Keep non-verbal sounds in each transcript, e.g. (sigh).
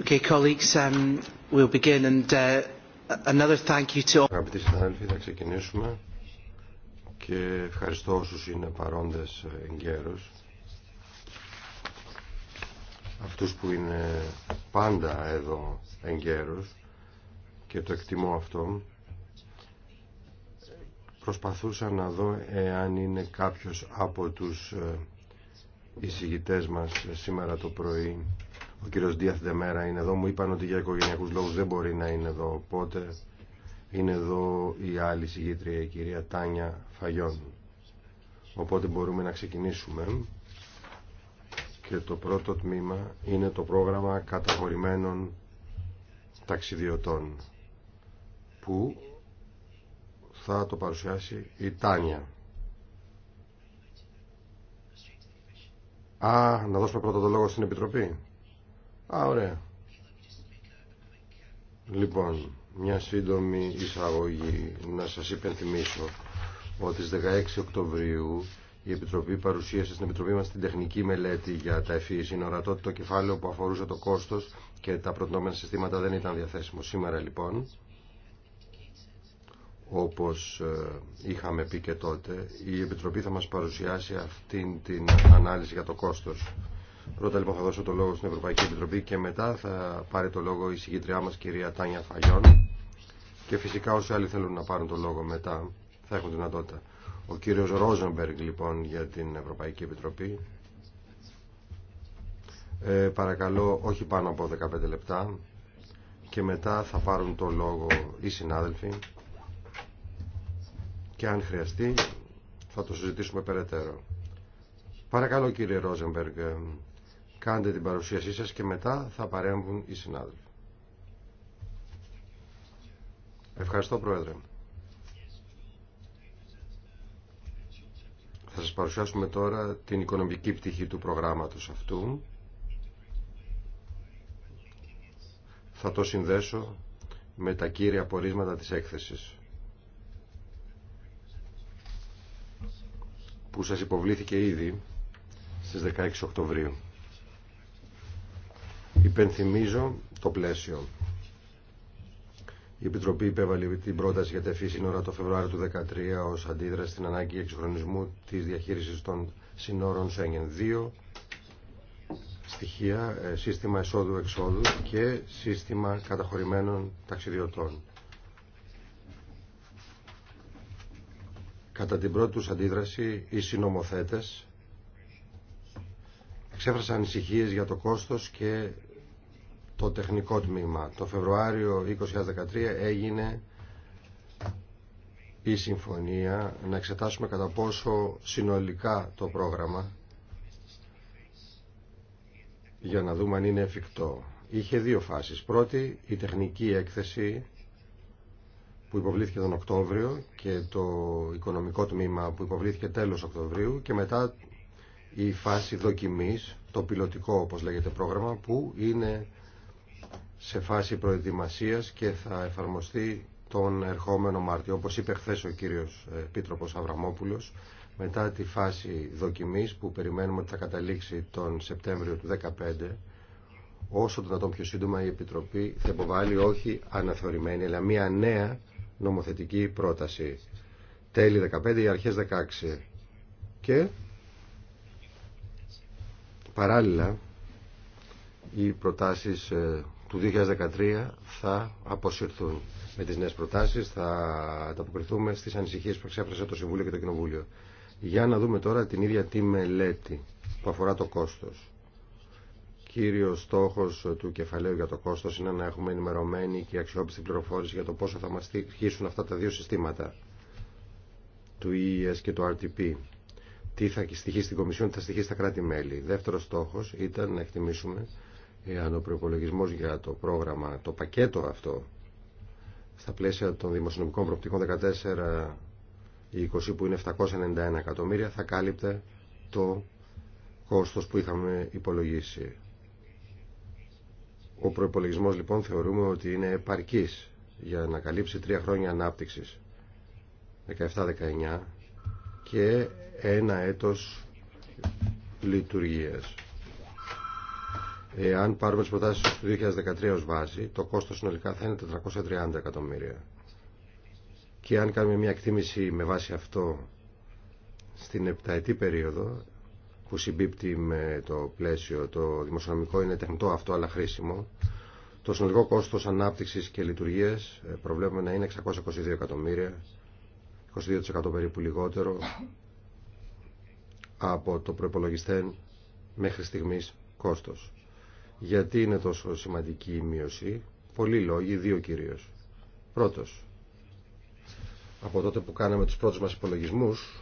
Okay, colleagues, um, uh, Αγαπητοί συνάδελφοι, θα ξεκινήσουμε και ευχαριστώ όσους είναι παρόντες εγκαίρως. Αυτούς που είναι πάντα εδώ εγκαίρως και το εκτιμώ αυτό. Προσπαθούσα να δω εάν είναι κάποιος από τους ε, εισηγητές μας σήμερα το πρωί ο κύριο Δίαθ Δεμέρα είναι εδώ. Μου είπαν ότι για οικογενειακού λόγου δεν μπορεί να είναι εδώ. Οπότε είναι εδώ η άλλη συγγήτρια, η κυρία Τάνια Φαγιών. Οπότε μπορούμε να ξεκινήσουμε. Και το πρώτο τμήμα είναι το πρόγραμμα καταχωρημένων ταξιδιωτών που θα το παρουσιάσει η Τάνια. Α, να δώσουμε πρώτα το λόγο στην Επιτροπή. Α, ωραία. Λοιπόν, μια σύντομη εισαγωγή να σας υπενθυμίσω ότι στις 16 Οκτωβρίου η Επιτροπή παρουσίασε στην Επιτροπή μας την τεχνική μελέτη για τα ευφύη συνορατότητα το κεφάλαιο που αφορούσε το κόστος και τα προτινόμενα συστήματα δεν ήταν διαθέσιμο. Σήμερα λοιπόν, όπως ε, είχαμε πει και τότε, η Επιτροπή θα μας παρουσιάσει αυτή την ανάλυση για το κόστος. Πρώτα λοιπόν θα δώσω το λόγο στην Ευρωπαϊκή Επιτροπή και μετά θα πάρει το λόγο η συγκίτριά μας κυρία Τάνια Φαγιών και φυσικά όσοι άλλοι θέλουν να πάρουν το λόγο μετά θα έχουν δυνατότητα. Ο κύριος Ρόζενμπεργκ λοιπόν για την Ευρωπαϊκή Επιτροπή. Ε, παρακαλώ όχι πάνω από 15 λεπτά και μετά θα πάρουν το λόγο οι συνάδελφοι και αν χρειαστεί θα το συζητήσουμε περαιτέρω. Παρακαλώ κύριε Ρόζενμπεργκ. Κάντε την παρουσίασή σας και μετά θα παρέμβουν οι συνάδελφοι. Ευχαριστώ Πρόεδρε. Θα σας παρουσιάσουμε τώρα την οικονομική πτυχή του προγράμματος αυτού. Θα το συνδέσω με τα κύρια πορίσματα της έκθεσης που σας υποβλήθηκε ήδη στις 16 Οκτωβρίου. Υπενθυμίζω το πλαίσιο. Η Επιτροπή υπέβαλε την πρόταση για τεφή σύνορα το Φεβρουάριο του 2013 ως αντίδραση στην ανάγκη εξυγχρονισμού της διαχείρισης των σύνορων Σέγγεν 2 στοιχεία, ε, σύστημα εισόδου-εξόδου και σύστημα καταχωρημένων ταξιδιωτών. Κατά την πρώτη τους αντίδραση, οι συνομοθέτες εξέφρασαν ανησυχίες για το κόστος και το τεχνικό τμήμα. Το Φεβρουάριο 2013 έγινε η συμφωνία να εξετάσουμε κατά πόσο συνολικά το πρόγραμμα για να δούμε αν είναι εφικτό. Είχε δύο φάσεις. Πρώτη, η τεχνική έκθεση που υποβλήθηκε τον Οκτώβριο και το οικονομικό τμήμα που υποβλήθηκε τέλος Οκτωβρίου και μετά η φάση δοκιμής, το πιλωτικό όπως λέγεται πρόγραμμα που είναι σε φάση προετοιμασίας και θα εφαρμοστεί τον ερχόμενο Μάρτιο. Όπως είπε χθε ο κύριος ε, Πίτροπος Αβραμόπουλος, μετά τη φάση δοκιμής που περιμένουμε ότι θα καταλήξει τον Σεπτέμβριο του 2015, όσο το δυνατόν πιο σύντομα η Επιτροπή θα υποβάλει όχι αναθεωρημένη, αλλά μια νέα νομοθετική πρόταση. Τέλη 15 ή αρχές 16. Και παράλληλα οι προτάσεις ε, του 2013 θα αποσυρθούν. Με τις νέες προτάσεις θα ανταποκριθούμε στις ανησυχίες που εξέφρασε το Συμβούλιο και το Κοινοβούλιο. Για να δούμε τώρα την ίδια τη μελέτη που αφορά το κόστος. Κύριος στόχος του κεφαλαίου για το κόστος είναι να έχουμε ενημερωμένη και αξιόπιστη πληροφόρηση για το πόσο θα μας στοιχήσουν αυτά τα δύο συστήματα του EES και του RTP. Τι θα στοιχεί στην Κομισιόν, τι θα στοιχεί στα κράτη-μέλη. Δεύτερος στόχος ήταν να εκτιμήσουμε εάν ο προπολογισμό για το πρόγραμμα, το πακέτο αυτό, στα πλαίσια των δημοσιονομικών προοπτικών 14 ή 20 που είναι 791 εκατομμύρια, θα κάλυπτε το κόστος που είχαμε υπολογίσει. Ο προπολογισμό λοιπόν θεωρούμε ότι είναι επαρκής για να καλύψει τρία χρόνια ανάπτυξης 17-19 και ένα έτος λειτουργίας αν πάρουμε τι προτάσει του 2013 ω βάση, το κόστο συνολικά θα είναι 430 εκατομμύρια. Και αν κάνουμε μια εκτίμηση με βάση αυτό στην επταετή περίοδο, που συμπίπτει με το πλαίσιο, το δημοσιονομικό είναι τεχνητό αυτό αλλά χρήσιμο, το συνολικό κόστο ανάπτυξη και λειτουργίας ε, προβλέπουμε να είναι 622 εκατομμύρια, 22% περίπου λιγότερο από το προπολογιστέν μέχρι στιγμή κόστος. Γιατί είναι τόσο σημαντική η μείωση. Πολλοί λόγοι, δύο κυρίως. Πρώτος, από τότε που κάναμε τους πρώτους μας υπολογισμούς,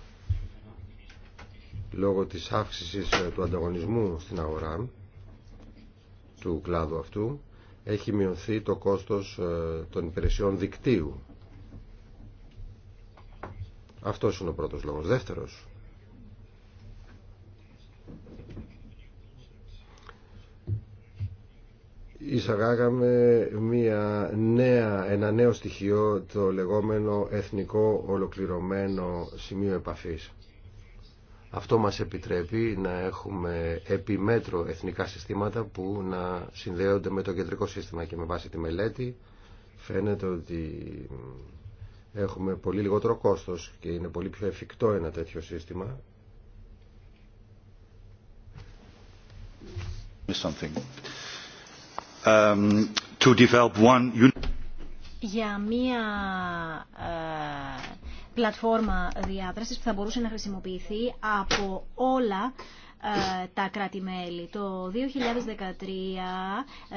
λόγω της αύξησης ε, του ανταγωνισμού στην αγορά, του κλάδου αυτού, έχει μειωθεί το κόστος ε, των υπηρεσιών δικτύου. Αυτός είναι ο πρώτος λόγος. Δεύτερος, εισαγάγαμε μια νέα, ένα νέο στοιχείο, το λεγόμενο εθνικό ολοκληρωμένο σημείο επαφής. Αυτό μας επιτρέπει να έχουμε επιμέτρο εθνικά συστήματα που να συνδέονται με το κεντρικό σύστημα και με βάση τη μελέτη φαίνεται ότι έχουμε πολύ λιγότερο κόστος και είναι πολύ πιο εφικτό ένα τέτοιο σύστημα. Um, για μία ε, πλατφόρμα διάδρασης που θα μπορούσε να χρησιμοποιηθεί από όλα ε, τα κράτη-μέλη. Το 2013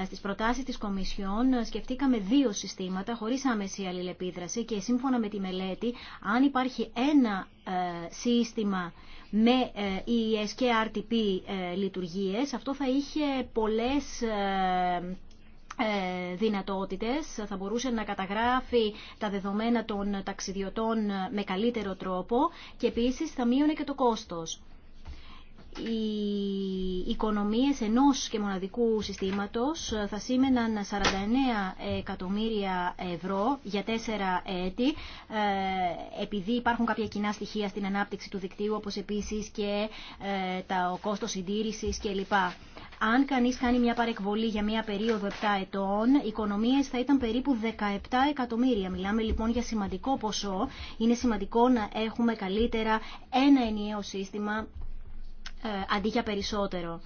ε, στις προτάσεις της Κομισιόν σκεφτήκαμε δύο συστήματα χωρίς άμεση αλληλεπίδραση και σύμφωνα με τη μελέτη αν υπάρχει ένα σύστημα με EES ε, και RTP ε, λειτουργίες. Αυτό θα είχε πολλές ε, δυνατότητες, θα μπορούσε να καταγράφει τα δεδομένα των ταξιδιωτών με καλύτερο τρόπο και επίσης θα μείωνε και το κόστος οι οικονομίες ενός και μοναδικού συστήματος θα σήμαιναν 49 εκατομμύρια ευρώ για τέσσερα έτη ε, επειδή υπάρχουν κάποια κοινά στοιχεία στην ανάπτυξη του δικτύου όπως επίσης και ε, το κόστος συντήρησης κλπ. Αν κανείς κάνει μια παρεκβολή για μια περίοδο 7 ετών, οι οικονομίες θα ήταν περίπου 17 εκατομμύρια. Μιλάμε λοιπόν για σημαντικό ποσό. Είναι σημαντικό να έχουμε καλύτερα ένα ενιαίο σύστημα ε, αντί για περισσότερο.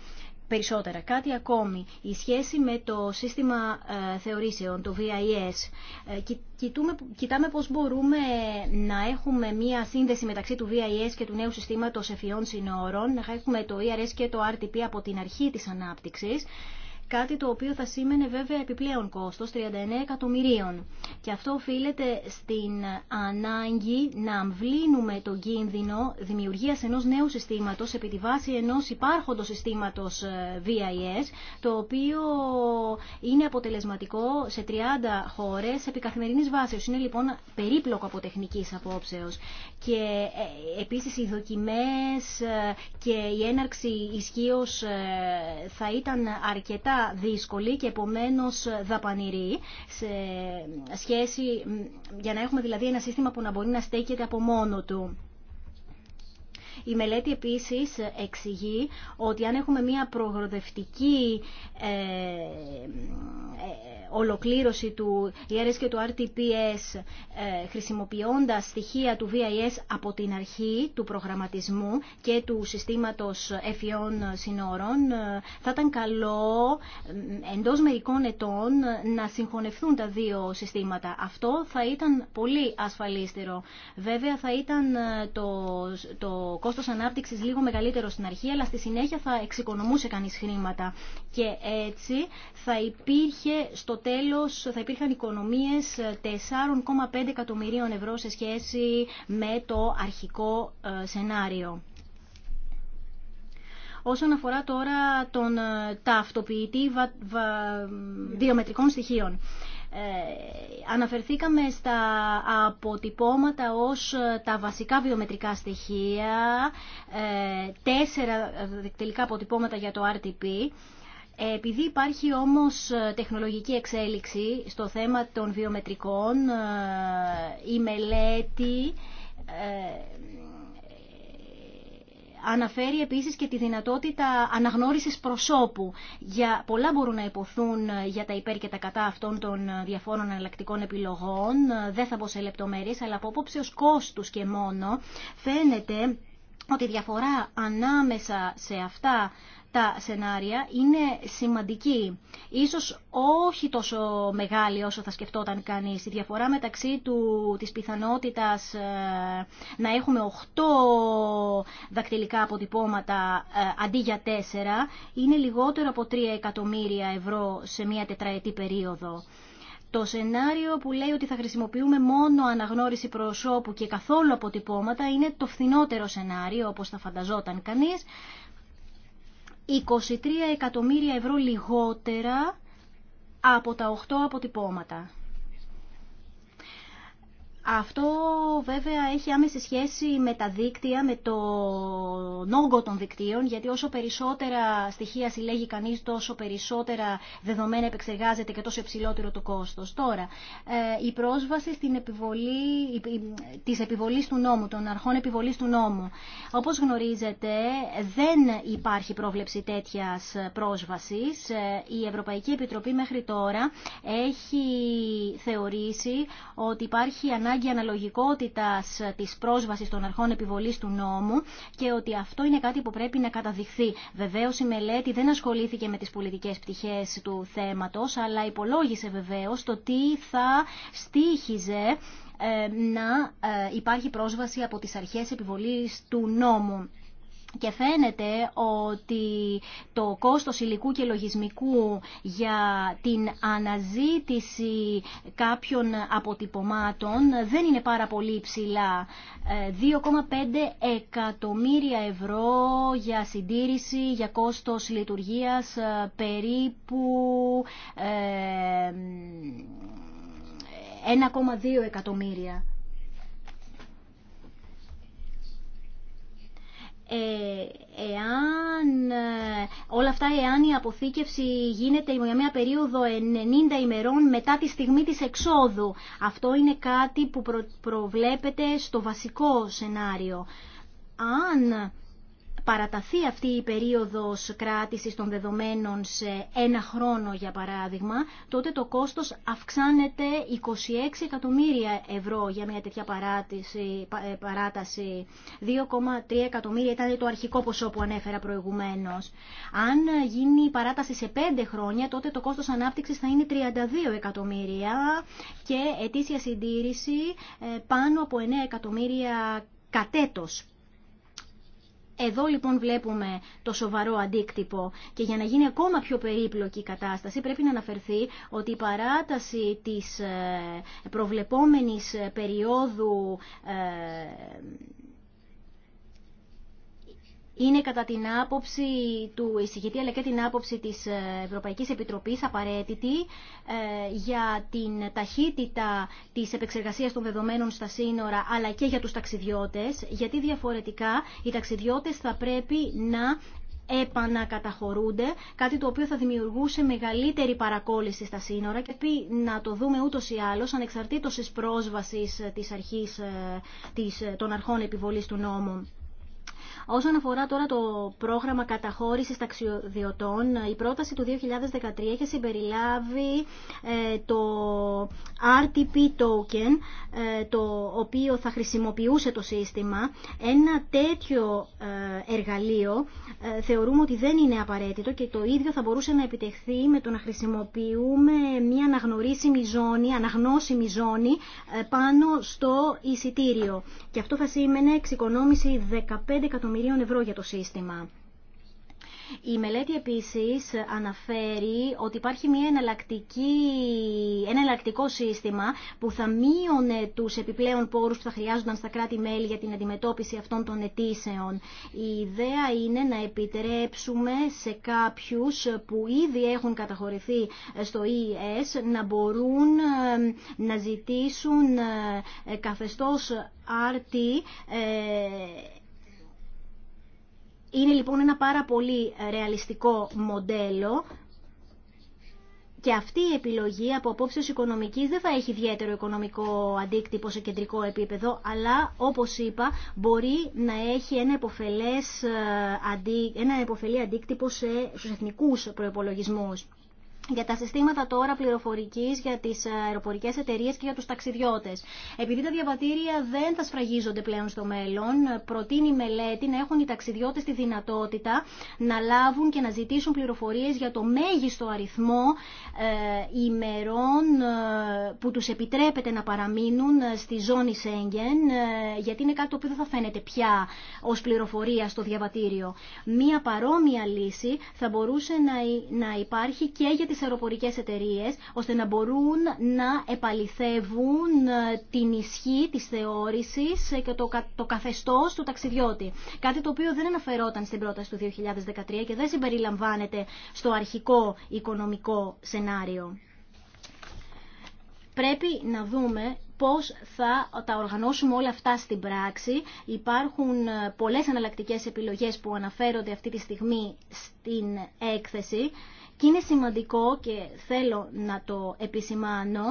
Περισσότερα. Κάτι ακόμη. Η σχέση με το σύστημα ε, θεωρήσεων, το VIS. Ε, κοιτάμε πώς μπορούμε να έχουμε μία σύνδεση μεταξύ του VIS και του νέου συστήματος εφιών συνόρων, να έχουμε το ERS και το RTP από την αρχή της ανάπτυξης κάτι το οποίο θα σήμαινε βέβαια επιπλέον κόστος 39 εκατομμυρίων. Και αυτό οφείλεται στην ανάγκη να αμβλύνουμε τον κίνδυνο δημιουργίας ενός νέου συστήματος επί τη βάση ενός υπάρχοντος συστήματος VIS, ε, το οποίο είναι αποτελεσματικό σε 30 χώρες επί καθημερινής βάσεως. Είναι λοιπόν περίπλοκο από τεχνικής απόψεως. Και ε, επίσης οι δοκιμές ε, και η έναρξη ισχύω θα ήταν αρκετά δύσκολη και επομένω δαπανηρή σε σχέση, για να έχουμε δηλαδή ένα σύστημα που να μπορεί να στέκεται από μόνο του. Η μελέτη επίσης εξηγεί ότι αν έχουμε μια προγροδευτική ε, ε, ολοκλήρωση του ΙΑΡΕΣ και του RTPS ε, χρησιμοποιώντας στοιχεία του VIS από την αρχή του προγραμματισμού και του συστήματος εφιών συνόρων, θα ήταν καλό εντός μερικών ετών να συγχωνευτούν τα δύο συστήματα. Αυτό θα ήταν πολύ ασφαλίστερο. Βέβαια θα ήταν το, το κόστος ανάπτυξης λίγο μεγαλύτερο στην αρχή, αλλά στη συνέχεια θα εξοικονομούσε κανείς χρήματα. Και έτσι θα υπήρχε στο τέλος, θα υπήρχαν οικονομίες 4,5 εκατομμυρίων ευρώ σε σχέση με το αρχικό ε, σενάριο. Όσον αφορά τώρα τον ε, ταυτοποιητή βα... βα... βιομετρικών στοιχείων. Ε, αναφερθήκαμε στα αποτυπώματα ως ε, τα βασικά βιομετρικά στοιχεία, ε, τέσσερα τελικά αποτυπώματα για το RTP. Επειδή υπάρχει όμως τεχνολογική εξέλιξη στο θέμα των βιομετρικών, η μελέτη αναφέρει επίσης και τη δυνατότητα αναγνώρισης προσώπου. Για, πολλά μπορούν να υποθούν για τα υπέρ και τα κατά αυτών των διαφόρων εναλλακτικών επιλογών. Δεν θα μπω σε λεπτομέρειες, αλλά από απόψε ως κόστους και μόνο φαίνεται ότι η διαφορά ανάμεσα σε αυτά τα σενάρια είναι σημαντική. Ίσως όχι τόσο μεγάλη όσο θα σκεφτόταν κανείς. Η διαφορά μεταξύ του, της πιθανότητας ε, να έχουμε 8 δακτυλικά αποτυπώματα ε, αντί για 4 είναι λιγότερο από 3 εκατομμύρια ευρώ σε μια τετραετή περίοδο. Το σενάριο που λέει ότι θα χρησιμοποιούμε μόνο αναγνώριση προσώπου και καθόλου αποτυπώματα είναι το φθηνότερο σενάριο, όπως θα φανταζόταν κανείς, 23 εκατομμύρια ευρώ λιγότερα από τα 8 αποτυπώματα. Αυτό βέβαια έχει άμεση σχέση με τα δίκτυα, με το νόγκο των δικτύων, γιατί όσο περισσότερα στοιχεία συλλέγει κανείς, τόσο περισσότερα δεδομένα επεξεργάζεται και τόσο υψηλότερο το κόστος. Τώρα, ε, η πρόσβαση στην επιβολή, της επιβολής του νόμου, των αρχών επιβολής του νόμου. Όπως γνωρίζετε, δεν υπάρχει πρόβλεψη τέτοιας πρόσβασης. Ε, η Ευρωπαϊκή Επιτροπή μέχρι τώρα έχει θεωρήσει ότι υπάρχει ανάγκη ανάγκη αναλογικότητα της πρόσβασης των αρχών επιβολή του νόμου και ότι αυτό είναι κάτι που πρέπει να καταδειχθεί. Βεβαίως η μελέτη δεν ασχολήθηκε με τις πολιτικές πτυχέ του θέματος, αλλά υπολόγισε βεβαίως το τι θα στήχιζε ε, να ε, υπάρχει πρόσβαση από τις αρχές επιβολής του νόμου και φαίνεται ότι το κόστος υλικού και λογισμικού για την αναζήτηση κάποιων αποτυπωμάτων δεν είναι πάρα πολύ ψηλά. 2,5 ε, εκατομμύρια ευρώ για συντήρηση, για κόστος λειτουργίας ε, περίπου 1,2 ε, εκατομμύρια Ε, εάν, ε, όλα αυτά εάν η αποθήκευση γίνεται για μια περίοδο 90 ημερών μετά τη στιγμή της εξόδου. Αυτό είναι κάτι που προβλέπεται στο βασικό σενάριο. Αν παραταθεί αυτή η περίοδος κράτησης των δεδομένων σε ένα χρόνο για παράδειγμα, τότε το κόστος αυξάνεται 26 εκατομμύρια ευρώ για μια τέτοια παράτηση, ε, παράταση. 2,3 εκατομμύρια ήταν το αρχικό ποσό που ανέφερα προηγουμένως. Αν γίνει η παράταση σε 5 χρόνια, τότε το κόστος ανάπτυξης θα είναι 32 εκατομμύρια και ετήσια συντήρηση ε, πάνω από 9 εκατομμύρια κατέτος εδώ λοιπόν βλέπουμε το σοβαρό αντίκτυπο και για να γίνει ακόμα πιο περίπλοκη η κατάσταση πρέπει να αναφερθεί ότι η παράταση της ε, προβλεπόμενης ε, περίοδου ε, είναι κατά την άποψη του εισηγητή αλλά και την άποψη της Ευρωπαϊκής Επιτροπής απαραίτητη ε, για την ταχύτητα της επεξεργασίας των δεδομένων στα σύνορα αλλά και για τους ταξιδιώτες γιατί διαφορετικά οι ταξιδιώτες θα πρέπει να επανακαταχωρούνται, κάτι το οποίο θα δημιουργούσε μεγαλύτερη παρακόλληση στα σύνορα και πει να το δούμε ούτως ή άλλως ανεξαρτήτως της πρόσβασης της αρχής ε, των αρχών επιβολής του νόμου. Όσον αφορά τώρα το πρόγραμμα καταχώρησης ταξιδιωτών, η πρόταση του 2013 είχε συμπεριλάβει ε, το RTP token, ε, το οποίο θα χρησιμοποιούσε το σύστημα. Ένα τέτοιο ε, εργαλείο θεωρούμε ότι δεν είναι απαραίτητο και το ίδιο θα μπορούσε να επιτευχθεί με το να χρησιμοποιούμε μια αναγνωρίσιμη ζώνη, αναγνώσιμη ζώνη πάνω στο εισιτήριο. Και αυτό θα σήμαινε εξοικονόμηση 15 εκατομμυρίων για το σύστημα. Η μελέτη επίσης αναφέρει ότι υπάρχει μια εναλλακτική, ένα εναλλακτικό σύστημα που θα μείωνε τους επιπλέον πόρους που θα χρειάζονταν στα κράτη-μέλη για την αντιμετώπιση αυτών των αιτήσεων. Η ιδέα είναι να επιτρέψουμε σε κάποιους που ήδη έχουν καταχωρηθεί στο ΙΕΣ να μπορούν να ζητήσουν ε, καθεστώς άρτη είναι λοιπόν ένα πάρα πολύ ε, ρεαλιστικό μοντέλο και αυτή η επιλογή από απόψεως οικονομικής δεν θα έχει ιδιαίτερο οικονομικό αντίκτυπο σε κεντρικό επίπεδο, αλλά όπως είπα μπορεί να έχει ένα, εποφελές, ε, ένα αντίκτυπο σε, στους εθνικούς προϋπολογισμούς για τα συστήματα τώρα πληροφορική για τι αεροπορικέ εταιρείε και για του ταξιδιώτε. Επειδή τα διαβατήρια δεν θα σφραγίζονται πλέον στο μέλλον, προτείνει η μελέτη να έχουν οι ταξιδιώτε τη δυνατότητα να λάβουν και να ζητήσουν πληροφορίε για το μέγιστο αριθμό ε, ημερών ε, που του επιτρέπεται να παραμείνουν ε, στη ζώνη Σέγγεν, γιατί είναι κάτι το οποίο δεν θα φαίνεται πια ω πληροφορία στο διαβατήριο. Μία παρόμοια λύση θα μπορούσε να υπάρχει και για τι τις αεροπορικές εταιρείες ώστε να μπορούν να επαληθεύουν ε, την ισχύ της θεώρησης ε, και το, το καθεστώς του ταξιδιώτη. Κάτι το οποίο δεν αναφερόταν στην πρόταση του 2013 και δεν συμπεριλαμβάνεται στο αρχικό οικονομικό σενάριο. Πρέπει να δούμε πώς θα τα οργανώσουμε όλα αυτά στην πράξη. Υπάρχουν ε, πολλές αναλλακτικές επιλογές που αναφέρονται αυτή τη στιγμή στην έκθεση. Και είναι σημαντικό και θέλω να το επισημάνω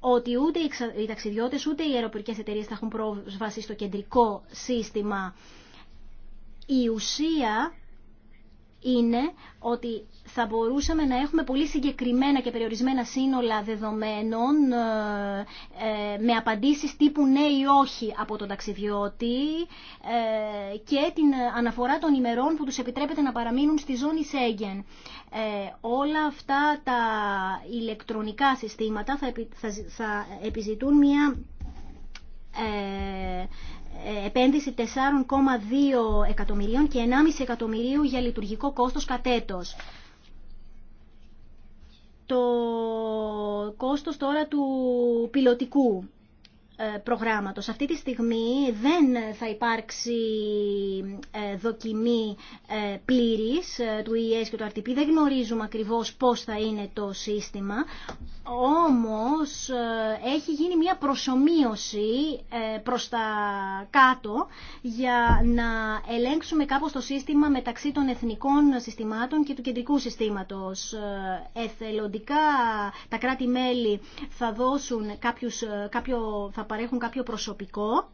ότι ούτε οι ταξιδιώτες ούτε οι αεροπορικές εταιρείες θα έχουν πρόσβαση στο κεντρικό σύστημα. Η ουσία είναι ότι θα μπορούσαμε να έχουμε πολύ συγκεκριμένα και περιορισμένα σύνολα δεδομένων ε, ε, με απαντήσεις τύπου ναι ή όχι από τον ταξιδιώτη ε, και την αναφορά των ημερών που τους επιτρέπεται να παραμείνουν στη ζώνη Σέγγεν. Όλα αυτά τα ηλεκτρονικά συστήματα θα επιζητούν μια ε, επένδυση 4,2 εκατομμυρίων και 1,5 εκατομμυρίου για λειτουργικό κόστος κατέτος. Το κόστος τώρα του πιλωτικού ε, προγράμματος. Αυτή τη στιγμή δεν θα υπάρξει ε, δοκιμή ε, πλήρης του ΙΕΣ e και του RTP. Δεν γνωρίζουμε ακριβώς πώς θα είναι το σύστημα. Όμως έχει γίνει μια προσωμείωση προς τα κάτω για να ελέγξουμε κάπως το σύστημα μεταξύ των εθνικών συστημάτων και του κεντρικού συστήματος. Εθελοντικά τα κράτη-μέλη θα δώσουν κάποιους, κάποιο, παρέχουν κάποιο προσωπικό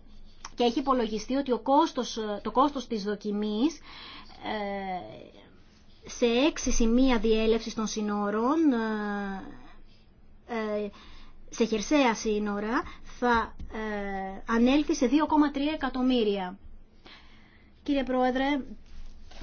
και έχει υπολογιστεί ότι ο κόστος, το κόστος της δοκιμής ε, σε έξι σημεία διέλευσης των συνόρων ε, ε, σε χερσαία σύνορα θα ανέλθει σε 2,3 εκατομμύρια. Κύριε Πρόεδρε,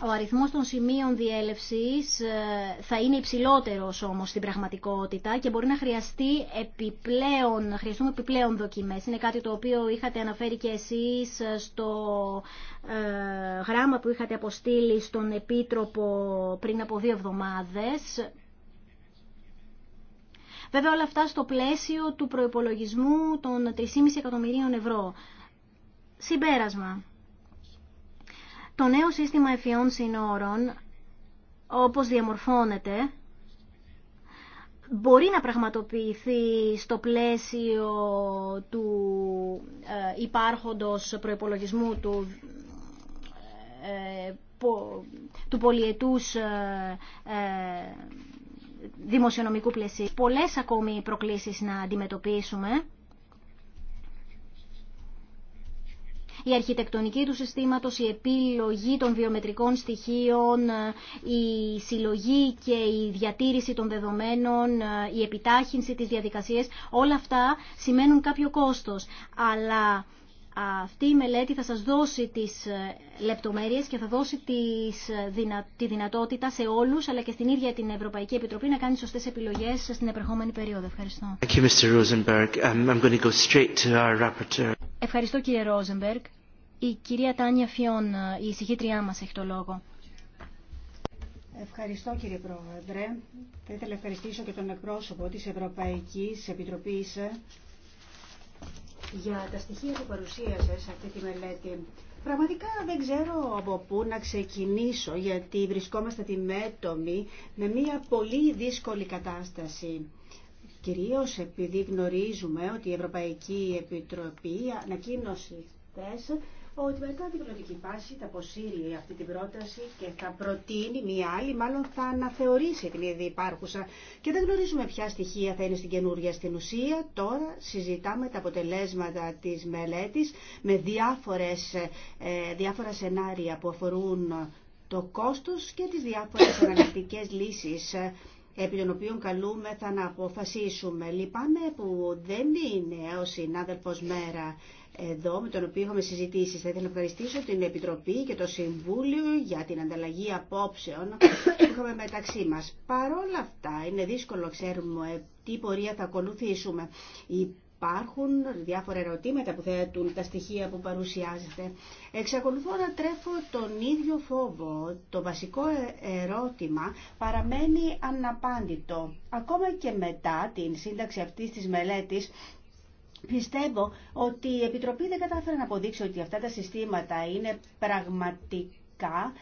ο αριθμός των σημείων διέλευσης ε, θα είναι υψηλότερος όμως στην πραγματικότητα και μπορεί να χρειαστεί επιπλέον, να χρειαστούμε επιπλέον δοκιμές. Είναι κάτι το οποίο είχατε αναφέρει και εσείς ε, στο ε, γράμμα που είχατε αποστείλει στον Επίτροπο πριν από δύο εβδομάδες. Βέβαια όλα αυτά στο πλαίσιο του προϋπολογισμού των 3,5 εκατομμυρίων ευρώ. Συμπέρασμα. Το νέο σύστημα ευφυών συνόρων, όπως διαμορφώνεται, μπορεί να πραγματοποιηθεί στο πλαίσιο του ε, υπάρχοντος προϋπολογισμού του ε, του πολιετούς ε, δημοσιονομικού πλαισίου. Πολλές ακόμη προκλήσεις να αντιμετωπίσουμε. η αρχιτεκτονική του συστήματος, η επιλογή των βιομετρικών στοιχείων, η συλλογή και η διατήρηση των δεδομένων, η επιτάχυνση της διαδικασίας, όλα αυτά σημαίνουν κάποιο κόστος. Αλλά αυτή η μελέτη θα σας δώσει τις ε, λεπτομέρειες και θα δώσει ε, τη δυνατότητα σε όλους αλλά και στην ίδια την Ευρωπαϊκή Επιτροπή να κάνει σωστές επιλογές στην επερχόμενη περίοδο. Ευχαριστώ. Ευχαριστώ κύριε Ρόζενμπεργκ. Η κυρία Τάνια Φιόν, ε, η ησυχήτριά μας, έχει το λόγο. Ευχαριστώ κύριε Πρόεδρε. Θα ήθελα να ευχαριστήσω και τον εκπρόσωπο της Ευρωπαϊκής Επιτροπής για τα στοιχεία που παρουσίασε σε αυτή τη μελέτη. Πραγματικά δεν ξέρω από πού να ξεκινήσω γιατί βρισκόμαστε τη μέτωμη με μια πολύ δύσκολη κατάσταση. Κυρίως επειδή γνωρίζουμε ότι η Ευρωπαϊκή Επιτροπή ανακοίνωσε ότι μετά την πολιτική πάση θα αποσύρει αυτή την πρόταση και θα προτείνει μία άλλη, μάλλον θα αναθεωρήσει την ήδη υπάρχουσα. Και δεν γνωρίζουμε ποια στοιχεία θα είναι στην καινούργια στην ουσία. Τώρα συζητάμε τα αποτελέσματα της μελέτης με διάφορες, ε, διάφορα σενάρια που αφορούν το κόστος και τις διάφορες αναλυτικές λύσεις ε, επί των οποίων καλούμε θα να αποφασίσουμε. Λυπάμαι που δεν είναι ο συνάδελφος Μέρα εδώ με τον οποίο είχαμε συζητήσει. Θα ήθελα να ευχαριστήσω την Επιτροπή και το Συμβούλιο για την ανταλλαγή απόψεων που είχαμε μεταξύ μας. Παρόλα αυτά είναι δύσκολο ξέρουμε τι πορεία θα ακολουθήσουμε. Υπάρχουν διάφορα ερωτήματα που θέτουν τα στοιχεία που παρουσιάζεται. Εξακολουθώ να τρέφω τον ίδιο φόβο. Το βασικό ε, ερώτημα παραμένει αναπάντητο. Ακόμα και μετά την σύνταξη αυτής της μελέτης Πιστεύω ότι η Επιτροπή δεν κατάφερε να αποδείξει ότι αυτά τα συστήματα είναι πραγματικά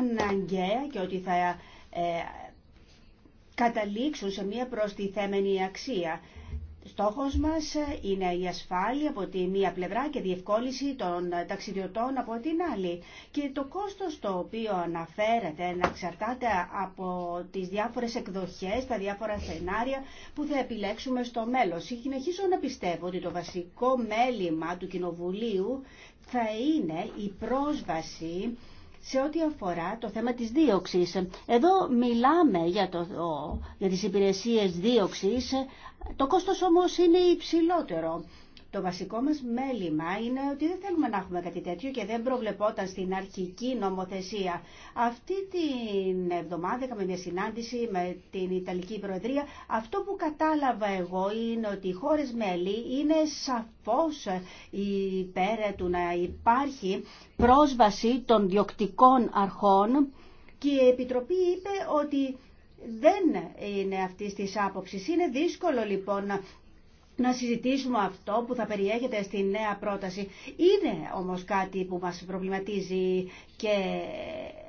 αναγκαία και ότι θα ε, καταλήξουν σε μια προστιθέμενη αξία. Στόχος μας είναι η ασφάλεια από τη μία πλευρά και διευκόλυνση των ταξιδιωτών από την άλλη. Και το κόστος το οποίο αναφέρεται να εξαρτάται από τις διάφορες εκδοχές, τα διάφορα σενάρια που θα επιλέξουμε στο μέλλον. Συνεχίζω να πιστεύω ότι το βασικό μέλημα του Κοινοβουλίου θα είναι η πρόσβαση σε ό,τι αφορά το θέμα της δίωξης. Εδώ μιλάμε για, το, για τις υπηρεσίες δίωξης, το κόστος όμως είναι υψηλότερο. Το βασικό μας μέλημα είναι ότι δεν θέλουμε να έχουμε κάτι τέτοιο και δεν προβλεπόταν στην αρχική νομοθεσία. Αυτή την εβδομάδα είχαμε μια συνάντηση με την Ιταλική Προεδρία. Αυτό που κατάλαβα εγώ είναι ότι οι χώρες μέλη είναι σαφώς υπέρ του να υπάρχει πρόσβαση των διοκτικών αρχών και η Επιτροπή είπε ότι δεν είναι αυτή τη άποψη. Είναι δύσκολο λοιπόν να συζητήσουμε αυτό που θα περιέχεται στη νέα πρόταση. Είναι όμως κάτι που μας προβληματίζει και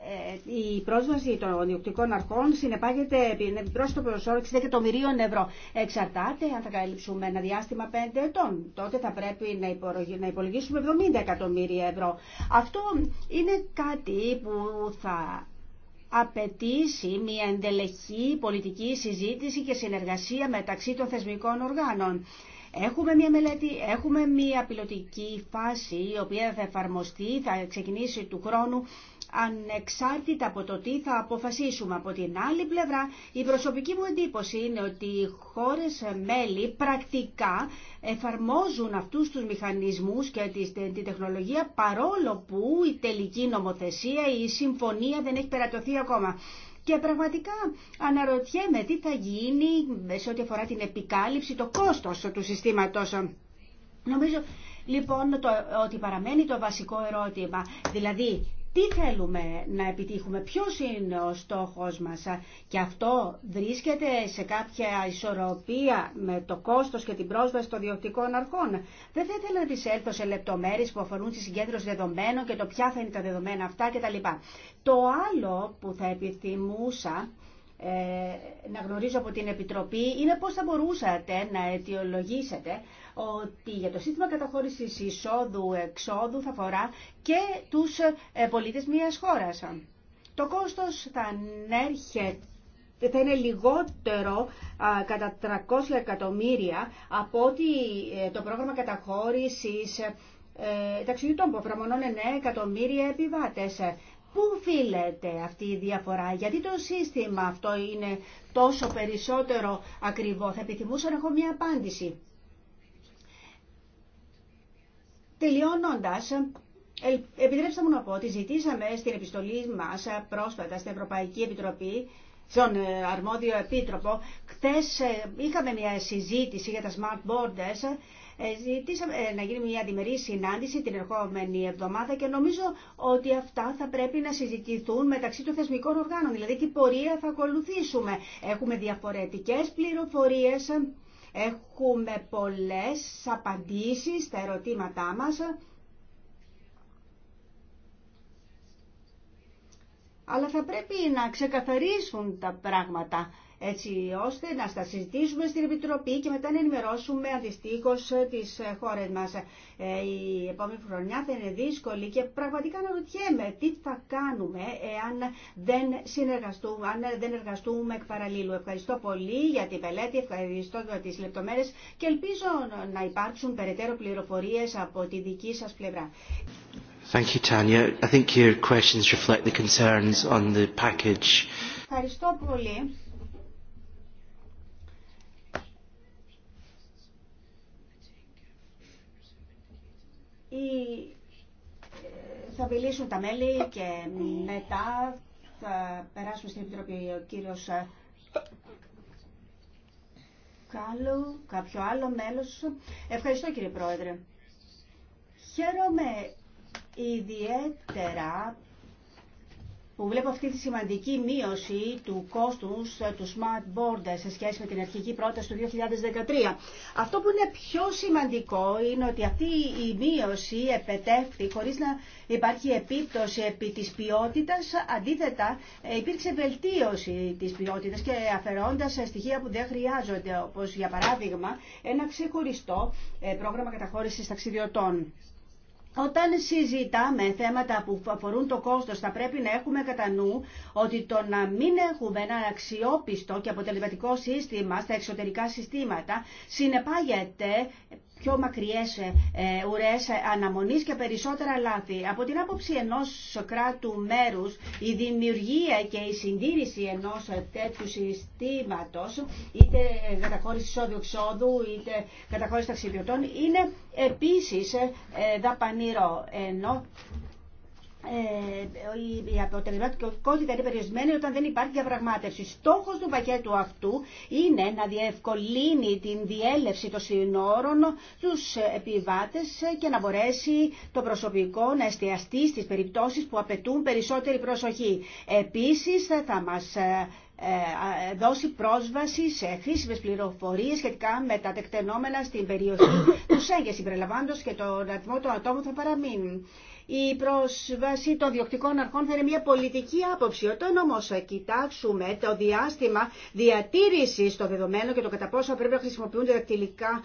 ε, η πρόσβαση των ιδιοκτικών αρχών συνεπάγεται πρόσωπο προσώρο 60 εκατομμυρίων ευρώ. Εξαρτάται αν θα καλύψουμε ένα διάστημα 5 ετών. Τότε θα πρέπει να υπολογίσουμε 70 εκατομμύρια ευρώ. Αυτό είναι κάτι που θα απαιτήσει μια εντελεχή πολιτική συζήτηση και συνεργασία μεταξύ των θεσμικών οργάνων. Έχουμε μια μελέτη, έχουμε μια πιλωτική φάση η οποία θα εφαρμοστεί, θα ξεκινήσει του χρόνου ανεξάρτητα από το τι θα αποφασίσουμε. Από την άλλη πλευρά, η προσωπική μου εντύπωση είναι ότι οι χώρες μέλη πρακτικά εφαρμόζουν αυτούς τους μηχανισμούς και την τεχνολογία παρόλο που η τελική νομοθεσία, η συμφωνία δεν έχει περατωθεί ακόμα. Και πραγματικά αναρωτιέμαι τι θα γίνει σε ό,τι αφορά την επικάλυψη, το κόστος του συστήματος. Νομίζω λοιπόν ότι παραμένει το βασικό ερώτημα, δηλαδή τι θέλουμε να επιτύχουμε, ποιος είναι ο στόχος μας και αυτό βρίσκεται σε κάποια ισορροπία με το κόστος και την πρόσβαση των διοκτικών αρχών. Δεν θα ήθελα να έρθω σε λεπτομέρειες που αφορούν τη συγκέντρωση δεδομένων και το ποια θα είναι τα δεδομένα αυτά κτλ. Το άλλο που θα επιθυμούσα ε, να γνωρίζω από την Επιτροπή είναι πώς θα μπορούσατε να αιτιολογήσετε ότι για το συστημα καταχώρηση καταχώρησης εισόδου-εξόδου θα αφορά και τους ε, πολίτες μιας χώρας. Το κόστος θα είναι λιγότερο κατά 300 εκατομμύρια από ότι ε, το πρόγραμμα καταχώρησης ταξιδιωτών που αφορά 9 εκατομμύρια επιβάτες. Πού φύλλεται αυτή η διαφορά, γιατί το σύστημα αυτό είναι τόσο περισσότερο ακριβό. Θα επιθυμούσα να έχω μια απάντηση. Τελειώνοντας, επιτρέψτε μου να πω ότι ζητήσαμε στην επιστολή μας πρόσφατα στην Ευρωπαϊκή Επιτροπή στον ε, αρμόδιο επίτροπο. χθε ε, είχαμε μια συζήτηση για τα smart borders. Ε, ζητήσαμε να γίνει μια διμερή συνάντηση την ερχόμενη εβδομάδα και νομίζω ότι αυτά θα πρέπει να συζητηθούν μεταξύ των θεσμικών οργάνων, δηλαδή τι πορεία θα ακολουθήσουμε. Έχουμε διαφορετικές πληροφορίες Έχουμε πολλές απαντήσεις στα ερωτήματά μας. Αλλά θα πρέπει να ξεκαθαρίσουν τα πράγματα έτσι ώστε να στα συζητήσουμε στην Επιτροπή και μετά να ενημερώσουμε αντιστοίχω τις χώρες μας. Ε, η επόμενη χρονιά θα είναι δύσκολη και πραγματικά να τι θα κάνουμε εάν δεν συνεργαστούμε, αν δεν εργαστούμε εκ παραλίλου. Ευχαριστώ πολύ για την πελέτη, ευχαριστώ για τις λεπτομέρειες και ελπίζω να υπάρξουν περαιτέρω πληροφορίε από τη δική σα πλευρά. Ευχαριστώ πολύ. Ε, θα μιλήσουν τα μέλη και μετά θα περάσουμε στην Επιτροπή ο κύριος ε, Κάλλου, κάποιο άλλο μέλος. Ευχαριστώ κύριε Πρόεδρε. Χαίρομαι ιδιαίτερα που βλέπω αυτή τη σημαντική μείωση του κόστου ε, του smart borders ε, σε σχέση με την αρχική πρόταση του 2013. Αυτό που είναι πιο σημαντικό είναι ότι αυτή η μείωση επετεύχθη χωρίς να υπάρχει επίπτωση επί της ποιότητας. Αντίθετα, ε, υπήρξε βελτίωση της ποιότητας και αφαιρώντας στοιχεία που δεν χρειάζονται, όπως για παράδειγμα ένα ξεχωριστό πρόγραμμα καταχώρησης ταξιδιωτών. Όταν συζητάμε θέματα που αφορούν το κόστος θα πρέπει να έχουμε κατά νου ότι το να μην έχουμε ένα αξιόπιστο και αποτελεσματικό σύστημα στα εξωτερικά συστήματα συνεπάγεται πιο μακριές ε, ε, ουρές ε, αναμονής και περισσότερα λάθη. Από την άποψη ενός κράτου μέρους, η δημιουργία και η συντήρηση ενός τέτοιου συστήματος, είτε καταχώρηση εισόδου-εξόδου, είτε καταχώρηση ταξιδιωτών, είναι επίσης δαπανηρό. Ενώ ε, η αποτελεσματικότητα είναι περιορισμένη όταν δεν υπάρχει διαπραγμάτευση. Στόχος του πακέτου αυτού είναι να διευκολύνει την διέλευση των συνόρων στους επιβάτες και να μπορέσει το προσωπικό να εστιαστεί στις περιπτώσεις που απαιτούν περισσότερη προσοχή. Επίσης θα μας ε, ε, δώσει πρόσβαση σε χρήσιμε πληροφορίε σχετικά με τα τεκτενόμενα στην περιοχή του Σέγγε, συμπεριλαμβάνοντα και τον αριθμό των ατόμων θα παραμείνουν η πρόσβαση των διοκτικών αρχών θα είναι μια πολιτική άποψη. Όταν όμω κοιτάξουμε το διάστημα διατήρησης των δεδομένων και το κατά πόσο πρέπει να χρησιμοποιούνται δακτυλικά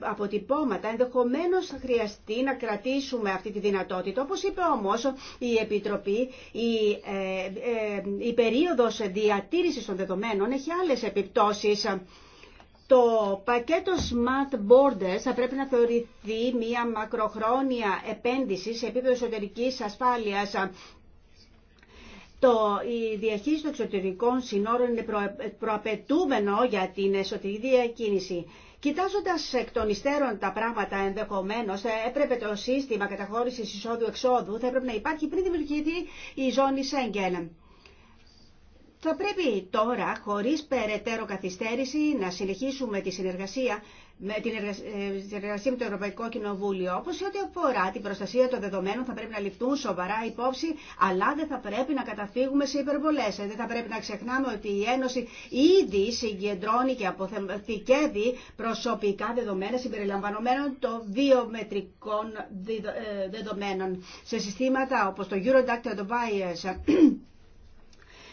αποτυπώματα, ενδεχομένως θα χρειαστεί να κρατήσουμε αυτή τη δυνατότητα. Όπως είπε όμω, η Επιτροπή, η, ε, ε, η περίοδος διατήρησης των δεδομένων έχει άλλε επιπτώσει. Το πακέτο Smart Borders θα πρέπει να θεωρηθεί μια μακροχρόνια επένδυση σε επίπεδο εσωτερικής ασφάλεια Το, η διαχείριση των εξωτερικών συνόρων είναι προ, προαπαιτούμενο για την εσωτερική διακίνηση. Κοιτάζοντα εκ των υστέρων τα πράγματα, ενδεχομένω έπρεπε το σύστημα καταχώρηση εισόδου-εξόδου θα έπρεπε να υπάρχει πριν δημιουργηθεί η ζώνη Σέγγεν. Θα πρέπει τώρα, χωρίς περαιτέρω καθυστέρηση, να συνεχίσουμε τη συνεργασία με την ε, συνεργασία με το Ευρωπαϊκό Κοινοβούλιο. Όπως σε ό,τι αφορά την προστασία των δεδομένων θα πρέπει να ληφθούν σοβαρά υπόψη, αλλά δεν θα πρέπει να καταφύγουμε σε υπερβολές. Ε, δεν θα πρέπει να ξεχνάμε ότι η Ένωση ήδη συγκεντρώνει και αποθηκεύει προσωπικά δεδομένα συμπεριλαμβανομένων των βιομετρικών ε, δεδομένων σε συστήματα όπως το Eurodact και το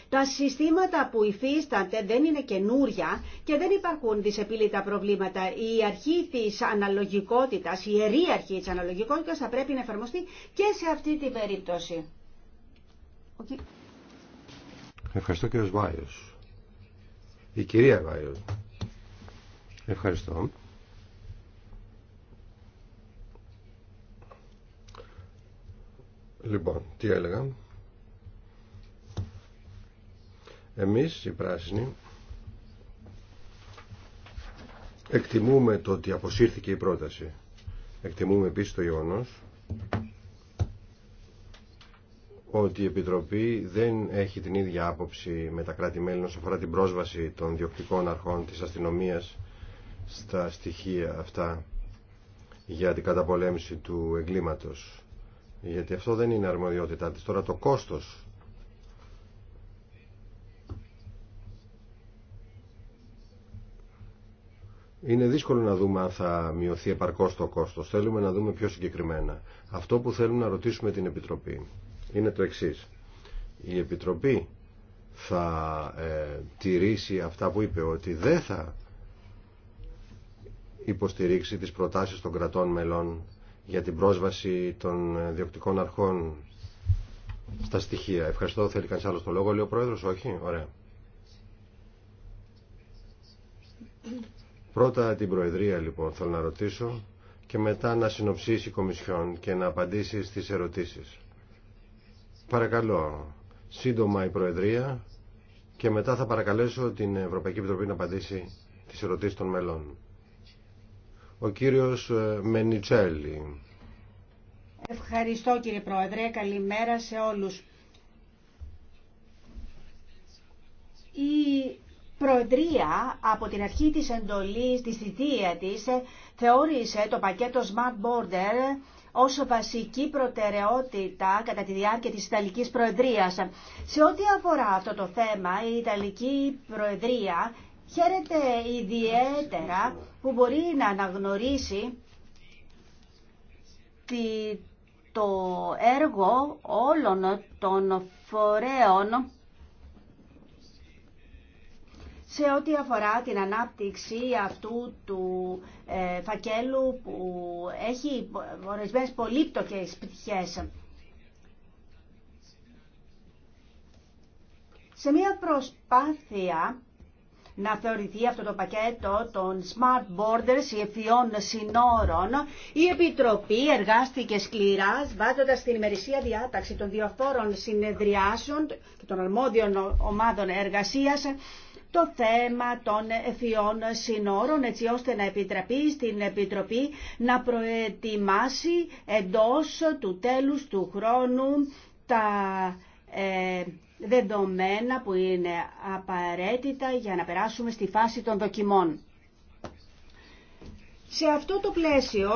τα συστήματα που υφίστανται δεν είναι καινούρια και δεν υπάρχουν δυσεπίλητα προβλήματα. Η αρχή της αναλογικότητας, η ιερή αρχή της αναλογικότητας θα πρέπει να εφαρμοστεί και σε αυτή την περίπτωση. Ευχαριστώ κύριο Βάιο. Η κυρία Βάιο. Ευχαριστώ. Λοιπόν, τι έλεγα. Εμείς οι πράσινοι εκτιμούμε το ότι αποσύρθηκε η πρόταση. Εκτιμούμε επίσης το γεγονό ότι η Επιτροπή δεν έχει την ίδια άποψη με τα κράτη-μέλη όσον αφορά την πρόσβαση των διοκτικών αρχών της αστυνομίας στα στοιχεία αυτά για την καταπολέμηση του εγκλήματος. Γιατί αυτό δεν είναι αρμοδιότητά της. Τώρα το κόστος Είναι δύσκολο να δούμε αν θα μειωθεί επαρκώς το κόστος. Θέλουμε να δούμε πιο συγκεκριμένα. Αυτό που θέλουμε να ρωτήσουμε την Επιτροπή είναι το εξή. Η Επιτροπή θα ε, τηρήσει αυτά που είπε ότι δεν θα υποστηρίξει τις προτάσεις των κρατών μελών για την πρόσβαση των ε, διοκτικών αρχών στα στοιχεία. Ευχαριστώ. Θέλει κανείς άλλο το λόγο. Λέει ο Πρόεδρος. Όχι. Ωραία. Πρώτα την Προεδρία λοιπόν θέλω να ρωτήσω και μετά να συνοψίσει η Κομισιόν και να απαντήσει στις ερωτήσεις. Παρακαλώ, σύντομα η Προεδρία και μετά θα παρακαλέσω την Ευρωπαϊκή Επιτροπή να απαντήσει τις ερωτήσεις των μελών. Ο κύριος ε, Μενιτσέλη. Ευχαριστώ κύριε Πρόεδρε, καλημέρα σε όλους. Η Προεδρία από την αρχή της εντολής, της θητεία της, ε, θεώρησε το πακέτο Smart Border ως βασική προτεραιότητα κατά τη διάρκεια της Ιταλικής Προεδρίας. Σε ό,τι αφορά αυτό το θέμα, η Ιταλική Προεδρία χαίρεται ιδιαίτερα που μπορεί να αναγνωρίσει το έργο όλων των φορέων σε ό,τι αφορά την ανάπτυξη αυτού του ε, φακέλου που έχει ορισμένες πολύπτωκες πτυχές. Σε μια προσπάθεια να θεωρηθεί αυτό το πακέτο των Smart Borders, η ευφυών συνόρων, η Επιτροπή εργάστηκε σκληρά, βάζοντα την ημερησία διάταξη των διαφόρων συνεδριάσεων και των αρμόδιων ομάδων εργασίας το θέμα των ευφυών συνόρων έτσι ώστε να επιτραπεί στην Επιτροπή να προετοιμάσει εντός του τέλους του χρόνου τα ε, δεδομένα που είναι απαραίτητα για να περάσουμε στη φάση των δοκιμών. Σε αυτό το πλαίσιο,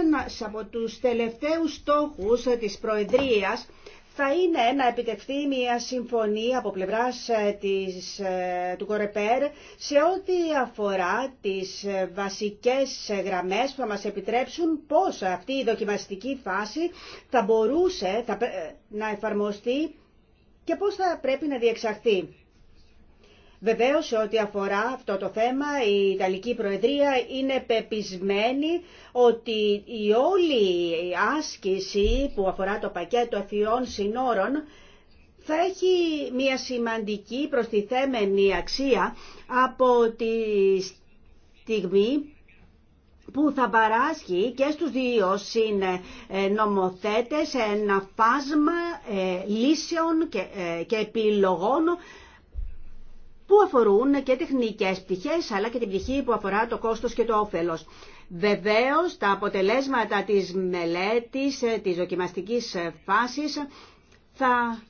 ένας από τους τελευταίους στόχους της Προεδρίας θα είναι να επιτευχθεί μια συμφωνία από πλευράς ε, ε, του Κορεπέρ σε ό,τι αφορά τις ε, βασικές γραμμές που θα μας επιτρέψουν πώς αυτή η δοκιμαστική φάση θα μπορούσε να εφαρμοστεί και πώς θα πρέπει να διεξαχθεί. Βεβαίω, σε ό,τι αφορά αυτό το θέμα, η Ιταλική Προεδρία είναι πεπισμένη ότι η όλη άσκηση που αφορά το πακέτο αθειών συνόρων θα έχει μια σημαντική προστιθέμενη αξία από τη στιγμή που θα παράσχει και στους δύο συνομοθέτες ένα φάσμα ε, λύσεων και ε, επιλογών που αφορούν και τεχνικές πτυχές αλλά και την πτυχή που αφορά το κόστος και το όφελος. Βεβαίως τα αποτελέσματα της μελέτης, ε, της δοκιμαστικής ε, φάσης θα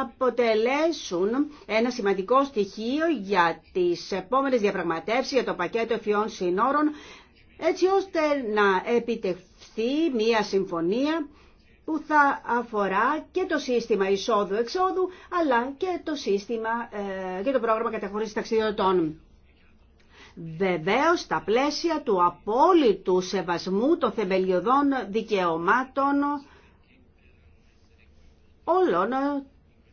αποτελέσουν ένα σημαντικό στοιχείο για τις επόμενες διαπραγματεύσεις για το πακέτο εφιών συνόρων έτσι ώστε να επιτευχθεί μια συμφωνία που θα αφορά και το σύστημα εισόδου-εξόδου, αλλά και το σύστημα ε, και το πρόγραμμα καταχωρήσης ταξιδιωτών. Βεβαίως, στα πλαίσια του απόλυτου σεβασμού των θεμελιωδών δικαιωμάτων όλων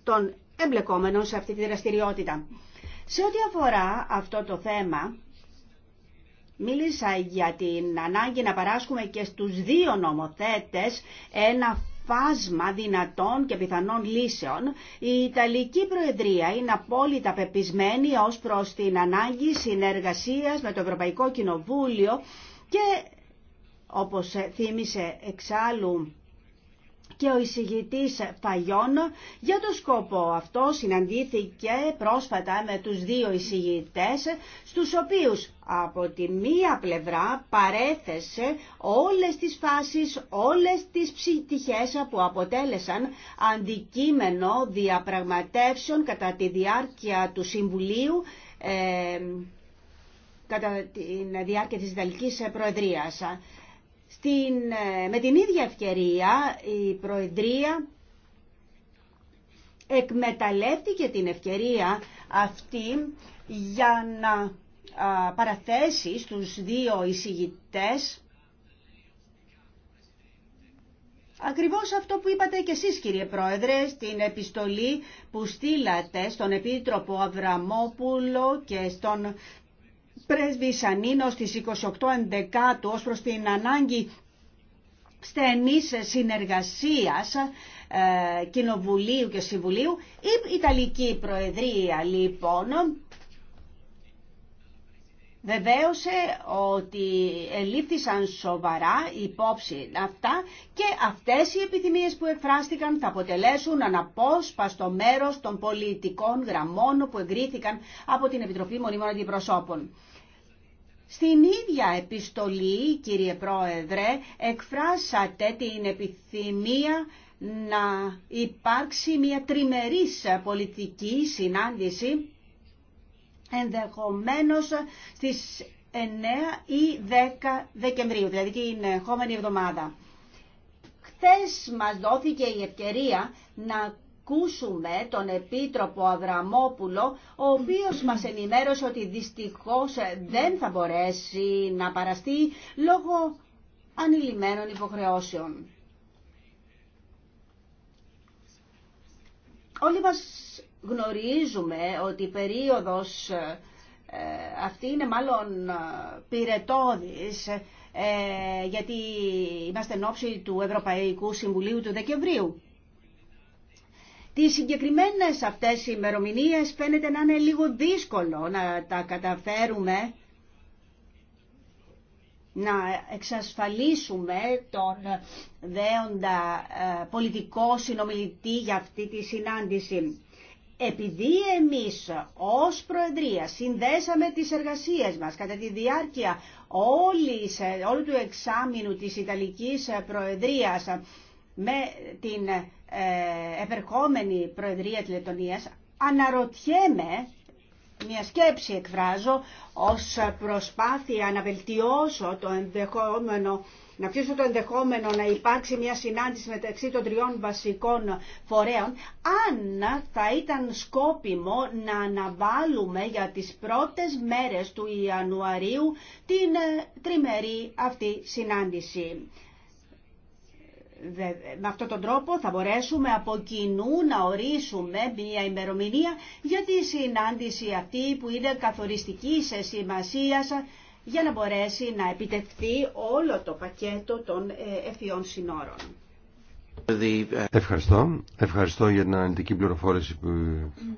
των εμπλεκόμενων σε αυτή τη δραστηριότητα. Σε ό,τι αφορά αυτό το θέμα, Μίλησα για την ανάγκη να παράσχουμε και στους δύο νομοθέτες ένα φάσμα δυνατών και πιθανών λύσεων, η Ιταλική Προεδρία είναι απόλυτα πεπισμένη ως προς την ανάγκη συνεργασίας με το Ευρωπαϊκό Κοινοβούλιο και όπως θύμισε εξάλλου και ο εισηγητής Φαγιών. Για τον σκόπο αυτό συναντήθηκε πρόσφατα με τους δύο εισηγητές, στους οποίους από τη μία πλευρά παρέθεσε όλες τις φάσεις, όλες τις ψυχέ που αποτέλεσαν αντικείμενο διαπραγματεύσεων κατά τη διάρκεια του Συμβουλίου ε, κατά τη διάρκεια της Ιταλικής Προεδρίας. Στην, ε, με την ίδια ευκαιρία η Προεδρία εκμεταλλεύτηκε την ευκαιρία αυτή για να παραθέσει στους δύο εισηγητές Ακριβώς αυτό που είπατε και εσείς κύριε Πρόεδρε στην επιστολή που στείλατε στον Επίτροπο Αβραμόπουλο και στον Πρέσβη σανίνο στι 28 Εντεκάτου ω προ την ανάγκη στενής συνεργασίας ε, Κοινοβουλίου και Συμβουλίου. Η Ιταλική Προεδρία λοιπόν βεβαίωσε ότι ελήφθησαν σοβαρά υπόψη αυτά και αυτές οι επιθυμίες που εκφράστηκαν θα αποτελέσουν αναπόσπαστο μέρος των πολιτικών γραμμών που εγκρίθηκαν από την Επιτροπή Μονίμων Αντιπροσώπων. Στην ίδια επιστολή, κύριε Πρόεδρε, εκφράσατε την επιθυμία να υπάρξει μια τριμερής πολιτική συνάντηση ενδεχομένως στις 9 ή 10 Δεκεμβρίου, δηλαδή την ερχόμενη εβδομάδα. Χθες μας δόθηκε η ευκαιρία να ακούσουμε τον Επίτροπο Αβραμόπουλο, ο οποίος μας ενημέρωσε ότι δυστυχώς δεν θα μπορέσει να παραστεί λόγω ανηλυμένων υποχρεώσεων. Όλοι μας γνωρίζουμε ότι η περίοδος ε, αυτή είναι μάλλον ε, πυρετόδης ε, γιατί είμαστε εν του Ευρωπαϊκού Συμβουλίου του Δεκεμβρίου. Τι συγκεκριμένε αυτέ οι ημερομηνίες φαίνεται να είναι λίγο δύσκολο να τα καταφέρουμε να εξασφαλίσουμε τον δέοντα ε, πολιτικό συνομιλητή για αυτή τη συνάντηση. Επειδή εμείς ως Προεδρία συνδέσαμε τις εργασίες μας κατά τη διάρκεια όλης, ε, όλου του εξάμεινου της Ιταλικής Προεδρίας με την ε, επερχόμενη Προεδρία της Λετωνίας αναρωτιέμαι μια σκέψη εκφράζω ως προσπάθεια να βελτιώσω το ενδεχόμενο να φύσω το ενδεχόμενο να υπάρξει μια συνάντηση μεταξύ των τριών βασικών φορέων, αν θα ήταν σκόπιμο να αναβάλουμε για τις πρώτες μέρες του Ιανουαρίου την ε, τριμερή αυτή συνάντηση με αυτόν τον τρόπο θα μπορέσουμε από κοινού να ορίσουμε μια ημερομηνία για τη συνάντηση αυτή που είναι καθοριστική σε σημασία για να μπορέσει να επιτευχθεί όλο το πακέτο των ε, ευθειών συνόρων. Ευχαριστώ. Ευχαριστώ για την αναλυτική πληροφόρηση που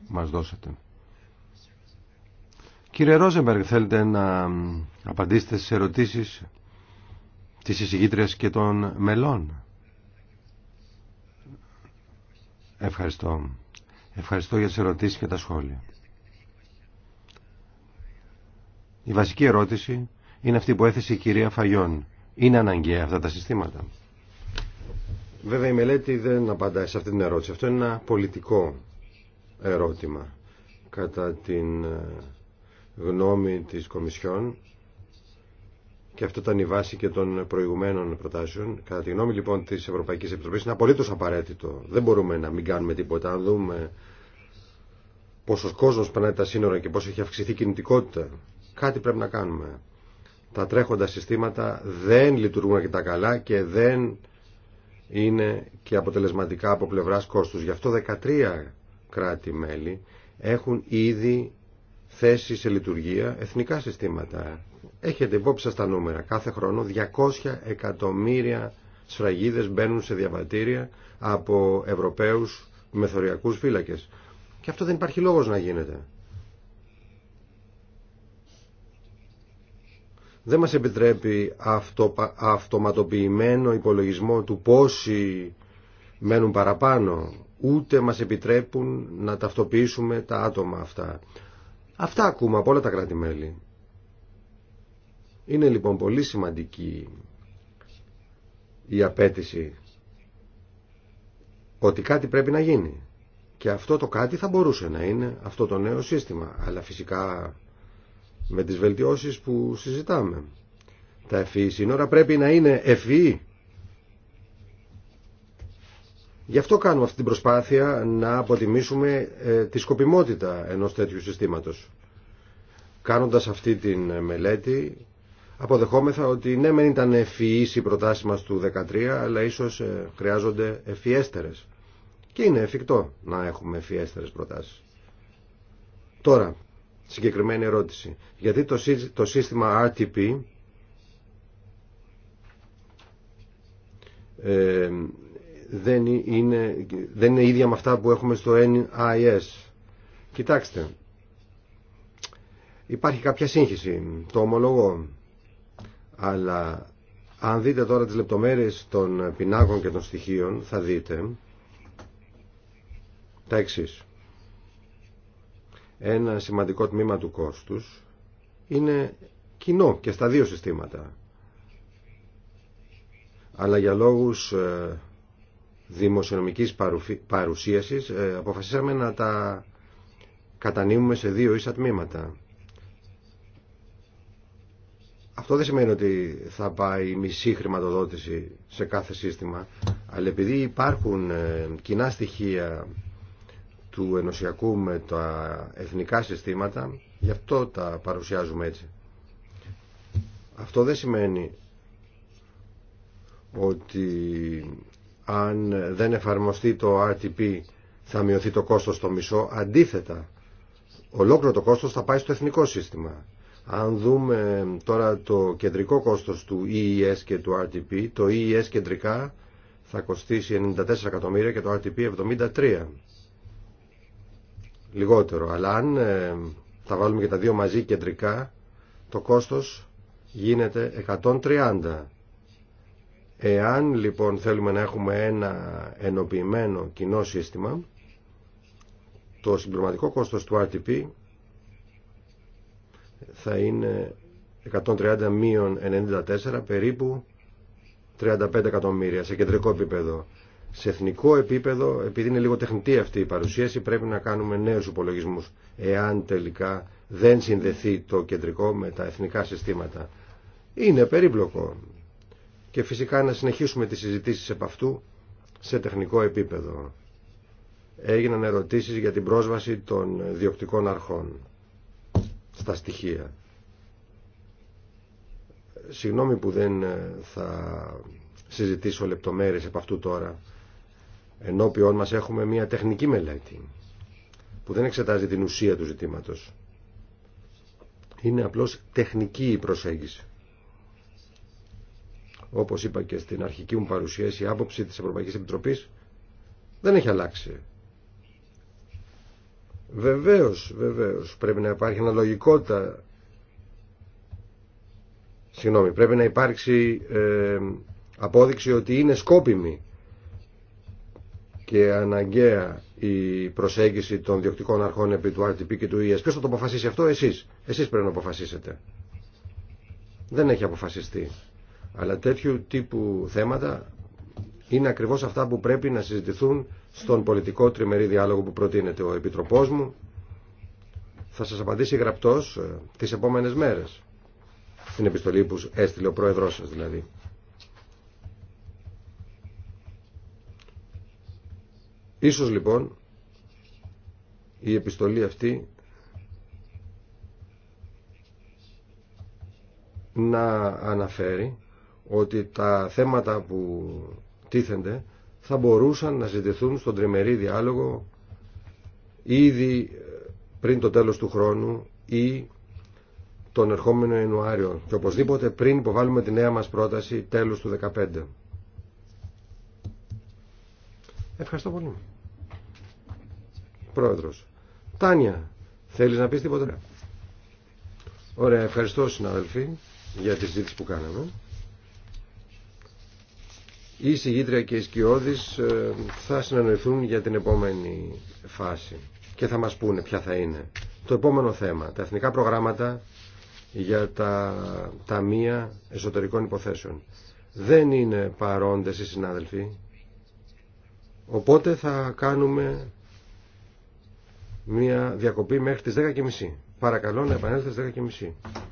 μας δώσατε. Κύριε Ρόζεμπεργκ, θέλετε να απαντήσετε στις ερωτήσεις της εισηγήτριας και των μελών. Ευχαριστώ. Ευχαριστώ για τις ερωτήσεις και τα σχόλια. Η βασική ερώτηση είναι αυτή που έθεσε η κυρία Φαγιόν. Είναι αναγκαία αυτά τα συστήματα. Βέβαια η μελέτη δεν απαντάει σε αυτή την ερώτηση. Αυτό είναι ένα πολιτικό ερώτημα. Κατά την ε, γνώμη της Κομισιόν και αυτό ήταν η βάση και των προηγουμένων προτάσεων. Κατά τη γνώμη λοιπόν τη Ευρωπαϊκή Επιτροπή είναι απολύτω απαραίτητο. Δεν μπορούμε να μην κάνουμε τίποτα. Αν δούμε πόσο κόσμο περνάει τα σύνορα και πόσο έχει αυξηθεί η κινητικότητα, κάτι πρέπει να κάνουμε. Τα τρέχοντα συστήματα δεν λειτουργούν αρκετά καλά και δεν είναι και αποτελεσματικά από πλευρά κόστου. Γι' αυτό 13 κράτη-μέλη έχουν ήδη θέσει σε λειτουργία εθνικά συστήματα Έχετε υπόψη στα τα νούμερα. Κάθε χρόνο 200 εκατομμύρια σφραγίδες μπαίνουν σε διαβατήρια από Ευρωπαίους μεθοριακούς φύλακες. Και αυτό δεν υπάρχει λόγος να γίνεται. Δεν μας επιτρέπει αυτο, αυτοματοποιημένο υπολογισμό του πόσοι μένουν παραπάνω. Ούτε μας επιτρέπουν να ταυτοποιήσουμε τα άτομα αυτά. Αυτά ακούμε από όλα τα κράτη-μέλη. Είναι λοιπόν πολύ σημαντική η απέτηση ότι κάτι πρέπει να γίνει. Και αυτό το κάτι θα μπορούσε να είναι αυτό το νέο σύστημα, αλλά φυσικά με τις βελτιώσεις που συζητάμε. Τα ευφυή e e σύνορα πρέπει να είναι ευφυή. E Γι' αυτό κάνουμε αυτή την προσπάθεια να αποτιμήσουμε ε, τη σκοπιμότητα ενός τέτοιου συστήματος. Κάνοντας αυτή την μελέτη Αποδεχόμεθα ότι ναι, δεν ήταν ευφυείς οι προτάσεις μας του 2013, αλλά ίσως ε, χρειάζονται ευφυέστερες. Και είναι εφικτό να έχουμε ευφυέστερες προτάσεις. Τώρα, συγκεκριμένη ερώτηση. Γιατί το σύστημα RTP ε, δεν, είναι, δεν είναι ίδια με αυτά που έχουμε στο NIS. Κοιτάξτε, υπάρχει κάποια σύγχυση, το ομολογώ. Αλλά αν δείτε τώρα τις λεπτομέρειες των πινάκων και των στοιχείων θα δείτε τα εξή. Ένα σημαντικό τμήμα του κόστους είναι κοινό και στα δύο συστήματα. Αλλά για λόγους ε, δημοσιονομικής παρουσίασης ε, αποφασίσαμε να τα κατανείμουμε σε δύο ίσα τμήματα. Αυτό δεν σημαίνει ότι θα πάει μισή χρηματοδότηση σε κάθε σύστημα, αλλά επειδή υπάρχουν ε, κοινά στοιχεία του ενωσιακού με τα εθνικά συστήματα, γι' αυτό τα παρουσιάζουμε έτσι. Αυτό δεν σημαίνει ότι αν δεν εφαρμοστεί το RTP θα μειωθεί το κόστος στο μισό. Αντίθετα, ολόκληρο το κόστος θα πάει στο εθνικό σύστημα. Αν δούμε τώρα το κεντρικό κόστος του EES και του RTP, το EES κεντρικά θα κοστίσει 94 εκατομμύρια και το RTP 73. Λιγότερο. Αλλά αν τα ε, βάλουμε και τα δύο μαζί κεντρικά, το κόστος γίνεται 130. Εάν λοιπόν θέλουμε να έχουμε ένα ενοποιημένο κοινό σύστημα, το συμπληρωματικό κόστος του RTP θα είναι 130 94 περίπου 35 εκατομμύρια σε κεντρικό επίπεδο. Σε εθνικό επίπεδο, επειδή είναι λίγο τεχνητή αυτή η παρουσίαση, πρέπει να κάνουμε νέους υπολογισμούς, εάν τελικά δεν συνδεθεί το κεντρικό με τα εθνικά συστήματα. Είναι περίπλοκο. Και φυσικά να συνεχίσουμε τις συζητήσεις επ' αυτού σε τεχνικό επίπεδο. Έγιναν ερωτήσεις για την πρόσβαση των διοκτικών αρχών στα στοιχεία. Συγγνώμη που δεν ε, θα συζητήσω λεπτομέρειες από αυτού τώρα. Ενώπιόν μας έχουμε μια τεχνική μελέτη που δεν εξετάζει την ουσία του ζητήματος. Είναι απλώς τεχνική η προσέγγιση. Όπως είπα και στην αρχική μου παρουσίαση, η άποψη της Ευρωπαϊκής Επιτροπής δεν έχει αλλάξει. Βεβαίως, βεβαίως, πρέπει να υπάρχει αναλογικότητα. Συγγνώμη, πρέπει να υπάρξει ε, απόδειξη ότι είναι σκόπιμη και αναγκαία η προσέγγιση των διοκτικών αρχών επί του RTP και του ES. Ποιος θα το αποφασίσει αυτό, εσείς. Εσείς πρέπει να αποφασίσετε. Δεν έχει αποφασιστεί. Αλλά τέτοιου τύπου θέματα είναι ακριβώς αυτά που πρέπει να συζητηθούν στον πολιτικό τριμερή διάλογο που προτείνεται ο Επιτροπός μου. Θα σας απαντήσει γραπτός ε, τις επόμενες μέρες. Στην επιστολή που έστειλε ο Πρόεδρός σας δηλαδή. Ίσως λοιπόν η επιστολή αυτή να αναφέρει ότι τα θέματα που τίθενται θα μπορούσαν να συζητηθούν στον τριμερή διάλογο ήδη ε, πριν το τέλος του χρόνου ή τον ερχόμενο Ιανουάριο και οπωσδήποτε πριν υποβάλουμε τη νέα μας πρόταση τέλος του 2015. Ευχαριστώ πολύ. Πρόεδρος. Τάνια, θέλεις να πεις τίποτα. Ναι. Ωραία, ευχαριστώ συναδελφοί για τη συζήτηση που κάναμε. Οι συγγήτρια και οι σκιώδης ε, θα συνανοηθούν για την επόμενη φάση και θα μας πούνε ποια θα είναι. Το επόμενο θέμα, τα εθνικά προγράμματα για τα ταμεία εσωτερικών υποθέσεων. Δεν είναι παρόντες οι συνάδελφοι, οπότε θα κάνουμε μια διακοπή μέχρι τις 10.30. Παρακαλώ να επανέλθετε στις 10.30.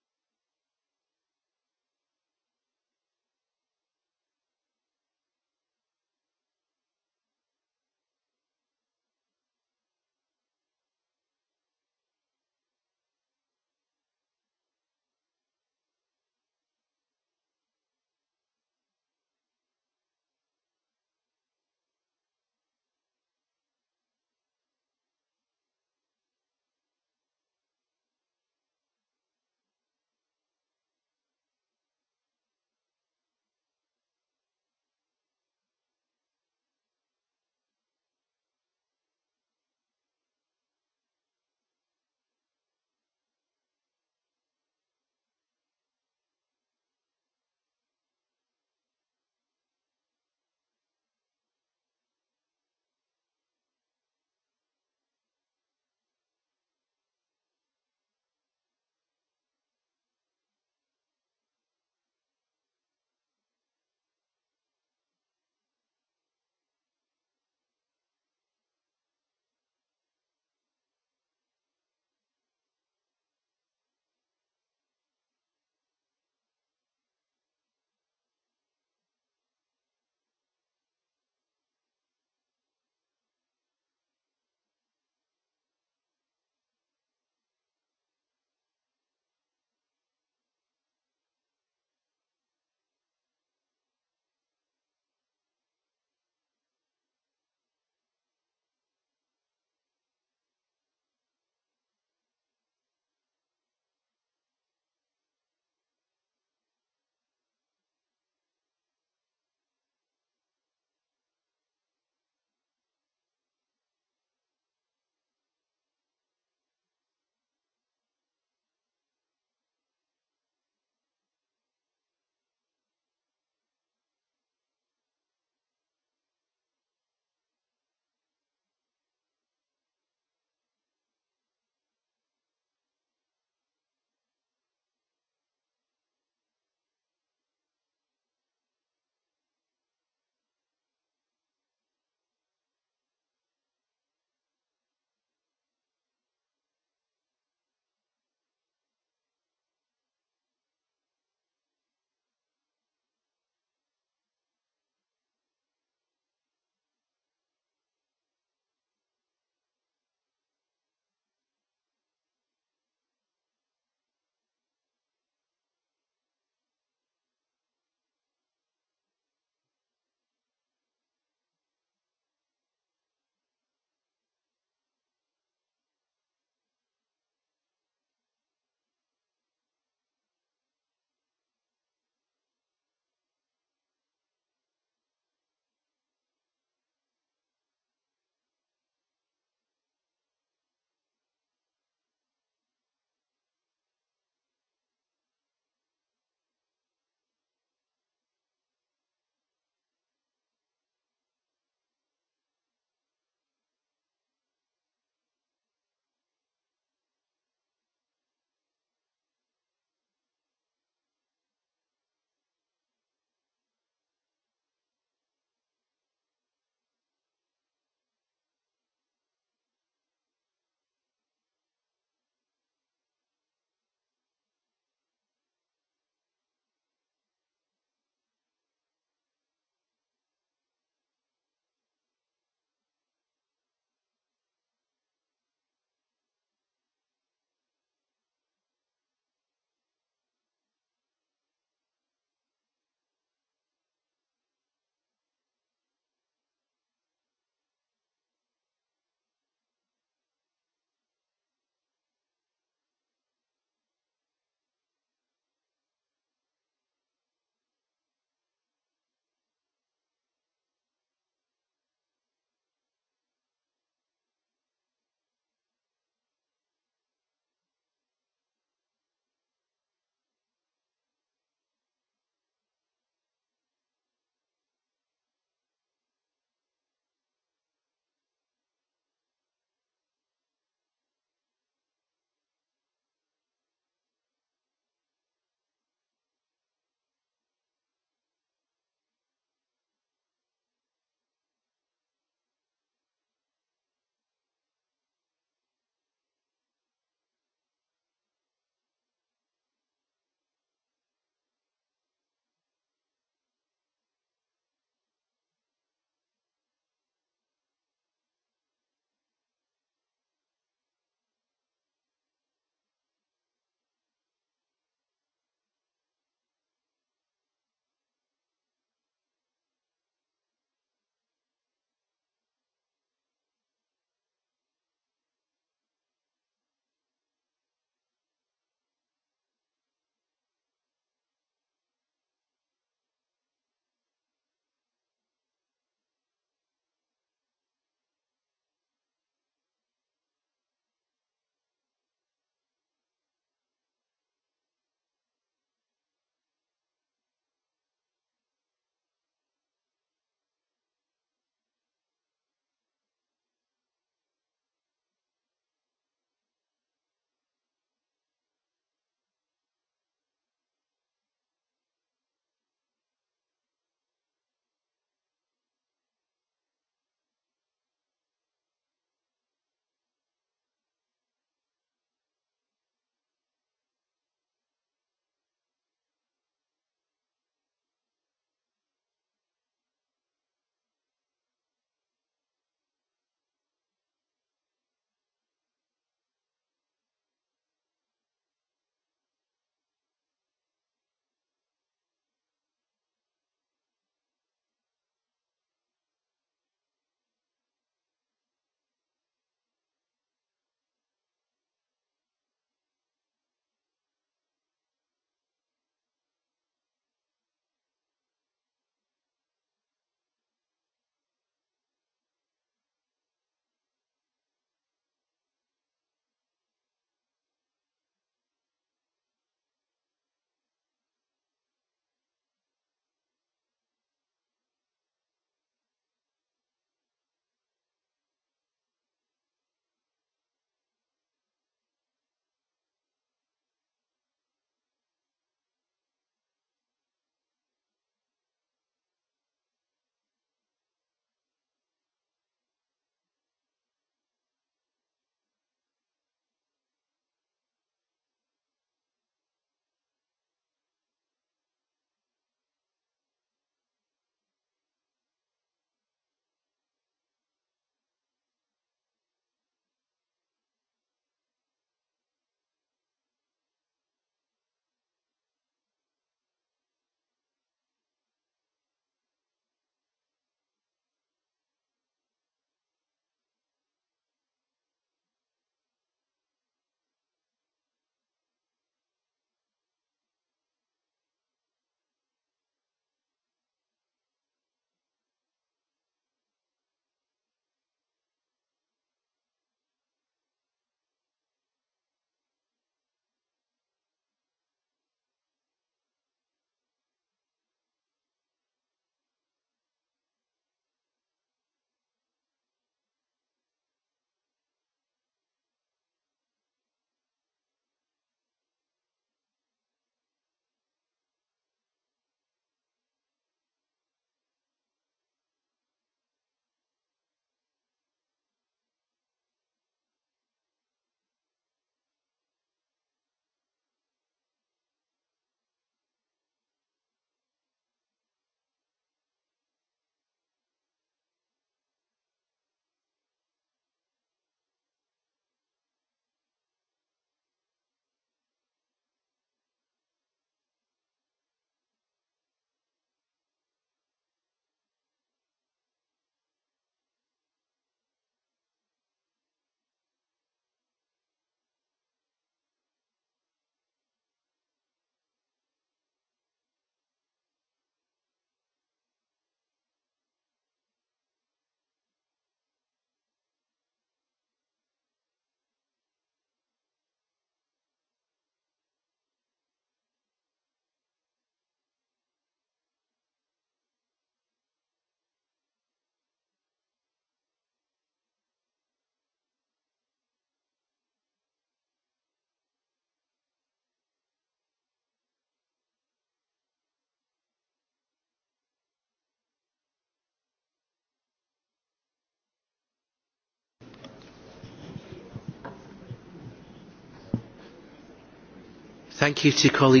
Θα σας έλεγα να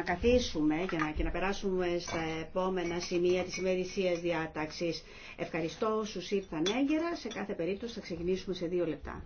καθίσουμε και να, και να περάσουμε στα επόμενα σημεία τη ημερησία διαταξή. Ευχαριστώ σου ήρθαν έγκαιρα. Σε κάθε περίπτωση θα ξεκινήσουμε σε δύο λεπτά.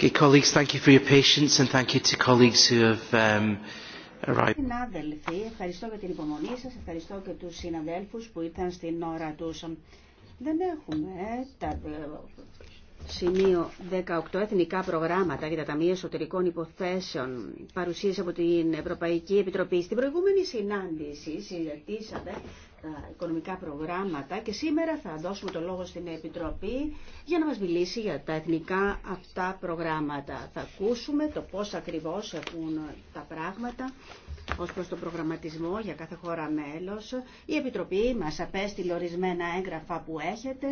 for patience Συνάδελφοι, ευχαριστώ για την υπομονή σας, ευχαριστώ και τους συναδέλφους που ήρθαν στην ώρα τους. Δεν έχουμε Σημείο 18. Εθνικά προγράμματα για τα Ταμεία Εσωτερικών Υποθέσεων. Παρουσίαση από την Ευρωπαϊκή Επιτροπή. Στην προηγούμενη συνάντηση συζητήσατε τα οικονομικά προγράμματα και σήμερα θα δώσουμε το λόγο στην Επιτροπή για να μας μιλήσει για τα εθνικά αυτά προγράμματα. Θα ακούσουμε το πώς ακριβώς έχουν τα πράγματα ως προς τον προγραμματισμό για κάθε χώρα μέλος. Η Επιτροπή μας απέστειλε ορισμένα έγγραφα που έχετε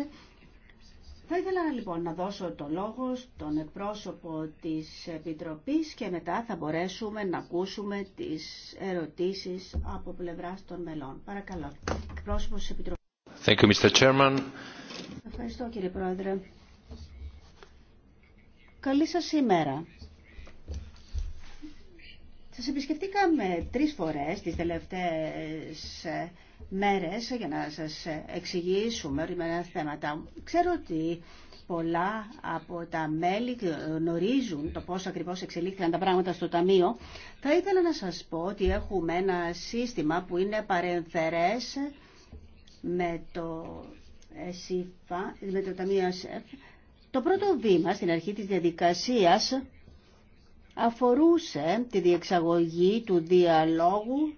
θα ήθελα λοιπόν να δώσω το λόγο στον εκπρόσωπο της Επιτροπής και μετά θα μπορέσουμε να ακούσουμε τις ερωτήσεις από πλευράς των μελών. Παρακαλώ. Εκπρόσωπος της Επιτροπής. Thank you, Mr. Chairman. Ευχαριστώ κύριε Πρόεδρε. Καλή σας ημέρα. Σας επισκεφτήκαμε τρεις φορές τις τελευταίες ε, μέρες για να σας εξηγήσουμε ορισμένα θέματα. Ξέρω ότι πολλά από τα μέλη γνωρίζουν το πώς ακριβώς εξελίχθηκαν τα πράγματα στο Ταμείο. Θα ήθελα να σας πω ότι έχουμε ένα σύστημα που είναι παρενθερές με το, ΕΣΥΦΑ, με το Ταμείο ΕΣΕΦ. Το πρώτο βήμα στην αρχή της διαδικασίας αφορούσε τη διεξαγωγή του διαλόγου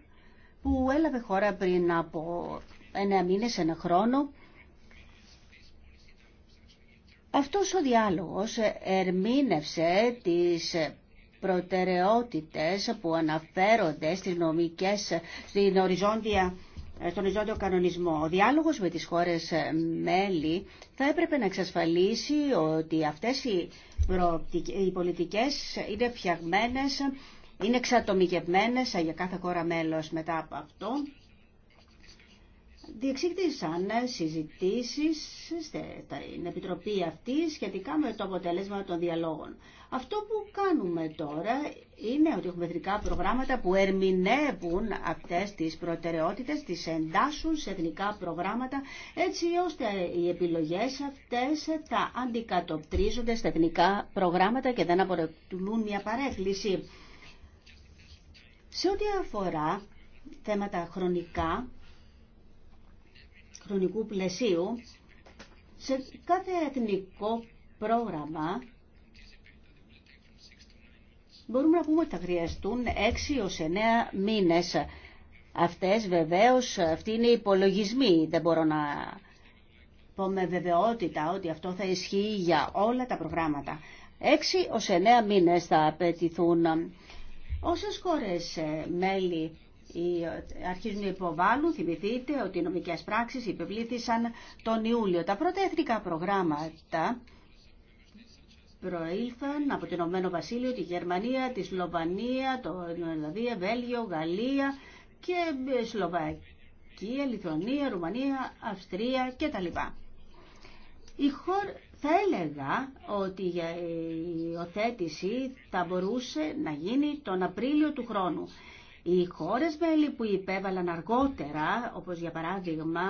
που έλαβε χώρα πριν από ένα μήνες, ένα χρόνο. Αυτός ο διάλογος ερμήνευσε τις προτεραιότητες που αναφέρονται στις νομικές, στην οριζόντια στον οριζόντιο κανονισμό. Ο διάλογος με τις χώρες μέλη θα έπρεπε να εξασφαλίσει ότι αυτές οι, πολιτικές είναι φτιαγμένες είναι εξατομικευμένες για κάθε χώρα μέλος μετά από αυτό. Διεξήχθησαν ε, συζητήσεις στην Επιτροπή αυτή σχετικά με το αποτέλεσμα των διαλόγων. Αυτό που κάνουμε τώρα είναι ότι έχουμε εθνικά προγράμματα που ερμηνεύουν αυτές τις προτεραιότητες, τις εντάσσουν σε εθνικά προγράμματα, έτσι ώστε οι επιλογές αυτές θα αντικατοπτρίζονται στα εθνικά προγράμματα και δεν αποτελούν μια παρέκκληση. Σε ό,τι αφορά θέματα χρονικά, χρονικού πλαισίου, σε κάθε εθνικό πρόγραμμα μπορούμε να πούμε ότι θα χρειαστούν 6 έως 9 μήνες. Αυτές βεβαίως, αυτοί είναι οι υπολογισμοί, δεν μπορώ να πω με βεβαιότητα ότι αυτό θα ισχύει για όλα τα προγράμματα. 6 ως 9 μήνες θα απαιτηθούν Όσες χώρες ε, μέλη αρχίζουν να υποβάλλουν, θυμηθείτε ότι οι νομικές πράξεις υπευλήθησαν τον Ιούλιο. Τα πρώτα εθνικά προγράμματα προήλθαν από το Ηνωμένο Βασίλειο, τη Γερμανία, τη Σλοβανία, το Ελλαδία, Βέλγιο, Γαλλία και ε, Σλοβακία, Λιθουανία, Ρουμανία, Αυστρία κτλ. Οι χώρες θα έλεγα ότι η υιοθέτηση θα μπορούσε να γίνει τον Απρίλιο του χρόνου. Οι χώρες μέλη που υπέβαλαν αργότερα, όπως για παράδειγμα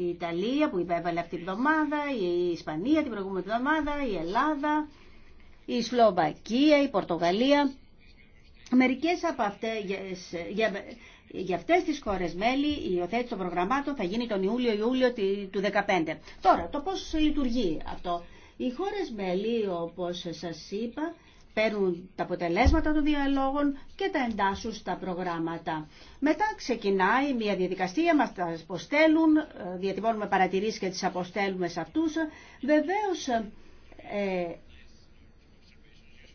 η Ιταλία που υπέβαλε αυτή τη βδομάδα, η Ισπανία την προηγούμενη βδομάδα, η Ελλάδα, η Σλοβακία, η Πορτογαλία, μερικές από αυτές, για αυτές τις χώρε μέλη η υιοθέτηση των προγραμμάτων θα γίνει τον Ιούλιο-Ιούλιο του 2015. Τώρα, το πώς λειτουργεί αυτό. Οι χώρε μέλη, όπως σας είπα, παίρνουν τα αποτελέσματα των διαλόγων και τα εντάσσουν στα προγράμματα. Μετά ξεκινάει μια διαδικασία, μας τα αποστέλουν, ε, διατυπώνουμε παρατηρήσεις και τις αποστέλουμε σε αυτούς. Βεβαίως, ε,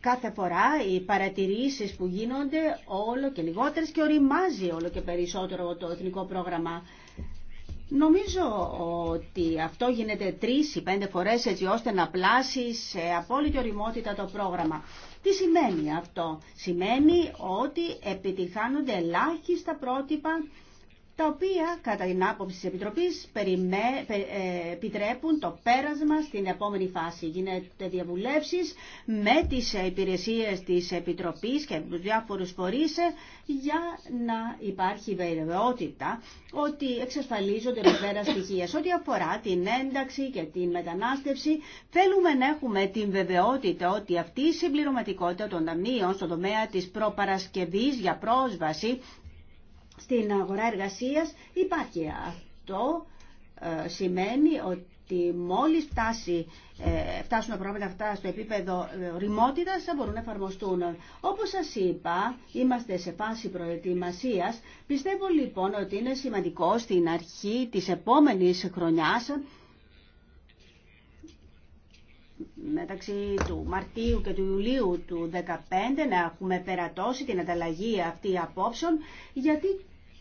κάθε φορά οι παρατηρήσεις που γίνονται όλο και λιγότερες και οριμάζει όλο και περισσότερο το εθνικό πρόγραμμα. Νομίζω ότι αυτό γίνεται τρεις ή πέντε φορές έτσι ώστε να πλάσει σε απόλυτη οριμότητα το πρόγραμμα. Τι σημαίνει αυτό. Σημαίνει ότι επιτυχάνονται ελάχιστα πρότυπα τα οποία κατά την άποψη της Επιτροπής περιμέ, πε, ε, επιτρέπουν το πέρασμα στην επόμενη φάση. Γίνεται διαβουλεύσεις με τις υπηρεσίες της Επιτροπής και τους διάφορους φορείς για να υπάρχει βεβαιότητα ότι εξασφαλίζονται πέρα στοιχεία. ό,τι αφορά την ένταξη και την μετανάστευση, θέλουμε να έχουμε την βεβαιότητα ότι αυτή η συμπληρωματικότητα των ταμείων στον τομέα της προπαρασκευής για πρόσβαση στην αγορά εργασίας υπάρχει. Αυτό ε, σημαίνει ότι μόλις φτάσει, ε, φτάσουν τα πρόβλημα αυτά στο επίπεδο ε, ρημότητας θα μπορούν να εφαρμοστούν. Όπως σας είπα, είμαστε σε φάση προετοιμασίας. Πιστεύω λοιπόν ότι είναι σημαντικό στην αρχή της επόμενης χρονιάς μεταξύ του Μαρτίου και του Ιουλίου του 2015 να έχουμε περατώσει την ανταλλαγή αυτή απόψεων γιατί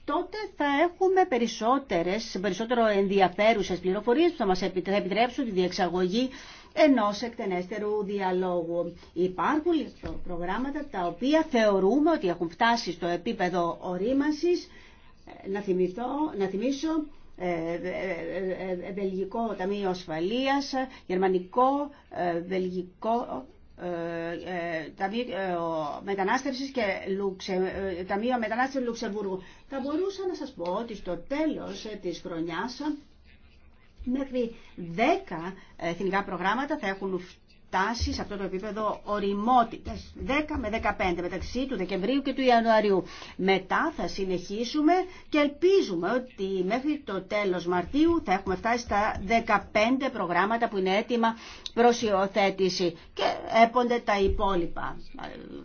τότε θα έχουμε περισσότερες, περισσότερο ενδιαφέρουσες πληροφορίες που θα μας επιτρέψουν τη διεξαγωγή ενός εκτενέστερου διαλόγου. Υπάρχουν λοιπόν προγράμματα τα οποία θεωρούμε ότι έχουν φτάσει στο επίπεδο ορίμασης. Ε, να, να θυμίσω ε, ε, ε, βελγικό Ταμείο Ασφαλείας, Γερμανικό, Βελγικό Ταμείο Μετανάστευσης και Ταμείο Μετανάστευσης Λουξεμβούργου. Θα μπορούσα να σας πω ότι στο τέλος της χρονιάς μέχρι 10 εθνικά προγράμματα θα έχουν φτάσει σε αυτό το επίπεδο οριμότητα. 10 με 15 μεταξύ του Δεκεμβρίου και του Ιανουαρίου. Μετά θα συνεχίσουμε και ελπίζουμε ότι μέχρι το τέλο Μαρτίου θα έχουμε φτάσει στα 15 προγράμματα που είναι έτοιμα προ υιοθέτηση και έπονται τα υπόλοιπα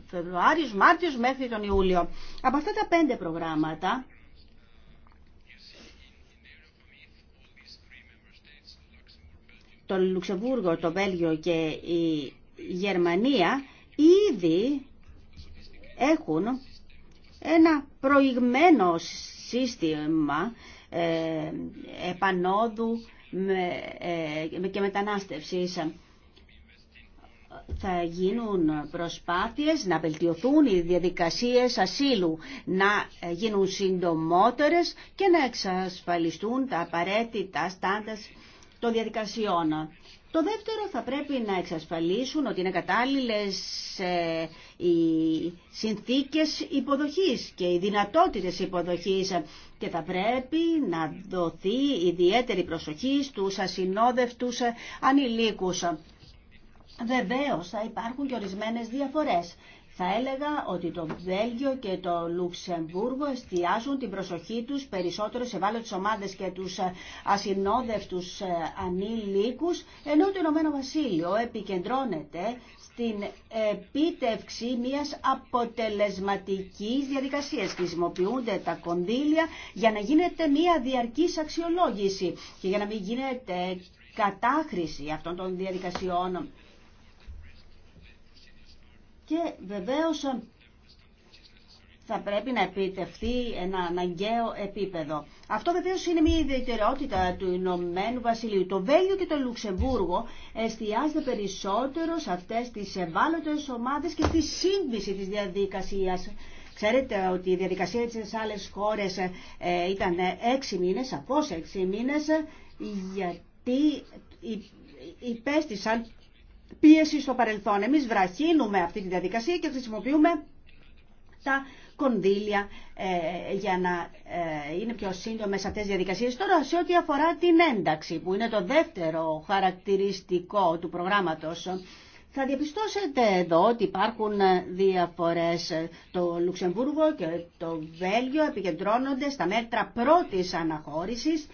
Φεβρουάριο, Μάρτιο, μέχρι τον Ιούλιο. Από αυτά τα 5 προγράμματα το Λουξεμβούργο, το Βέλγιο και η Γερμανία ήδη έχουν ένα προηγμένο σύστημα ε, επανόδου ε, και μετανάστευσης. Θα γίνουν προσπάθειες να βελτιωθούν οι διαδικασίες ασύλου, να γίνουν συντομότερες και να εξασφαλιστούν τα απαραίτητα στάντας των διαδικασιών. Το δεύτερο θα πρέπει να εξασφαλίσουν ότι είναι κατάλληλες ε, οι συνθήκες υποδοχής και οι δυνατότητες υποδοχής και θα πρέπει να δοθεί ιδιαίτερη προσοχή στους ασυνόδευτους ανηλίκους. Βεβαίως θα υπάρχουν και ορισμένες διαφορές. Θα έλεγα ότι το Βέλγιο και το Λουξεμβούργο εστιάζουν την προσοχή τους περισσότερο σε τις ομάδες και τους ε, ασυνόδευτους ε, ανήλικους, ενώ το Ηνωμένο Βασίλειο επικεντρώνεται στην επίτευξη μιας αποτελεσματικής διαδικασίας. Χρησιμοποιούνται τα κονδύλια για να γίνεται μια διαρκής αξιολόγηση και για να μην γίνεται κατάχρηση αυτών των διαδικασιών και βεβαίως ε, θα πρέπει να επιτευχθεί ένα αναγκαίο επίπεδο. Αυτό βεβαίως είναι μια ιδιαιτερότητα του Ηνωμένου Βασιλείου. Το Βέλγιο και το Λουξεμβούργο εστιάζεται περισσότερο σε αυτές τις ευάλωτες ομάδες και στη σύγκριση της διαδικασίας. Ξέρετε ότι η διαδικασία της άλλες χώρες ε, ήταν έξι μήνες, σαφώς έξι μήνες, γιατί υπέστησαν πίεση στο παρελθόν. Εμείς βραχύνουμε αυτή τη διαδικασία και χρησιμοποιούμε τα κονδύλια ε, για να ε, είναι πιο σύντομες αυτές οι διαδικασίες. Τώρα σε ό,τι αφορά την ένταξη που είναι το δεύτερο χαρακτηριστικό του προγράμματος θα διαπιστώσετε εδώ ότι υπάρχουν διαφορές. Το Λουξεμβούργο και το Βέλγιο επικεντρώνονται στα μέτρα πρώτης αναχώρησης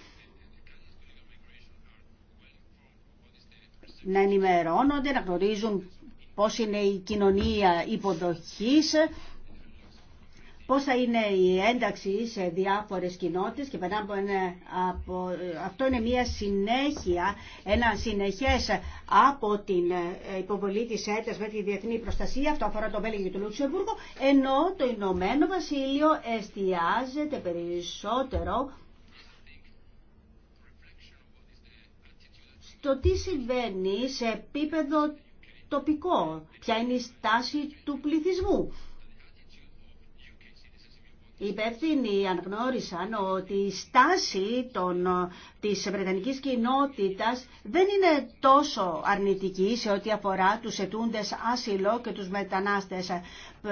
να ενημερώνονται, να γνωρίζουν πώς είναι η κοινωνία υποδοχής, πώς θα είναι η ένταξη σε διάφορες κοινότητες και αυτό είναι μια συνέχεια, ένα συνεχές από την ε, υποβολή της έντας με τη διεθνή προστασία, αυτό αφορά το Βέλγιο και το Λουξεμβούργο, ενώ το Ηνωμένο Βασίλειο εστιάζεται περισσότερο το τι συμβαίνει σε επίπεδο τοπικό, ποια είναι η στάση του πληθυσμού. Οι υπεύθυνοι αναγνώρισαν ότι η στάση των, της Βρετανικής κοινότητας δεν είναι τόσο αρνητική σε ό,τι αφορά τους ετούντες άσυλο και τους μετανάστες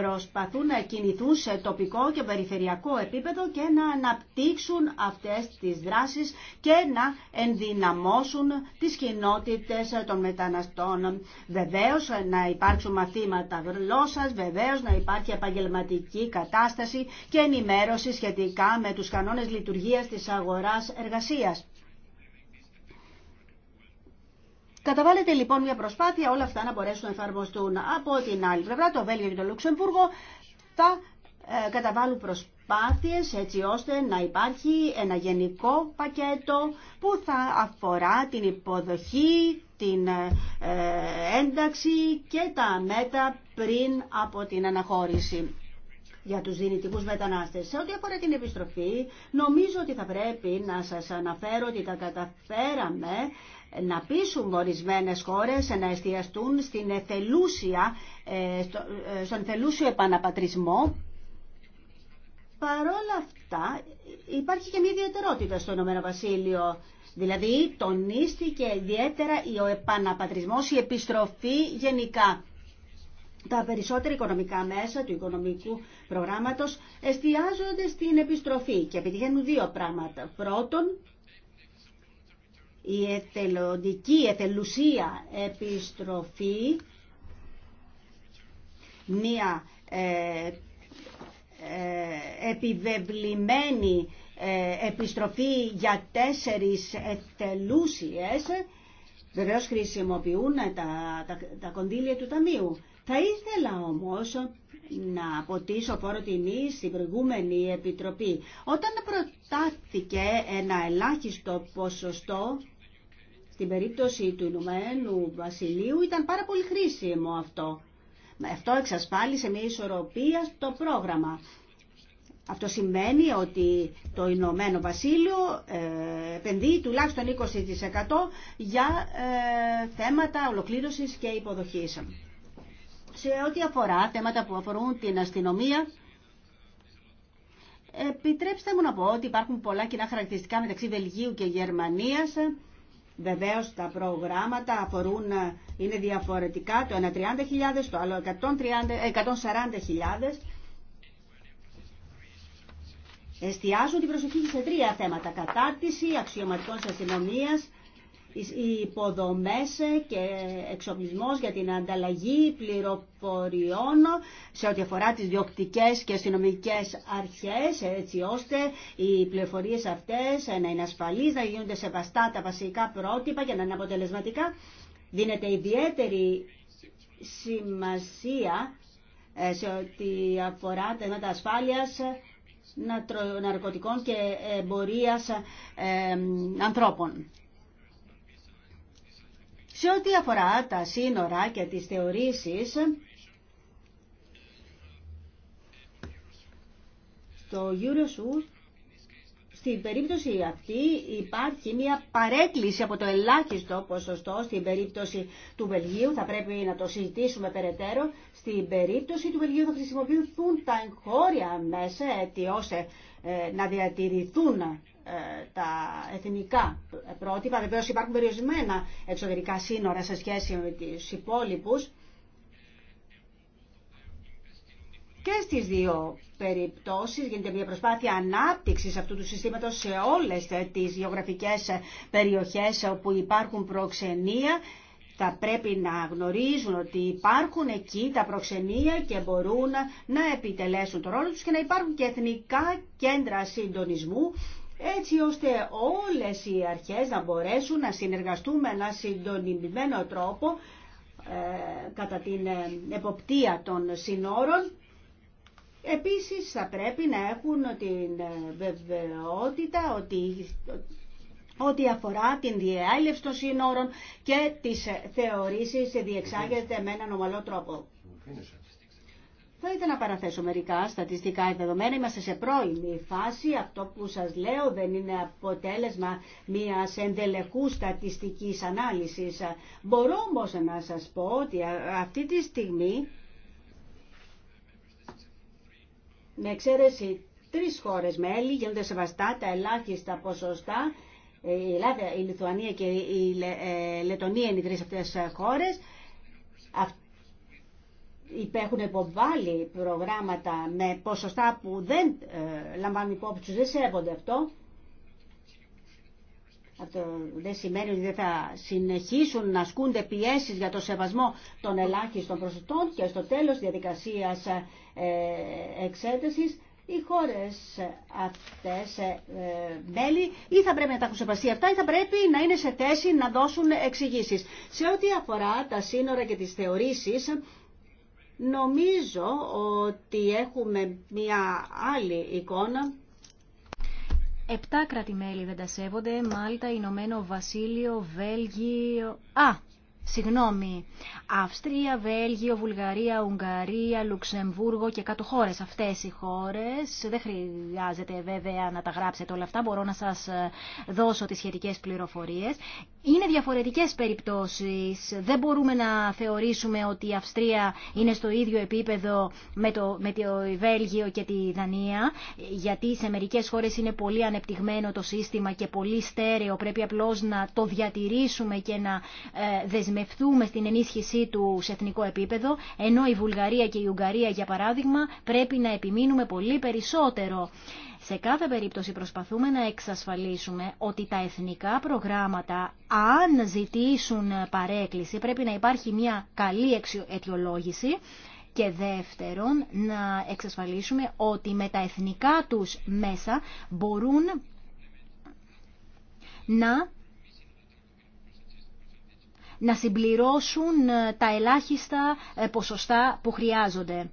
προσπαθούν να κινηθούν σε τοπικό και περιφερειακό επίπεδο και να αναπτύξουν αυτές τις δράσεις και να ενδυναμώσουν τις κοινότητες των μεταναστών. Βεβαίως να υπάρξουν μαθήματα γλώσσας, βεβαίως να υπάρχει επαγγελματική κατάσταση και ενημέρωση σχετικά με τους κανόνες λειτουργίας της αγοράς εργασίας. Καταβάλλεται λοιπόν μια προσπάθεια όλα αυτά να μπορέσουν να εφαρμοστούν. Από την άλλη πλευρά, το Βέλγιο και το Λουξεμβούργο θα ε, καταβάλουν προσπάθειες έτσι ώστε να υπάρχει ένα γενικό πακέτο που θα αφορά την υποδοχή, την ε, ένταξη και τα μέτα πριν από την αναχώρηση για τους δυνητικούς μετανάστες. Σε ό,τι αφορά την επιστροφή, νομίζω ότι θα πρέπει να σας αναφέρω ότι τα καταφέραμε να πείσουν ορισμένες χώρες να εστιαστούν στην εθελούσια, ε, ε, στον εθελούσιο επαναπατρισμό. Παρόλα αυτά υπάρχει και μια ιδιαιτερότητα στο Ηνωμένο Βασίλειο. Δηλαδή τονίστηκε ιδιαίτερα ο επαναπατρισμός, η επιστροφή γενικά. Τα περισσότερα οικονομικά μέσα του οικονομικού προγράμματος εστιάζονται στην επιστροφή και επιτυχαίνουν δύο πράγματα. Πρώτον, η εθελοντική, εθελουσία επιστροφή, μία ε, ε, επιβεβλημένη ε, επιστροφή για τέσσερις εθελούσιες, Βεβαίω χρησιμοποιούν τα, τα, τα κονδύλια του Ταμείου. Θα ήθελα όμως να αποτίσω φόρο τιμή στην προηγούμενη Επιτροπή. Όταν προτάθηκε ένα ελάχιστο ποσοστό στην περίπτωση του Ηνωμένου Βασιλείου ήταν πάρα πολύ χρήσιμο αυτό. Αυτό εξασφάλισε μια ισορροπία στο πρόγραμμα. Αυτό σημαίνει ότι το Ηνωμένο Βασίλειο ε, επενδύει τουλάχιστον 20% για ε, θέματα ολοκλήρωσης και υποδοχής. Σε ό,τι αφορά θέματα που αφορούν την αστυνομία, επιτρέψτε μου να πω ότι υπάρχουν πολλά κοινά χαρακτηριστικά μεταξύ Βελγίου και Γερμανίας Βεβαίως τα προγράμματα αφορούν, ε, είναι διαφορετικά, το ένα 30.000, το άλλο 140.000. Ε, Εστιάζουν την προσοχή σε τρία θέματα. Κατάρτιση αξιωματικών της αστυνομίας, οι υποδομές ε, και εξοπλισμός για την ανταλλαγή πληροφοριών σε ό,τι αφορά τις διοκτικές και αστυνομικέ αρχές έτσι ώστε οι πληροφορίες αυτές ε, να είναι ασφαλείς, να γίνονται σεβαστά τα βασικά πρότυπα και να είναι αποτελεσματικά. Δίνεται ιδιαίτερη σημασία ε, σε ό,τι αφορά θέματα ασφάλειας ναρκωτικών και εμπορίας ανθρώπων. Σε ό,τι αφορά τα σύνορα και τις θεωρήσεις, το Eurosur στην περίπτωση αυτή υπάρχει μια παρέκκληση από το ελάχιστο ποσοστό στην περίπτωση του Βελγίου. Θα πρέπει να το συζητήσουμε περαιτέρω. Στην περίπτωση του Βελγίου θα χρησιμοποιηθούν τα εγχώρια μέσα έτσι ώστε ε, να διατηρηθούν ε, τα εθνικά πρότυπα. Βεβαίως υπάρχουν περιορισμένα εξωτερικά σύνορα σε σχέση με τους υπόλοιπους. Και στις δύο περιπτώσεις γίνεται μια προσπάθεια ανάπτυξης αυτού του συστήματος σε όλες τις γεωγραφικές περιοχές όπου υπάρχουν προξενία. Θα πρέπει να γνωρίζουν ότι υπάρχουν εκεί τα προξενία και μπορούν να επιτελέσουν το ρόλο τους και να υπάρχουν και εθνικά κέντρα συντονισμού έτσι ώστε όλες οι αρχές να μπορέσουν να συνεργαστούν με ένα συντονισμένο τρόπο ε, κατά την ε, εποπτεία των συνόρων. Επίσης θα πρέπει να έχουν την ε, βεβαιότητα ότι ό,τι αφορά την διέλευση των σύνορων και τις θεωρήσεις διεξάγεται με έναν ομαλό τρόπο. Θα ήθελα να παραθέσω μερικά στατιστικά δεδομένα. Είμαστε σε πρώιμη φάση. Αυτό που σας λέω δεν είναι αποτέλεσμα μιας εντελεχού στατιστικής ανάλυσης. Μπορώ όμω να σας πω ότι αυτή τη στιγμή, με εξαίρεση τρει χώρες μέλη, γίνονται σεβαστά τα ελάχιστα ποσοστά. Ε, η Ελλάδα, η Λιθουανία και η ε, Λετωνία είναι οι αυτέ χώρε, χώρες υπέχουν υποβάλει προγράμματα με ποσοστά που δεν ε, λαμβάνουν υπόψη τους, δεν σέβονται αυτό. Αυτό δεν σημαίνει ότι δεν θα συνεχίσουν να ασκούνται πιέσεις για το σεβασμό των ελάχιστων προσωπών και στο τέλος διαδικασίας ε, εξέτασης οι χώρες αυτές ε, μέλη ή θα πρέπει να τα έχουν σεβαστεί αυτά ή θα πρέπει να είναι σε θέση να δώσουν εξηγήσεις. Σε ό,τι αφορά τα σύνορα και τις θεωρήσεις, Νομίζω ότι έχουμε μια άλλη εικόνα. Επτά κράτη-μέλη δεν τα σέβονται. Μάλτα, Ηνωμένο Βασίλειο, Βέλγιο... Α, Συγγνώμη, Αυστρία, Βέλγιο, Βουλγαρία, Ουγγαρία, Λουξεμβούργο και κάτω χώρες. Αυτές οι χώρες, δεν χρειάζεται βέβαια να τα γράψετε όλα αυτά, μπορώ να σας ε, δώσω τις σχετικές πληροφορίες. Είναι διαφορετικές περιπτώσεις, δεν μπορούμε να θεωρήσουμε ότι η Αυστρία είναι στο ίδιο επίπεδο με το, με το Βέλγιο και τη Δανία, γιατί σε μερικές χώρες είναι πολύ ανεπτυγμένο το σύστημα και πολύ στέρεο, πρέπει απλώς να το διατηρήσουμε και να ε, δεσμεύσουμε δεσμευτούμε στην ενίσχυσή του σε εθνικό επίπεδο, ενώ η Βουλγαρία και η Ουγγαρία, για παράδειγμα, πρέπει να επιμείνουμε πολύ περισσότερο. Σε κάθε περίπτωση προσπαθούμε να εξασφαλίσουμε ότι τα εθνικά προγράμματα, αν ζητήσουν παρέκκληση, πρέπει να υπάρχει μια καλή αιτιολόγηση και δεύτερον να εξασφαλίσουμε ότι με τα εθνικά τους μέσα μπορούν να να συμπληρώσουν ε, τα ελάχιστα ε, ποσοστά που χρειάζονται.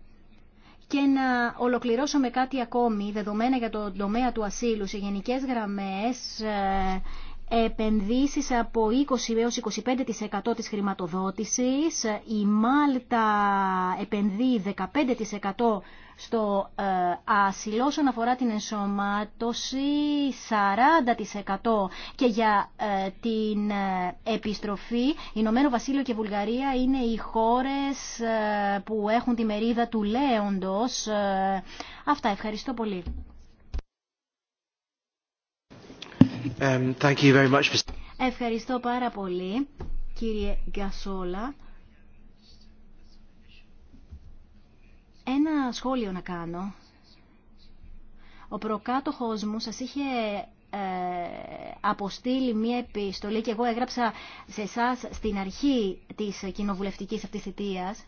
Και να ολοκληρώσω με κάτι ακόμη, δεδομένα για το τομέα του ασύλου, σε γενικές γραμμές ε, επενδύσεις από 20 έως 25% της χρηματοδότησης, η Μάλτα επενδύει 15% στο ε, άσυλο όσον αφορά την ενσωμάτωση 40% και για ε, την ε, επιστροφή Ηνωμένο Βασίλειο και Βουλγαρία είναι οι χώρες που έχουν τη μερίδα του Λέοντος. Αυτά, ευχαριστώ πολύ. Um, thank you very Ευχαριστώ πάρα πολύ κύριε Γκασόλα. Ένα σχόλιο να κάνω. Ο προκάτοχός μου σας είχε ε, αποστείλει μία επιστολή και εγώ έγραψα σε εσά στην αρχή της κοινοβουλευτικής αυτής θητείας.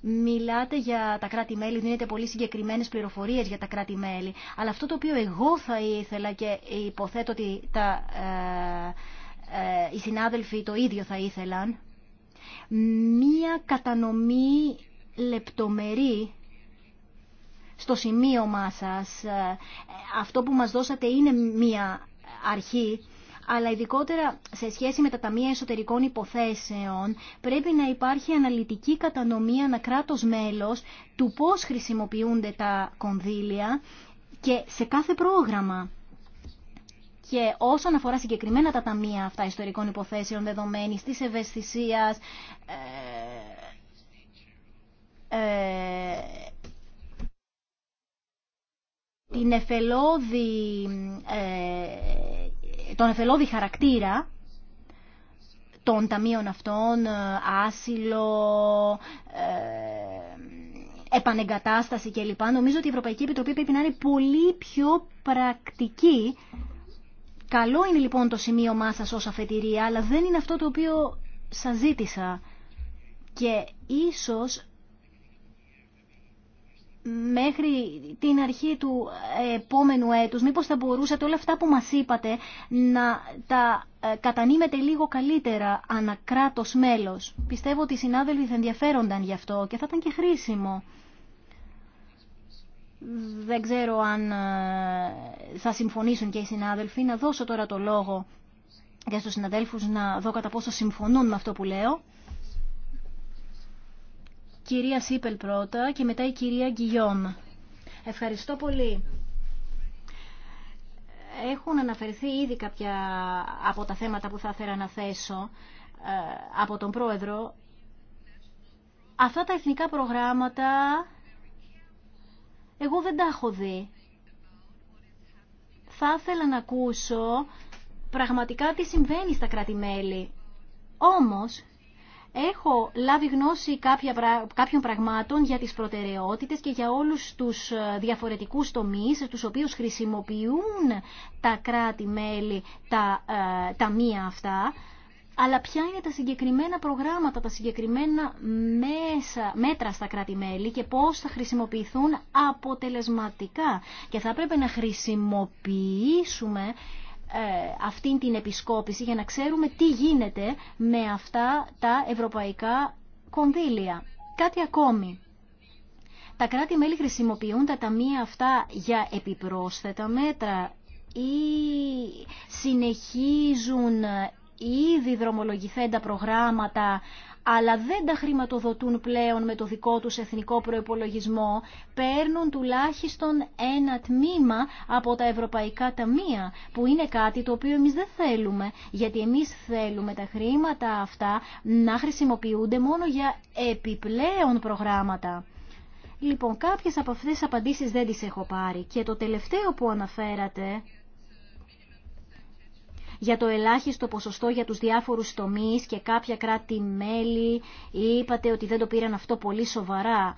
Μιλάτε για τα κράτη-μέλη, δίνετε πολύ συγκεκριμένες πληροφορίες για τα κράτη-μέλη. Αλλά αυτό το οποίο εγώ θα ήθελα και υποθέτω ότι τα, ε, ε οι συνάδελφοι το ίδιο θα ήθελαν, μία κατανομή λεπτομερή στο σημείωμά σας. Ε, αυτό που μας δώσατε είναι μία αρχή, αλλά ειδικότερα σε σχέση με τα Ταμεία Εσωτερικών Υποθέσεων πρέπει να υπάρχει αναλυτική κατανομή κράτος μέλος του πώς χρησιμοποιούνται τα κονδύλια και σε κάθε πρόγραμμα. Και όσον αφορά συγκεκριμένα τα ταμεία αυτά ιστορικών υποθέσεων δεδομένης της ευαισθησίας, ε, ε, την εφελώδη, ε, τον εφελώδη χαρακτήρα των ταμείων αυτών, ε, άσυλο, ε, επανεγκατάσταση κλπ. Νομίζω ότι η Ευρωπαϊκή Επιτροπή πρέπει να είναι πολύ πιο πρακτική Καλό είναι λοιπόν το σημείο σας ως αφετηρία, αλλά δεν είναι αυτό το οποίο σας ζήτησα. Και ίσως μέχρι την αρχή του επόμενου έτους, μήπως θα μπορούσατε όλα αυτά που μας είπατε να τα ε, κατανείμετε λίγο καλύτερα ανακράτος μέλος. Πιστεύω ότι οι συνάδελφοι θα ενδιαφέρονταν γι' αυτό και θα ήταν και χρήσιμο. Δεν ξέρω αν ε, θα συμφωνήσουν και οι συνάδελφοι. Να δώσω τώρα το λόγο για στους συναδέλφους να δω κατά πόσο συμφωνούν με αυτό που λέω. Κυρία Σίπελ πρώτα και μετά η κυρία Γκυγιόμ. Ευχαριστώ πολύ. Έχουν αναφερθεί ήδη κάποια από τα θέματα που θα ήθελα να θέσω ε, από τον Πρόεδρο. Αυτά τα εθνικά προγράμματα εγώ δεν τα έχω δει. Θα ήθελα να ακούσω πραγματικά τι συμβαίνει στα κράτη-μέλη. Όμως, έχω λάβει γνώση κάποια, κάποιων πραγμάτων για τις προτεραιότητες και για όλους τους ε, διαφορετικούς τομείς τους οποίους χρησιμοποιούν τα κράτη-μέλη τα ε, μία αυτά αλλά ποια είναι τα συγκεκριμένα προγράμματα, τα συγκεκριμένα μέσα, μέτρα στα κράτη-μέλη και πώς θα χρησιμοποιηθούν αποτελεσματικά. Και θα πρέπει να χρησιμοποιήσουμε ε, αυτήν την επισκόπηση για να ξέρουμε τι γίνεται με αυτά τα ευρωπαϊκά κονδύλια. Κάτι ακόμη. Τα κράτη-μέλη χρησιμοποιούν τα ταμεία αυτά για επιπρόσθετα μέτρα ή συνεχίζουν ήδη δρομολογηθέντα προγράμματα αλλά δεν τα χρηματοδοτούν πλέον με το δικό τους εθνικό προϋπολογισμό, παίρνουν τουλάχιστον ένα τμήμα από τα ευρωπαϊκά ταμεία, που είναι κάτι το οποίο εμείς δεν θέλουμε, γιατί εμείς θέλουμε τα χρήματα αυτά να χρησιμοποιούνται μόνο για επιπλέον προγράμματα. Λοιπόν, κάποιες από αυτές τις απαντήσεις δεν τις έχω πάρει. Και το τελευταίο που αναφέρατε, για το ελάχιστο ποσοστό για τους διάφορους τομείς και κάποια κράτη-μέλη είπατε ότι δεν το πήραν αυτό πολύ σοβαρά.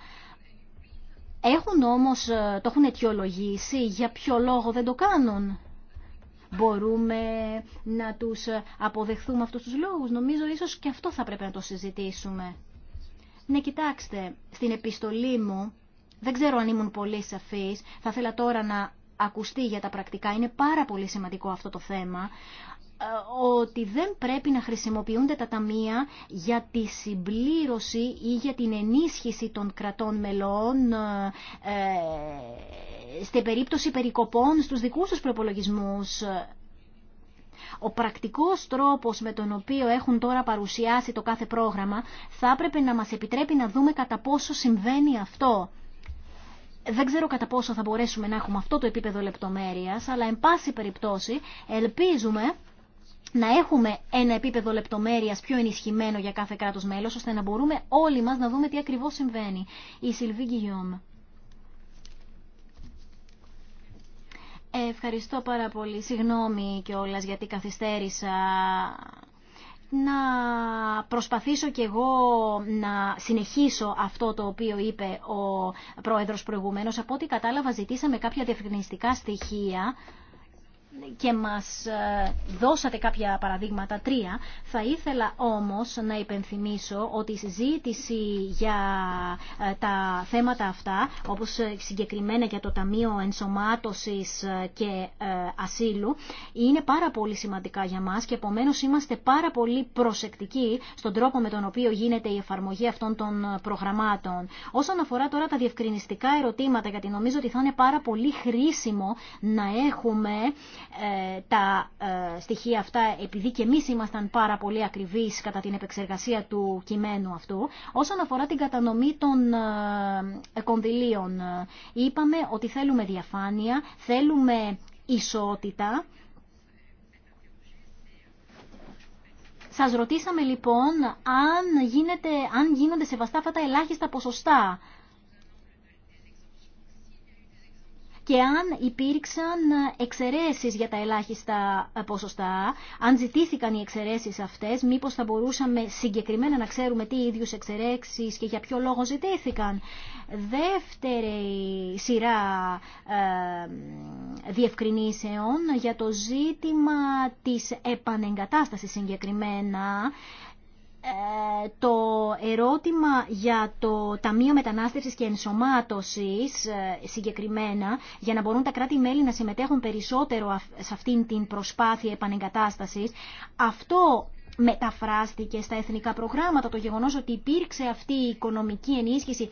Έχουν όμως, ε, το έχουν αιτιολογήσει, για ποιο λόγο δεν το κάνουν. Μπορούμε να τους ε, αποδεχθούμε αυτούς τους λόγους. Νομίζω ίσως και αυτό θα πρέπει να το συζητήσουμε. Ναι, κοιτάξτε, στην επιστολή μου, δεν ξέρω αν ήμουν πολύ σαφής, θα ήθελα τώρα να ακουστεί για τα πρακτικά. Είναι πάρα πολύ σημαντικό αυτό το θέμα. Ε, ότι δεν πρέπει να χρησιμοποιούνται τα ταμεία για τη συμπλήρωση ή για την ενίσχυση των κρατών μελών ε, στην περίπτωση περικοπών στους δικούς τους προπολογισμούς. Ο πρακτικός τρόπος με τον οποίο έχουν τώρα παρουσιάσει το κάθε πρόγραμμα θα έπρεπε να μας επιτρέπει να δούμε κατά πόσο συμβαίνει αυτό. Δεν ξέρω κατά πόσο θα μπορέσουμε να έχουμε αυτό το επίπεδο λεπτομέρειας, αλλά εν πάση περιπτώσει ελπίζουμε να έχουμε ένα επίπεδο λεπτομέρειας πιο ενισχυμένο για κάθε κράτος μέλος, ώστε να μπορούμε όλοι μας να δούμε τι ακριβώς συμβαίνει. Η Σιλβί Γκυγιόμ. Ευχαριστώ πάρα πολύ. Συγγνώμη κιόλα γιατί καθυστέρησα να προσπαθήσω κι εγώ να συνεχίσω αυτό το οποίο είπε ο πρόεδρος προηγουμένως. Από ό,τι κατάλαβα ζητήσαμε κάποια διευκρινιστικά στοιχεία και μας ε, δώσατε κάποια παραδείγματα, τρία. Θα ήθελα όμως να υπενθυμίσω ότι η συζήτηση για ε, τα θέματα αυτά, όπως ε, συγκεκριμένα για το Ταμείο Ενσωμάτωσης και Ασύλου, είναι πάρα πολύ σημαντικά για μας και επομένως είμαστε πάρα πολύ προσεκτικοί στον τρόπο με τον οποίο γίνεται η εφαρμογή αυτών των προγραμμάτων. Όσον αφορά τώρα τα διευκρινιστικά ερωτήματα, γιατί νομίζω ότι θα είναι πάρα πολύ χρήσιμο να έχουμε ε, τα ε, στοιχεία αυτά επειδή και εμείς ήμασταν πάρα πολύ ακριβείς κατά την επεξεργασία του κειμένου αυτού. Όσον αφορά την κατανομή των ε, κονδυλίων, είπαμε ότι θέλουμε διαφάνεια, θέλουμε ισότητα. Σας ρωτήσαμε λοιπόν αν, γίνεται, αν γίνονται σεβαστά αυτά τα ελάχιστα ποσοστά και αν υπήρξαν ε, εξαιρέσει για τα ελάχιστα ε, ποσοστά, αν ζητήθηκαν οι εξαιρέσει αυτές, μήπω θα μπορούσαμε συγκεκριμένα να ξέρουμε τι ίδιου εξαιρέσει και για ποιο λόγο ζητήθηκαν. Δεύτερη σειρά ε, διευκρινήσεων για το ζήτημα της επανεγκατάστασης συγκεκριμένα ε, το ερώτημα για το Ταμείο Μετανάστευσης και Ενσωμάτωσης ε, συγκεκριμένα, για να μπορούν τα κράτη-μέλη να συμμετέχουν περισσότερο σε αυτήν την προσπάθεια επανεγκατάστασης, αυτό μεταφράστηκε στα εθνικά προγράμματα, το γεγονός ότι υπήρξε αυτή η οικονομική ενίσχυση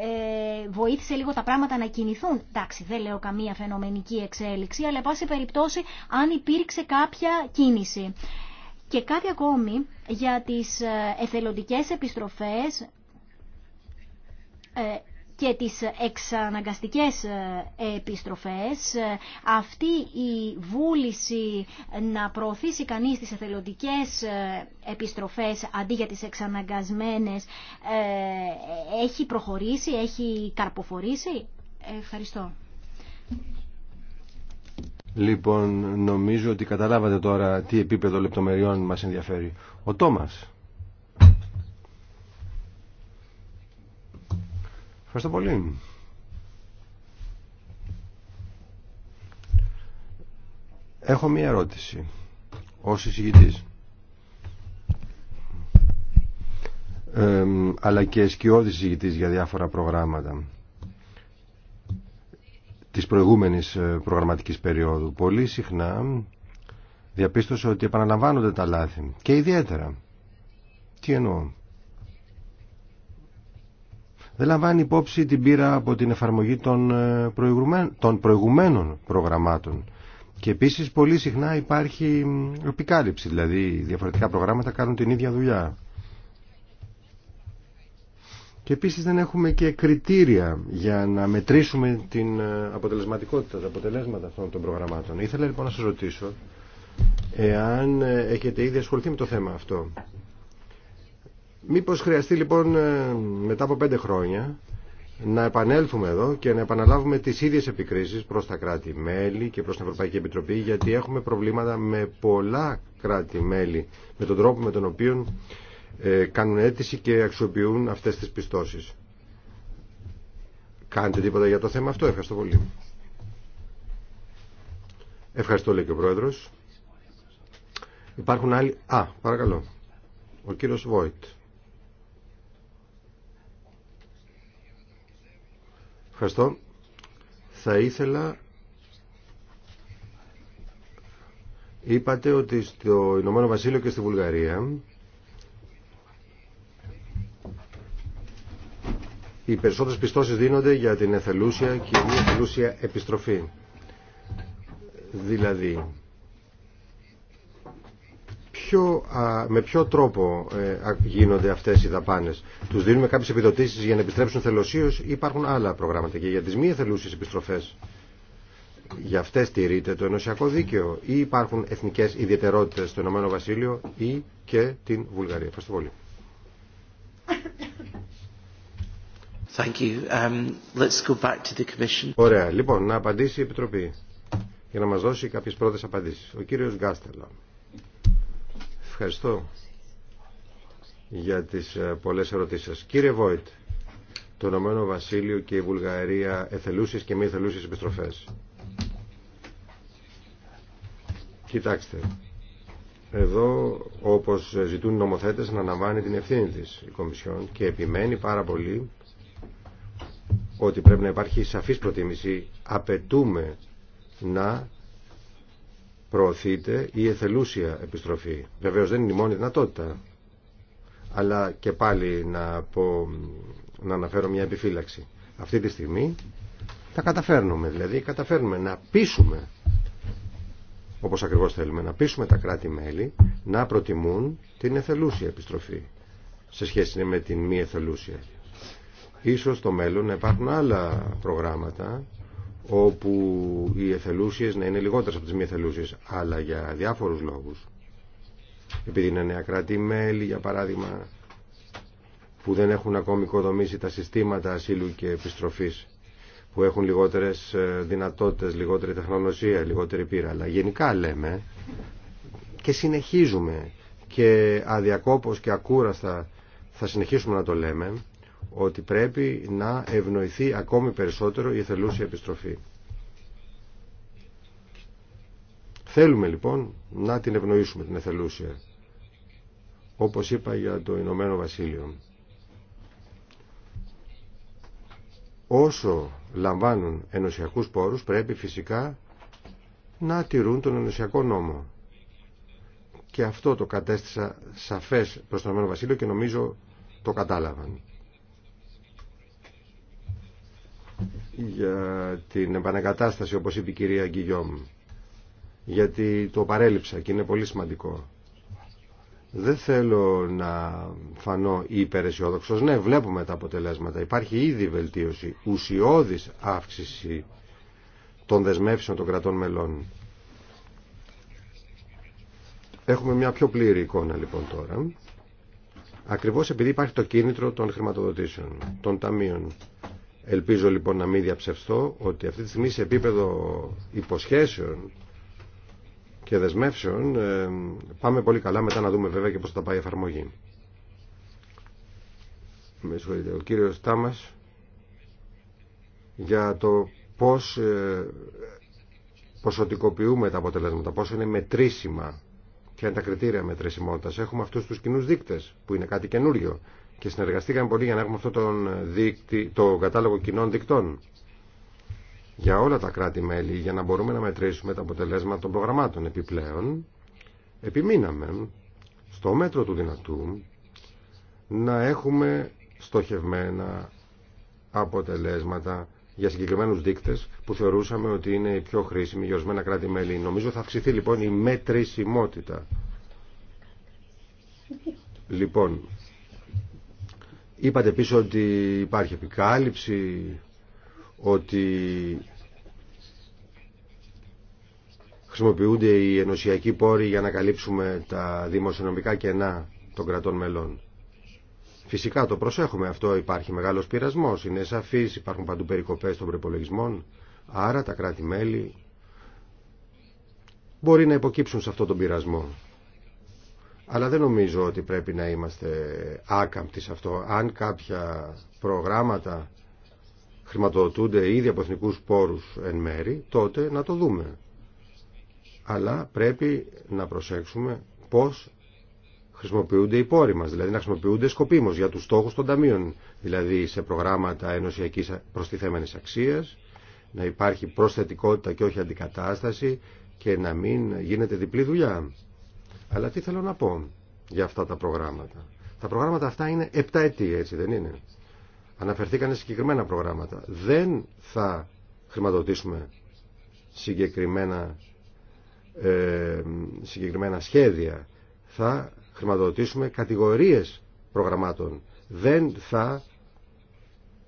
ε, βοήθησε λίγο τα πράγματα να κινηθούν. Εντάξει, δεν λέω καμία φαινομενική εξέλιξη, αλλά πάση περιπτώσει αν υπήρξε κάποια κίνηση. Και κάτι ακόμη για τις ε, εθελοντικές επιστροφές ε, και τις εξαναγκαστικές ε, επιστροφές. Αυτή η βούληση να προωθήσει κανείς τις εθελοντικές επιστροφές αντί για τις εξαναγκασμένες έχει προχωρήσει, έχει καρποφορήσει. Ευχαριστώ. Λοιπόν, νομίζω ότι καταλάβατε τώρα τι επίπεδο λεπτομεριών μας ενδιαφέρει. Ο Τόμας. Ευχαριστώ πολύ. Έχω μία ερώτηση ως εισηγητής αλλά και σκιώδης εισηγητής για διάφορα προγράμματα της προηγούμενης ε, προγραμματικής περίοδου. Πολύ συχνά διαπίστωσε ότι επαναλαμβάνονται τα λάθη και ιδιαίτερα. Τι εννοώ. Δεν λαμβάνει υπόψη την πείρα από την εφαρμογή των, ε, των προηγουμένων προγραμμάτων. Και επίσης πολύ συχνά υπάρχει επικάλυψη, δηλαδή διαφορετικά προγράμματα κάνουν την ίδια δουλειά. Και επίσης δεν έχουμε και κριτήρια για να μετρήσουμε την ε, αποτελεσματικότητα, τα αποτελέσματα αυτών των προγραμμάτων. Ήθελα λοιπόν να σας ρωτήσω εάν ε, έχετε ήδη ασχοληθεί με το θέμα αυτό. Μήπως χρειαστεί λοιπόν ε, μετά από πέντε χρόνια να επανέλθουμε εδώ και να επαναλάβουμε τις ίδιες επικρίσεις προς τα κράτη-μέλη και προς την Ευρωπαϊκή Επιτροπή γιατί έχουμε προβλήματα με πολλά κράτη-μέλη με τον τρόπο με τον οποίο ε, κάνουν αίτηση και αξιοποιούν αυτές τις πιστώσεις. Κάνετε τίποτα για το θέμα αυτό. Ευχαριστώ πολύ. Ευχαριστώ λέει και ο Πρόεδρος. Υπάρχουν άλλοι... Α, παρακαλώ. Ο κύριος Βόιτ. Ευχαριστώ. Θα ήθελα... Είπατε ότι στο Ηνωμένο Βασίλειο και στη Βουλγαρία οι περισσότερες πιστώσεις δίνονται για την εθελούσια και μη εθελούσια επιστροφή. Δηλαδή, με ποιο τρόπο ε, γίνονται αυτές οι δαπάνες. Τους δίνουμε κάποιες επιδοτήσεις για να επιστρέψουν θελωσίως ή υπάρχουν άλλα προγράμματα. Και για τις μη εθελούσιες επιστροφές, για αυτές τηρείται το ενωσιακό δίκαιο ή υπάρχουν εθνικές ιδιαιτερότητες στο Ηνωμένο Βασίλειο ή και την Βουλγαρία. Ευχαριστώ πολύ. Um, Ωραία. Λοιπόν, να απαντήσει η Επιτροπή για να μας δώσει κάποιες πρώτες απαντήσεις. Ο κύριος Γκάστελα. Ευχαριστώ για τις ε, πολλές ερωτήσεις σας. Κύριε Βόιτ, το Ηνωμένο Βασίλειο και η Βουλγαρία εθελούσες και μη εθελούσες επιστροφές. Κοιτάξτε, εδώ όπως ζητούν οι νομοθέτες να αναβάνει την ευθύνη της η Κομισιόν και επιμένει πάρα πολύ ότι πρέπει να υπάρχει σαφής προτίμηση. Απαιτούμε να προωθείται η εθελούσια επιστροφή. Βεβαίως δεν είναι η μόνη δυνατότητα. Αλλά και πάλι να, να αναφέρω μια επιφύλαξη. Αυτή τη στιγμή τα καταφέρνουμε. Δηλαδή καταφέρνουμε να πείσουμε όπως ακριβώς θέλουμε, να πείσουμε τα κράτη-μέλη να προτιμούν την εθελούσια επιστροφή σε σχέση με την μη εθελούσια. Ίσως στο μέλλον να υπάρχουν άλλα προγράμματα όπου οι εθελούσιες να είναι λιγότερες από τις μη εθελούσιες, αλλά για διάφορους λόγους. Επειδή είναι νέα κράτη-μέλη, για παράδειγμα, που δεν έχουν ακόμη οικοδομήσει τα συστήματα ασύλου και επιστροφής, που έχουν λιγότερες ε, δυνατότητες, λιγότερη τεχνολογία, λιγότερη πείρα. Αλλά γενικά λέμε και συνεχίζουμε και αδιακόπως και ακούραστα θα συνεχίσουμε να το λέμε ότι πρέπει να ευνοηθεί ακόμη περισσότερο η εθελούσια επιστροφή. Θέλουμε λοιπόν να την ευνοήσουμε την εθελούσια, όπως είπα για το Ηνωμένο Βασίλειο. Όσο λαμβάνουν ενωσιακούς πόρους πρέπει φυσικά να τηρούν τον ενωσιακό νόμο. Και αυτό το κατέστησα σαφές προς το Ηνωμένο Βασίλειο και νομίζω το κατάλαβαν. για την επανακατάσταση όπως είπε η κυρία Γκυγιόμ γιατί το παρέλειψα και είναι πολύ σημαντικό δεν θέλω να φανώ υπεραισιόδοξος ναι βλέπουμε τα αποτελέσματα υπάρχει ήδη βελτίωση ουσιώδης αύξηση των δεσμεύσεων των κρατών μελών έχουμε μια πιο πλήρη εικόνα λοιπόν τώρα ακριβώς επειδή υπάρχει το κίνητρο των χρηματοδοτήσεων των ταμείων Ελπίζω λοιπόν να μην διαψευστώ ότι αυτή τη στιγμή σε επίπεδο υποσχέσεων και δεσμεύσεων ε, πάμε πολύ καλά μετά να δούμε βέβαια και πώς θα πάει η εφαρμογή. Με συγχωρείτε, ο κύριος Τάμας για το πώς ε, ποσοτικοποιούμε τα αποτελέσματα, πόσο είναι μετρήσιμα, και αν τα κριτήρια μετρησιμότητας. Έχουμε αυτούς τους κοινού δείκτες που είναι κάτι καινούριο και συνεργαστήκαμε πολύ για να έχουμε αυτό τον δίκτυ, το κατάλογο κοινών δικτών για όλα τα κράτη-μέλη για να μπορούμε να μετρήσουμε τα αποτελέσματα των προγραμμάτων. Επιπλέον, επιμείναμε στο μέτρο του δυνατού να έχουμε στοχευμένα αποτελέσματα για συγκεκριμένους δείκτες που θεωρούσαμε ότι είναι οι πιο χρήσιμοι για ορισμένα κράτη-μέλη. Νομίζω θα αυξηθεί λοιπόν η μετρησιμότητα. Λοιπόν, Είπατε επίσης ότι υπάρχει επικάλυψη, ότι χρησιμοποιούνται οι ενωσιακοί πόροι για να καλύψουμε τα δημοσιονομικά κενά των κρατών μελών. Φυσικά το προσέχουμε αυτό, υπάρχει μεγάλος πειρασμός, είναι σαφής, υπάρχουν παντού περικοπές των προπολογισμών, άρα τα κράτη-μέλη μπορεί να υποκύψουν σε αυτό τον πειρασμό. Αλλά δεν νομίζω ότι πρέπει να είμαστε άκαμπτοι σε αυτό. Αν κάποια προγράμματα χρηματοδοτούνται ήδη από εθνικού πόρους εν μέρη, τότε να το δούμε. Αλλά πρέπει να προσέξουμε πώς χρησιμοποιούνται οι πόροι μας, δηλαδή να χρησιμοποιούνται σκοπίμως για τους στόχους των ταμείων, δηλαδή σε προγράμματα ενωσιακής προστιθέμενης αξίας, να υπάρχει προσθετικότητα και όχι αντικατάσταση και να μην γίνεται διπλή δουλειά. Αλλά τι θέλω να πω για αυτά τα προγράμματα. Τα προγράμματα αυτά είναι ετή, έτσι δεν είναι. Αναφερθήκανε συγκεκριμένα προγράμματα. Δεν θα χρηματοδοτήσουμε συγκεκριμένα, ε, συγκεκριμένα σχέδια. Θα χρηματοδοτήσουμε κατηγορίες προγραμμάτων. Δεν θα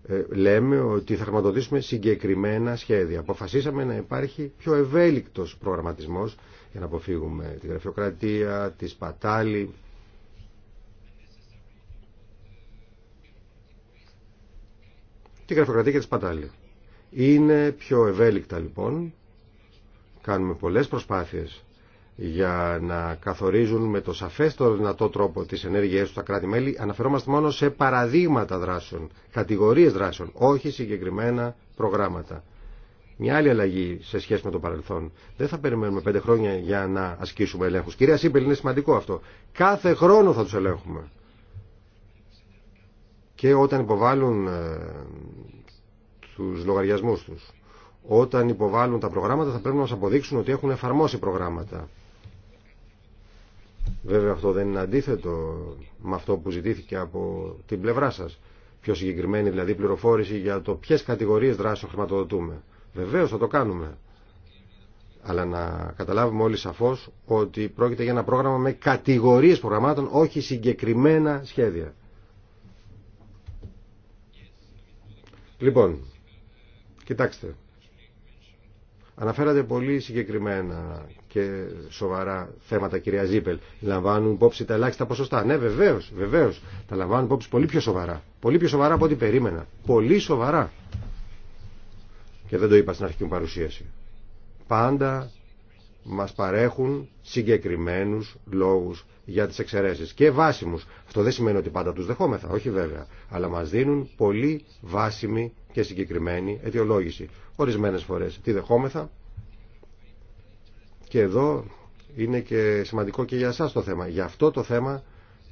ε, λέμε ότι θα χρηματοδοτήσουμε συγκεκριμένα σχέδια. Αποφασίσαμε να υπάρχει πιο ευέλικτος προγραμματισμός για να αποφύγουμε τη γραφειοκρατία, τη σπατάλη. Τη γραφειοκρατία και τη σπατάλη. Είναι πιο ευέλικτα λοιπόν. Κάνουμε πολλές προσπάθειες για να καθορίζουν με το σαφέστερο δυνατό τρόπο τις ενέργειές του τα κράτη-μέλη, αναφερόμαστε μόνο σε παραδείγματα δράσεων, κατηγορίες δράσεων, όχι συγκεκριμένα προγράμματα μια άλλη αλλαγή σε σχέση με το παρελθόν. Δεν θα περιμένουμε πέντε χρόνια για να ασκήσουμε ελέγχου. Κυρία Σίπελ, είναι σημαντικό αυτό. Κάθε χρόνο θα του ελέγχουμε. Και όταν υποβάλλουν ε, του λογαριασμού του. Όταν υποβάλλουν τα προγράμματα θα πρέπει να μας αποδείξουν ότι έχουν εφαρμόσει προγράμματα. Βέβαια αυτό δεν είναι αντίθετο με αυτό που ζητήθηκε από την πλευρά σα. Πιο συγκεκριμένη δηλαδή πληροφόρηση για το ποιε κατηγορίε δράσεων χρηματοδοτούμε. Βεβαίως θα το κάνουμε. Αλλά να καταλάβουμε όλοι σαφώς ότι πρόκειται για ένα πρόγραμμα με κατηγορίες προγραμμάτων, όχι συγκεκριμένα σχέδια. Λοιπόν, κοιτάξτε. Αναφέρατε πολύ συγκεκριμένα και σοβαρά θέματα, κυρία Ζήπελ. Λαμβάνουν υπόψη τα ελάχιστα ποσοστά. Ναι, βεβαίω, βεβαίω. Τα λαμβάνουν υπόψη πολύ πιο σοβαρά. Πολύ πιο σοβαρά από ό,τι περίμενα. Πολύ σοβαρά και δεν το είπα στην αρχική μου παρουσίαση. Πάντα μας παρέχουν συγκεκριμένους λόγους για τις εξαιρέσεις και βάσιμους. Αυτό δεν σημαίνει ότι πάντα τους δεχόμεθα, όχι βέβαια, αλλά μας δίνουν πολύ βάσιμη και συγκεκριμένη αιτιολόγηση. Ορισμένες φορές τη δεχόμεθα και εδώ είναι και σημαντικό και για εσάς το θέμα. Για αυτό το θέμα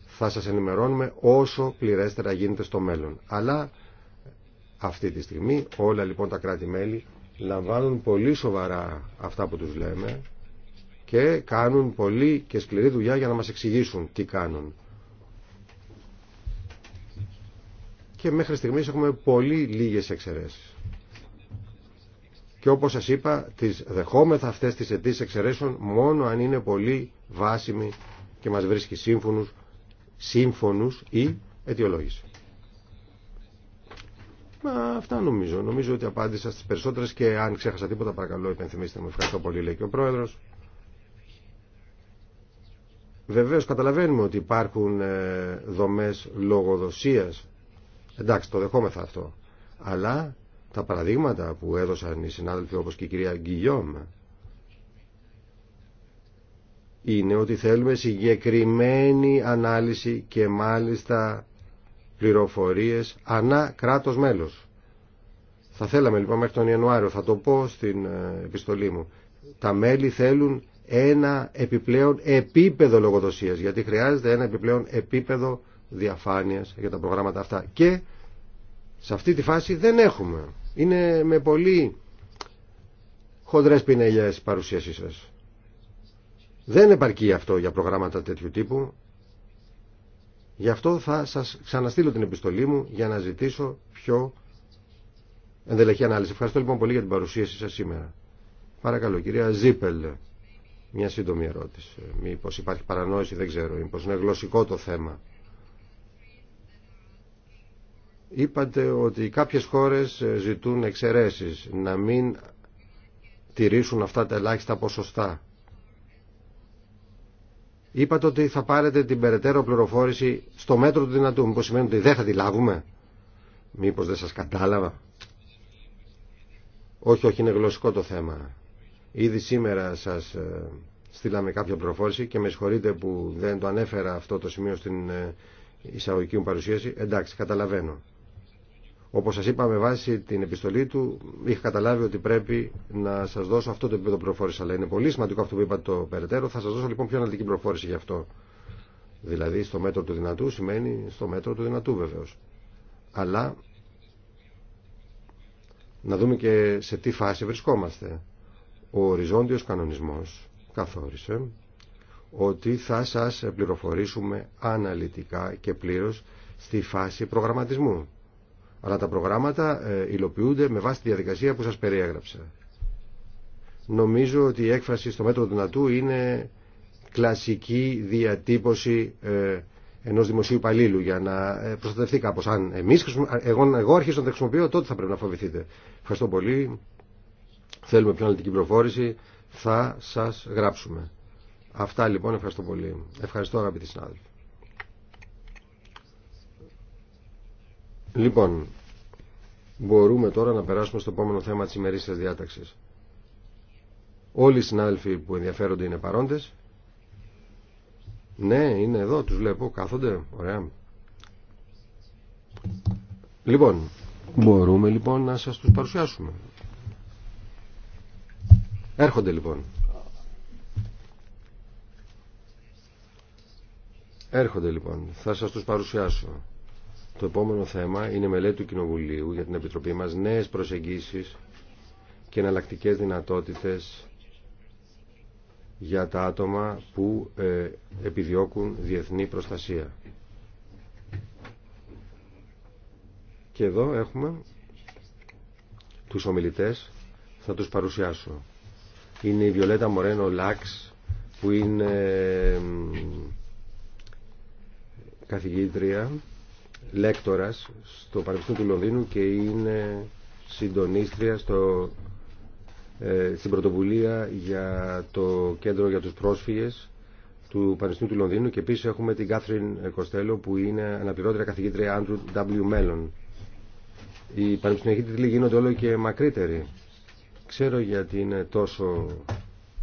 θα σας ενημερώνουμε όσο πληρέστερα γίνεται στο μέλλον. Αλλά αυτή τη στιγμή. Όλα λοιπόν τα κράτη-μέλη λαμβάνουν πολύ σοβαρά αυτά που τους λέμε και κάνουν πολύ και σκληρή δουλειά για να μας εξηγήσουν τι κάνουν. Και μέχρι στιγμής έχουμε πολύ λίγες εξαιρέσεις. Και όπως σας είπα, τις δεχόμεθα αυτές τις αιτήσεις εξαιρέσεων μόνο αν είναι πολύ βάσιμη και μας βρίσκει σύμφωνους, σύμφωνους ή αιτιολόγηση. Μα αυτά νομίζω. Νομίζω ότι απάντησα στι περισσότερε και αν ξέχασα τίποτα, παρακαλώ, υπενθυμίστε μου. Ευχαριστώ πολύ, λέει και ο πρόεδρο. Βεβαίω καταλαβαίνουμε ότι υπάρχουν ε, δομέ λογοδοσία. Εντάξει, το δεχόμεθα αυτό. Αλλά τα παραδείγματα που έδωσαν οι συνάδελφοι όπω και η κυρία Γκυλιόμ είναι ότι θέλουμε συγκεκριμένη ανάλυση και μάλιστα πληροφορίες ανά κράτος μέλος. Θα θέλαμε λοιπόν μέχρι τον Ιανουάριο, θα το πω στην ε, επιστολή μου, τα μέλη θέλουν ένα επιπλέον επίπεδο λογοδοσίας, γιατί χρειάζεται ένα επιπλέον επίπεδο διαφάνειας για τα προγράμματα αυτά. Και σε αυτή τη φάση δεν έχουμε. Είναι με πολύ χοντρές πινελιές παρουσίασή σας. Δεν επαρκεί αυτό για προγράμματα τέτοιου τύπου. Γι' αυτό θα σας ξαναστείλω την επιστολή μου για να ζητήσω πιο ενδελεχή ανάλυση. Ευχαριστώ λοιπόν πολύ για την παρουσίαση σας σήμερα. Παρακαλώ, κυρία Ζίπελ, μια σύντομη ερώτηση. Μήπως υπάρχει παρανόηση, δεν ξέρω, μήπως είναι γλωσσικό το θέμα. Είπατε ότι κάποιες χώρες ζητούν εξαιρέσεις να μην τηρήσουν αυτά τα ελάχιστα ποσοστά. Είπατε ότι θα πάρετε την περαιτέρω πληροφόρηση στο μέτρο του δυνατού. Μήπως σημαίνει ότι δεν θα τη λάβουμε. Μήπως δεν σας κατάλαβα. Όχι, όχι, είναι γλωσσικό το θέμα. Ήδη σήμερα σας ε, στείλαμε κάποια πληροφόρηση και με συγχωρείτε που δεν το ανέφερα αυτό το σημείο στην ε, εισαγωγική μου παρουσίαση. Εντάξει, καταλαβαίνω. Όπως σας είπα με βάση την επιστολή του είχα καταλάβει ότι πρέπει να σας δώσω αυτό το επίπεδο προφόρηση αλλά είναι πολύ σημαντικό αυτό που είπατε το περαιτέρω θα σας δώσω λοιπόν πιο αναλυτική προφόρηση γι' αυτό. Δηλαδή στο μέτρο του δυνατού σημαίνει στο μέτρο του δυνατού βεβαίως. Αλλά να δούμε και σε τι φάση βρισκόμαστε. Ο οριζόντιος κανονισμός καθόρισε ότι θα σας πληροφορήσουμε αναλυτικά και πλήρως στη φάση προγραμματισμού. Αλλά τα προγράμματα ε, υλοποιούνται με βάση τη διαδικασία που σας περιέγραψα. Νομίζω ότι η έκφραση στο μέτρο του Νατού είναι κλασική διατύπωση ε, ενός δημοσίου υπαλλήλου για να ε, προστατευτεί κάπως. Αν εμείς, εγώ, εγώ αρχίσω να τα χρησιμοποιώ, τότε θα πρέπει να φοβηθείτε. Ευχαριστώ πολύ. Θέλουμε πιο αναλυτική προφόρηση. Θα σας γράψουμε. Αυτά λοιπόν. Ευχαριστώ πολύ. Ευχαριστώ αγαπητοί συνάδελφοι. Λοιπόν, μπορούμε τώρα να περάσουμε στο επόμενο θέμα της ημερήσιας διάταξης. Όλοι οι συνάδελφοι που ενδιαφέρονται είναι παρόντες. Ναι, είναι εδώ, τους βλέπω, κάθονται. Ωραία. Λοιπόν, μπορούμε λοιπόν να σας τους παρουσιάσουμε. Έρχονται λοιπόν. Έρχονται λοιπόν. Θα σας τους παρουσιάσω. Το επόμενο θέμα είναι μελέτη του Κοινοβουλίου για την Επιτροπή μας νέες προσεγγίσεις και εναλλακτικέ δυνατότητες για τα άτομα που ε, επιδιώκουν διεθνή προστασία. Και εδώ έχουμε τους ομιλητές, θα τους παρουσιάσω. Είναι η Βιολέτα Μορένο Λάξ, που είναι καθηγήτρια λέκτορας στο Πανεπιστήμιο του Λονδίνου και είναι συντονίστρια στο, ε, στην πρωτοβουλία για το κέντρο για τους πρόσφυγες του Πανεπιστήμιου του Λονδίνου και επίσης έχουμε την Κάθριν Κοστέλο που είναι αναπληρώτρια καθηγήτρια Andrew W. Μέλλον. Οι πανεπιστημιακοί τίτλοι γίνονται όλο και μακρύτεροι. Ξέρω γιατί είναι τόσο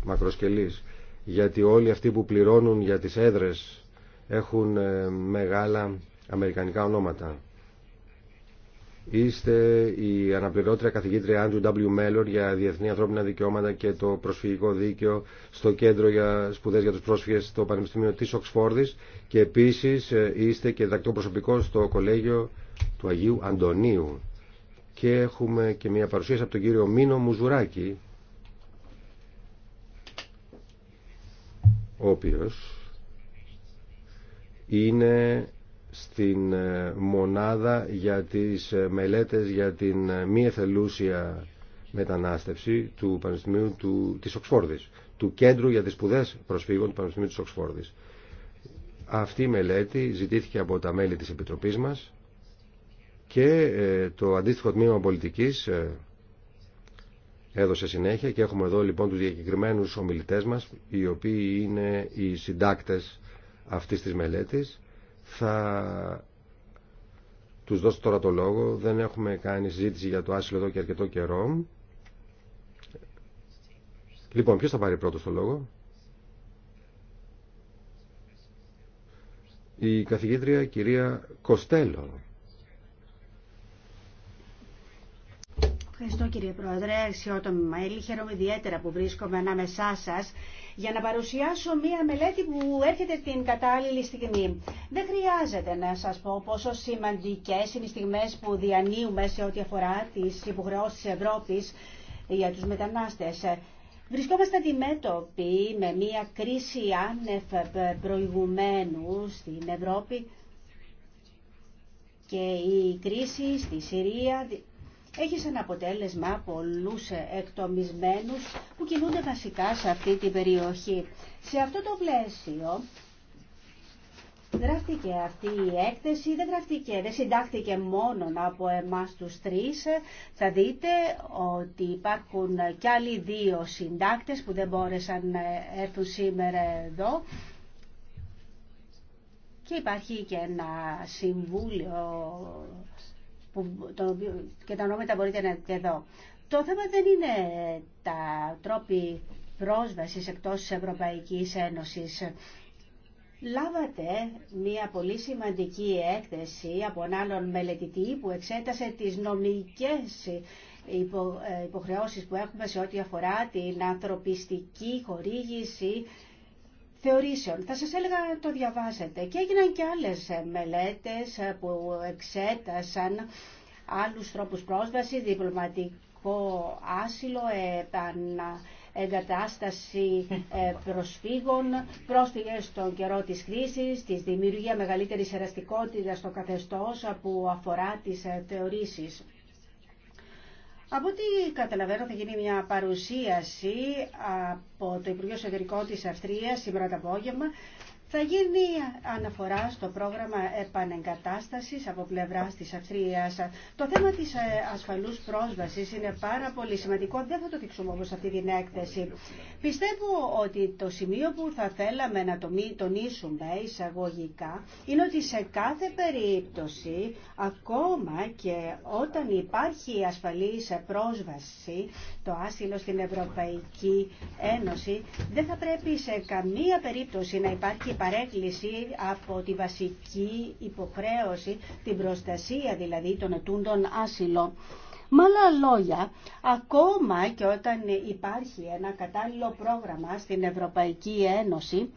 μακροσκελής. Γιατί όλοι αυτοί που πληρώνουν για τις έδρες έχουν ε, μεγάλα αμερικανικά ονόματα. Είστε η αναπληρώτρια καθηγήτρια Άντρου W. Μέλλορ για διεθνή ανθρώπινα δικαιώματα και το προσφυγικό δίκαιο στο Κέντρο για Σπουδές για τους Πρόσφυγες στο Πανεπιστήμιο της Οξφόρδης και επίσης ε, είστε και διδακτό προσωπικό στο Κολέγιο του Αγίου Αντωνίου. Και έχουμε και μια παρουσίαση από τον κύριο Μίνο Μουζουράκη, ο οποίο είναι στην ε, μονάδα για τις ε, μελέτες για την ε, μη εθελούσια μετανάστευση του Πανεπιστημίου του, της Οξφόρδης, του Κέντρου για τις Σπουδές Προσφύγων του Πανεπιστημίου της Οξφόρδης. Αυτή η μελέτη ζητήθηκε από τα μέλη της Επιτροπής μας και το αντίστοιχο τμήμα πολιτικής έδωσε συνέχεια και έχουμε εδώ λοιπόν τους διακεκριμένους ομιλητές μας οι οποίοι είναι οι συντάκτες αυτής της μελέτης θα τους δώσω τώρα το λόγο. Δεν έχουμε κάνει συζήτηση για το άσυλο εδώ και αρκετό καιρό. Λοιπόν, ποιος θα πάρει πρώτος το λόγο. Η καθηγήτρια κυρία Κοστέλο. Ευχαριστώ κύριε Πρόεδρε, αξιότομη Μαέλη. Χαίρομαι ιδιαίτερα που βρίσκομαι ανάμεσά σα για να παρουσιάσω μία μελέτη που έρχεται την κατάλληλη στιγμή. Δεν χρειάζεται να σα πω πόσο σημαντικέ είναι οι στιγμέ που διανύουμε σε ό,τι αφορά τι υποχρεώσει τη Ευρώπη για του μετανάστε. Βρισκόμαστε αντιμέτωποι με μία κρίση άνευ προηγουμένου στην Ευρώπη και η κρίση στη Συρία έχει σαν αποτέλεσμα πολλούς εκτομισμένους που κινούνται βασικά σε αυτή την περιοχή. Σε αυτό το πλαίσιο γράφτηκε αυτή η έκθεση, δεν γράφτηκε, δεν συντάχθηκε μόνο από εμάς τους τρεις. Θα δείτε ότι υπάρχουν κι άλλοι δύο συντάκτες που δεν μπόρεσαν να έρθουν σήμερα εδώ. Και υπάρχει και ένα συμβούλιο που, το, και τα ονόματα μπορείτε να δείτε εδώ. Το θέμα δεν είναι τα τρόποι πρόσβασης εκτός της Ευρωπαϊκής Ένωσης. Λάβατε μια πολύ σημαντική έκθεση από έναν άλλον μελετητή που εξέτασε τις νομικές ε, υποχρεώσεις που έχουμε σε ό,τι αφορά την ανθρωπιστική χορήγηση θεωρήσεων. Θα σας έλεγα το διαβάσετε. Και έγιναν και άλλες μελέτες που εξέτασαν άλλους τρόπους πρόσβαση, διπλωματικό άσυλο, επανα, εγκατάσταση ε, προσφύγων, πρόσφυγες στον καιρό της κρίσης, της δημιουργία μεγαλύτερης εραστικότητας στο καθεστώς που αφορά τις ε, θεωρήσεις. Από ό,τι καταλαβαίνω θα γίνει μια παρουσίαση από το Υπουργείο Εσωτερικών της Αυστρίας σήμερα το απόγευμα θα γίνει αναφορά στο πρόγραμμα επανεγκατάστασης από πλευράς της Αυστρίας. Το θέμα της ε, ασφαλούς πρόσβασης είναι πάρα πολύ σημαντικό. Δεν θα το δείξουμε όμω αυτή την έκθεση. Πιστεύω ότι το σημείο που θα θέλαμε να το τονίσουμε εισαγωγικά είναι ότι σε κάθε περίπτωση, ακόμα και όταν υπάρχει ασφαλή πρόσβαση, το άσυλο στην Ευρωπαϊκή Ένωση, δεν θα πρέπει σε καμία περίπτωση να υπάρχει παρέκκληση από τη βασική υποχρέωση, την προστασία δηλαδή των ετούντων άσυλο. Με άλλα λόγια, ακόμα και όταν υπάρχει ένα κατάλληλο πρόγραμμα στην Ευρωπαϊκή Ένωση,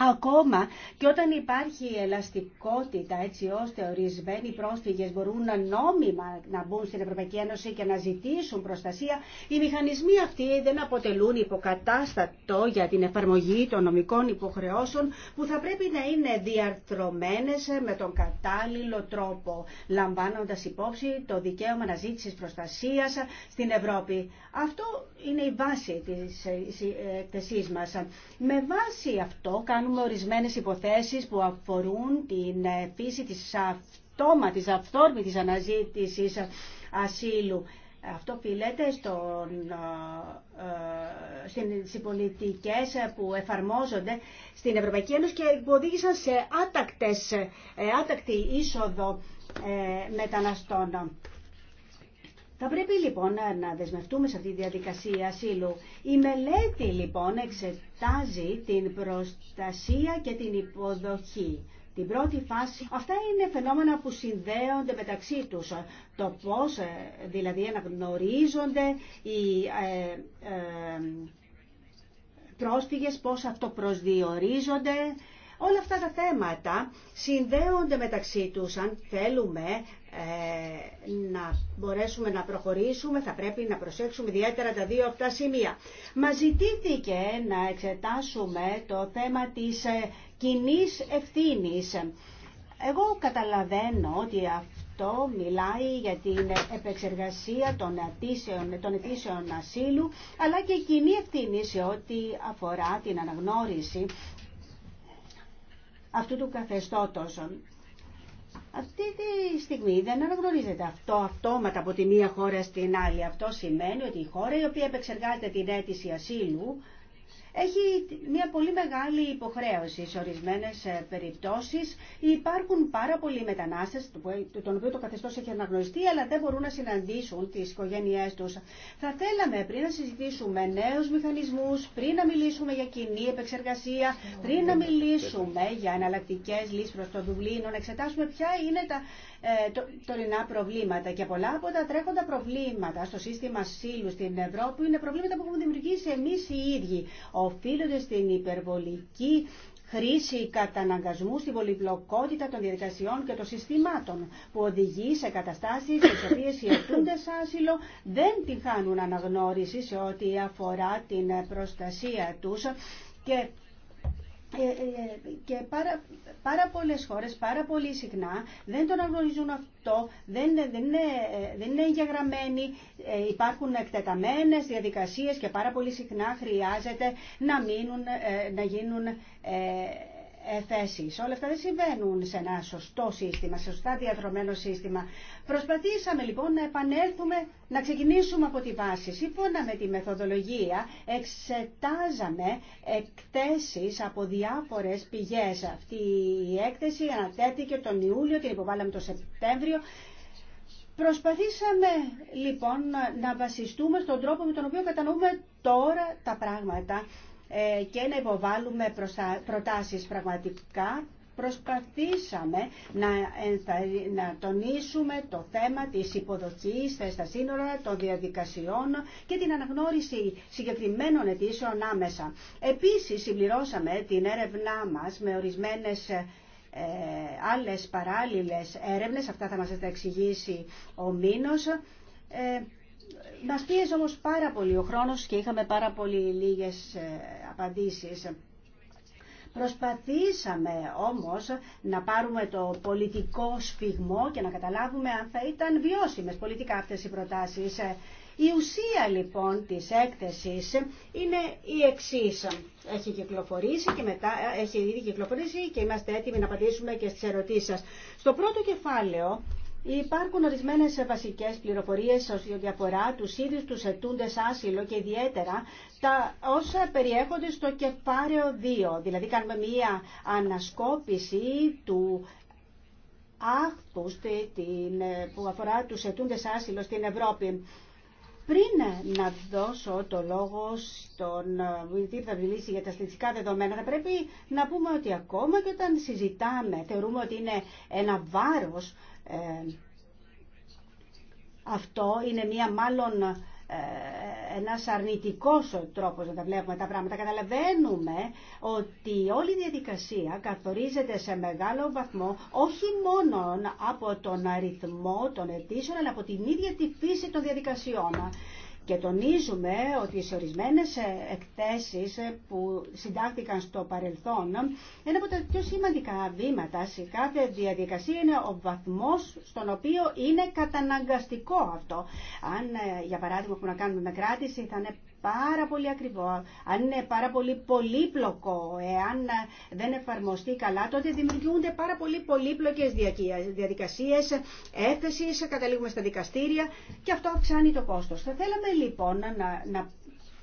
Ακόμα και όταν υπάρχει ελαστικότητα έτσι ώστε ορισμένοι πρόσφυγες μπορούν να νόμιμα να μπουν στην Ευρωπαϊκή Ένωση και να ζητήσουν προστασία, οι μηχανισμοί αυτοί δεν αποτελούν υποκατάστατο για την εφαρμογή των νομικών υποχρεώσεων που θα πρέπει να είναι διαρθρωμένες με τον κατάλληλο τρόπο, λαμβάνοντας υπόψη το δικαίωμα αναζήτησης προστασίας στην Ευρώπη. Αυτό είναι η βάση της ε, ε, εκθεσής μας. Με βάση αυτό κάνουμε ορισμένες υποθέσεις που αφορούν την ε, φύση της αυτόματης, αυθόρμητης αναζήτησης ασύλου. Αυτό οφείλεται στον, στις πολιτικές που εφαρμόζονται στην Ευρωπαϊκή Ένωση και που οδήγησαν σε άτακτες, άτακτη είσοδο μεταναστών. Θα πρέπει λοιπόν να δεσμευτούμε σε αυτή τη διαδικασία ασύλου. Η μελέτη λοιπόν εξετάζει την προστασία και την υποδοχή. Την πρώτη φάση, αυτά είναι φαινόμενα που συνδέονται μεταξύ τους. Το πώς ε, δηλαδή αναγνωρίζονται οι ε, ε, πρόσφυγες, πώς αυτοπροσδιορίζονται, Όλα αυτά τα θέματα συνδέονται μεταξύ τους αν θέλουμε ε, να μπορέσουμε να προχωρήσουμε θα πρέπει να προσέξουμε ιδιαίτερα τα δύο αυτά σημεία. Μα ζητήθηκε να εξετάσουμε το θέμα της ε, κοινή ευθύνη. Εγώ καταλαβαίνω ότι αυτό μιλάει για την επεξεργασία των αιτήσεων, των αιτήσεων ασύλου, αλλά και κοινή ευθύνη σε ό,τι αφορά την αναγνώριση αυτού του καθεστώτος αυτή τη στιγμή δεν αναγνωρίζεται αυτό αυτόματα από τη μία χώρα στην άλλη. Αυτό σημαίνει ότι η χώρα η οποία επεξεργάζεται την αίτηση ασύλου έχει μια πολύ μεγάλη υποχρέωση. Σε ορισμένε περιπτώσει υπάρχουν πάρα πολλοί μετανάστε, ε, τον οποίο το καθεστώ έχει αναγνωριστεί, αλλά δεν μπορούν να συναντήσουν τι οικογένειέ του. Θα θέλαμε πριν να συζητήσουμε νέου μηχανισμού, πριν να μιλήσουμε για κοινή επεξεργασία, πριν να μιλήσουμε για εναλλακτικέ λύσει προ το Δουβλίνο, να εξετάσουμε ποια είναι τα ε, τωρινά προβλήματα. Και πολλά από τα τρέχοντα προβλήματα στο σύστημα σύλλου στην Ευρώπη είναι προβλήματα που έχουμε δημιουργήσει εμεί οι ίδιοι. Οφείλονται στην υπερβολική χρήση καταναγκασμού στην πολυπλοκότητα των διαδικασιών και των συστημάτων που οδηγεί σε καταστάσεις στις οποίες οι αιτούντες άσυλο δεν την αναγνώριση σε ό,τι αφορά την προστασία τους και ε, και πάρα, πάρα πολλές χώρες πάρα πολύ συχνά δεν τον αγνωρίζουν αυτό, δεν, δεν, είναι, ε, δεν είναι εγγεγραμμένοι, ε, υπάρχουν εκτεταμένες διαδικασίες και πάρα πολύ συχνά χρειάζεται να, μείνουν, να γίνουν ε, Όλα αυτά δεν συμβαίνουν σε ένα σωστό σύστημα, σε σωστά διαδρομένο σύστημα. Προσπαθήσαμε λοιπόν να επανέλθουμε, να ξεκινήσουμε από τη βάση. Σύμφωνα με τη μεθοδολογία εξετάζαμε εκτέσεις από διάφορες πηγές. Αυτή η έκθεση ανατέθηκε τον Ιούλιο, την υποβάλαμε τον Σεπτέμβριο. Προσπαθήσαμε λοιπόν να βασιστούμε στον τρόπο με τον οποίο κατανοούμε τώρα τα πράγματα ε, και να υποβάλουμε προτάσεις πραγματικά προσπαθήσαμε να, να τονίσουμε το θέμα της υποδοχής στα σύνορα των διαδικασιών και την αναγνώριση συγκεκριμένων αιτήσεων άμεσα. Επίσης συμπληρώσαμε την έρευνά μας με ορισμένες ε, άλλες παράλληλες έρευνες, αυτά θα μας τα εξηγήσει ο Μήνος, ε, μας πίεζε όμως πάρα πολύ ο χρόνος και είχαμε πάρα πολύ λίγες ε, απαντήσεις. Προσπαθήσαμε όμως να πάρουμε το πολιτικό σφιγμό και να καταλάβουμε αν θα ήταν βιώσιμες πολιτικά αυτές οι προτάσεις. Η ουσία λοιπόν της έκθεσης είναι η εξής. Έχει κυκλοφορήσει και μετά ε, έχει ήδη κυκλοφορήσει και είμαστε έτοιμοι να απαντήσουμε και στις ερωτήσεις σας. Στο πρώτο κεφάλαιο Υπάρχουν ορισμένες βασικές πληροφορίες ό,τι αφορά του ίδιου του ετούντε άσυλο και ιδιαίτερα τα όσα περιέχονται στο κεφάλαιο 2. Δηλαδή κάνουμε μία ανασκόπηση του άχθου που αφορά του ετούντε άσυλο στην Ευρώπη. Πριν να δώσω το λόγο στον βουλευτή που θα μιλήσει για τα στατιστικά δεδομένα, θα πρέπει να πούμε ότι ακόμα και όταν συζητάμε, θεωρούμε ότι είναι ένα βάρος ε, αυτό είναι μία μάλλον ε, ένας αρνητικός τρόπος να τα βλέπουμε τα πράγματα. Καταλαβαίνουμε ότι όλη η διαδικασία καθορίζεται σε μεγάλο βαθμό όχι μόνο από τον αριθμό των αιτήσεων αλλά από την ίδια τη φύση των διαδικασιών. Και τονίζουμε ότι σε ορισμένε εκθέσει ε, που συντάχθηκαν στο παρελθόν, ένα από τα πιο σημαντικά βήματα σε κάθε διαδικασία είναι ο βαθμός στον οποίο είναι καταναγκαστικό αυτό. Αν, ε, για παράδειγμα, έχουμε να κάνουμε με κράτηση, θα είναι πάρα πολύ ακριβό, αν είναι πάρα πολύ πολύπλοκο, εάν δεν εφαρμοστεί καλά, τότε δημιουργούνται πάρα πολύ πολύπλοκες διαδικασίες, έφεσης, καταλήγουμε στα δικαστήρια και αυτό αυξάνει το κόστος. Θα θέλαμε λοιπόν να, να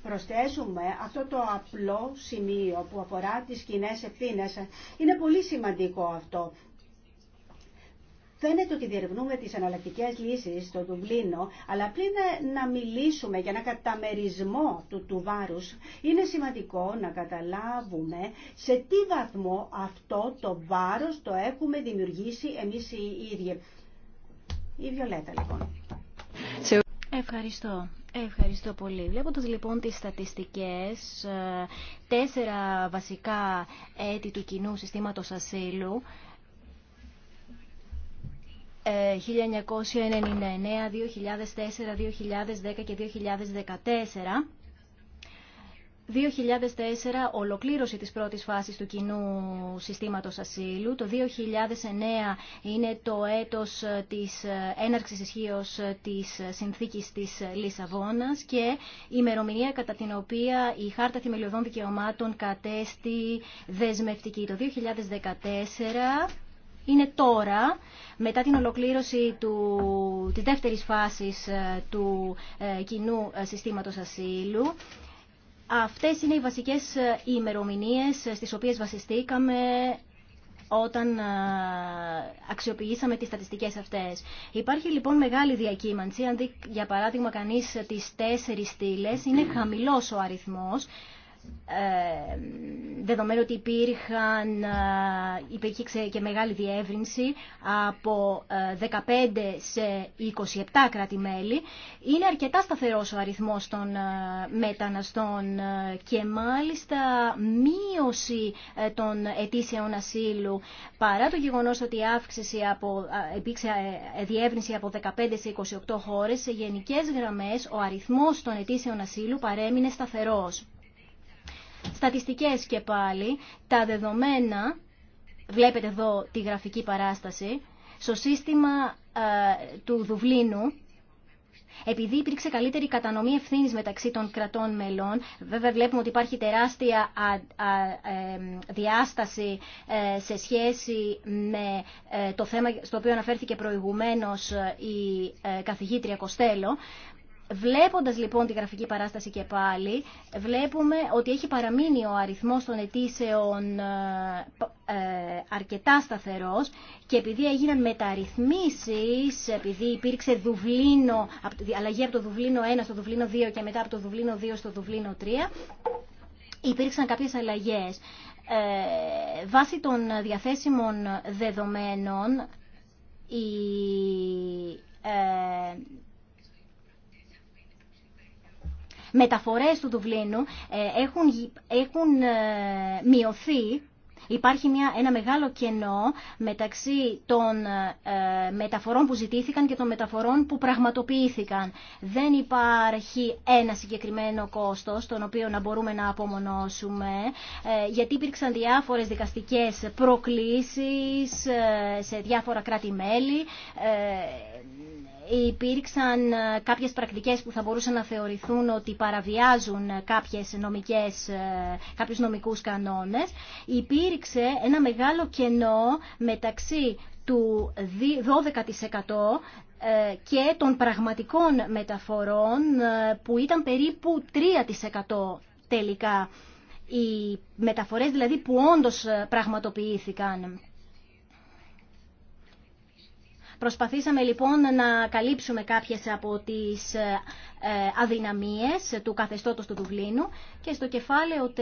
προσθέσουμε αυτό το απλό σημείο που αφορά τις κοινέ ευθύνε. Είναι πολύ σημαντικό αυτό. Φαίνεται ότι διερευνούμε τις αναλλακτικές λύσεις στο Δουβλίνο, αλλά πριν να μιλήσουμε για ένα καταμερισμό του, του βάρους, είναι σημαντικό να καταλάβουμε σε τι βαθμό αυτό το βάρος το έχουμε δημιουργήσει εμείς οι ίδιοι. Η Βιολέτα λοιπόν. Ευχαριστώ. Ευχαριστώ πολύ. Βλέποντας λοιπόν τις στατιστικές, ε, τέσσερα βασικά έτη του κοινού συστήματος ασύλου, 1999, 2004, 2010 και 2014. 2004 ολοκλήρωση της πρώτης φάσης του κοινού συστήματος ασύλου. Το 2009 είναι το έτος της ε, έναρξης ισχύω της συνθήκης της Λισαβόνας και η ημερομηνία κατά την οποία η Χάρτα Θημελιωδών Δικαιωμάτων κατέστη δεσμευτική. Το 2014 είναι τώρα, μετά την ολοκλήρωση του, της δεύτερης φάσης ε, του ε, κοινού ε, συστήματος ασύλου. Αυτές είναι οι βασικές ημερομηνίες στις οποίες βασιστήκαμε όταν αξιοποιήσαμε τις στατιστικές αυτές. Υπάρχει λοιπόν μεγάλη διακύμανση, αν δει για παράδειγμα κανείς τις τέσσερις στήλε, είναι χαμηλός ο αριθμός, ε, δεδομένου ότι υπήρχαν, ε, υπήρχε και μεγάλη διεύρυνση από 15 ε, σε 27 κράτη-μέλη, είναι αρκετά σταθερός ο αριθμός των μεταναστών και μάλιστα μείωση των αιτήσεων ασύλου παρά το γεγονός ότι αύξηση από, υπήρξε διεύρυνση από 15 σε 28 χώρες, σε γενικές γραμμές ο αριθμός των αιτήσεων ασύλου παρέμεινε σταθερός. Στατιστικές και πάλι, τα δεδομένα, βλέπετε εδώ τη γραφική παράσταση, στο σύστημα ε, του Δουβλίνου, επειδή υπήρξε καλύτερη κατανομή ευθύνη μεταξύ των κρατών μελών, βέβαια βλέπουμε ότι υπάρχει τεράστια ε, διάσταση ε, σε σχέση με το θέμα στο οποίο αναφέρθηκε προηγουμένως η καθηγήτρια Κοστέλο. Βλέποντας λοιπόν τη γραφική παράσταση και πάλι, βλέπουμε ότι έχει παραμείνει ο αριθμός των αιτήσεων ε, ε, αρκετά σταθερός και επειδή έγιναν μεταρρυθμίσεις, επειδή υπήρξε δουβλίνο, αλλαγή από το Δουβλίνο 1 στο Δουβλίνο 2 και μετά από το Δουβλίνο 2 στο Δουβλίνο 3, υπήρξαν κάποιες αλλαγές. Ε, βάσει των διαθέσιμων δεδομένων, η ε, μεταφορές του Δουβλίνου ε, έχουν, έχουν ε, μειωθεί Υπάρχει μια, ένα μεγάλο κενό μεταξύ των ε, μεταφορών που ζητήθηκαν και των μεταφορών που πραγματοποιήθηκαν. Δεν υπάρχει ένα συγκεκριμένο κόστος, τον οποίο να μπορούμε να απομονώσουμε, γιατί υπήρξαν διάφορες δικαστικές προκλήσεις σε διάφορα κράτη-μέλη υπήρξαν ε, κάποιες πρακτικές που θα μπορούσαν να θεωρηθούν ότι παραβιάζουν κάποιες νομικές, ε, κάποιους νομικούς κανόνες, υπήρξε ένα μεγάλο κενό μεταξύ του 12% ε, και των πραγματικών μεταφορών που ήταν περίπου 3% τελικά. Οι μεταφορές δηλαδή που όντως πραγματοποιήθηκαν. Προσπαθήσαμε λοιπόν να καλύψουμε κάποιες από τις ε, ε, αδυναμίες του καθεστώτος του Δουβλίνου και στο κεφάλαιο 3...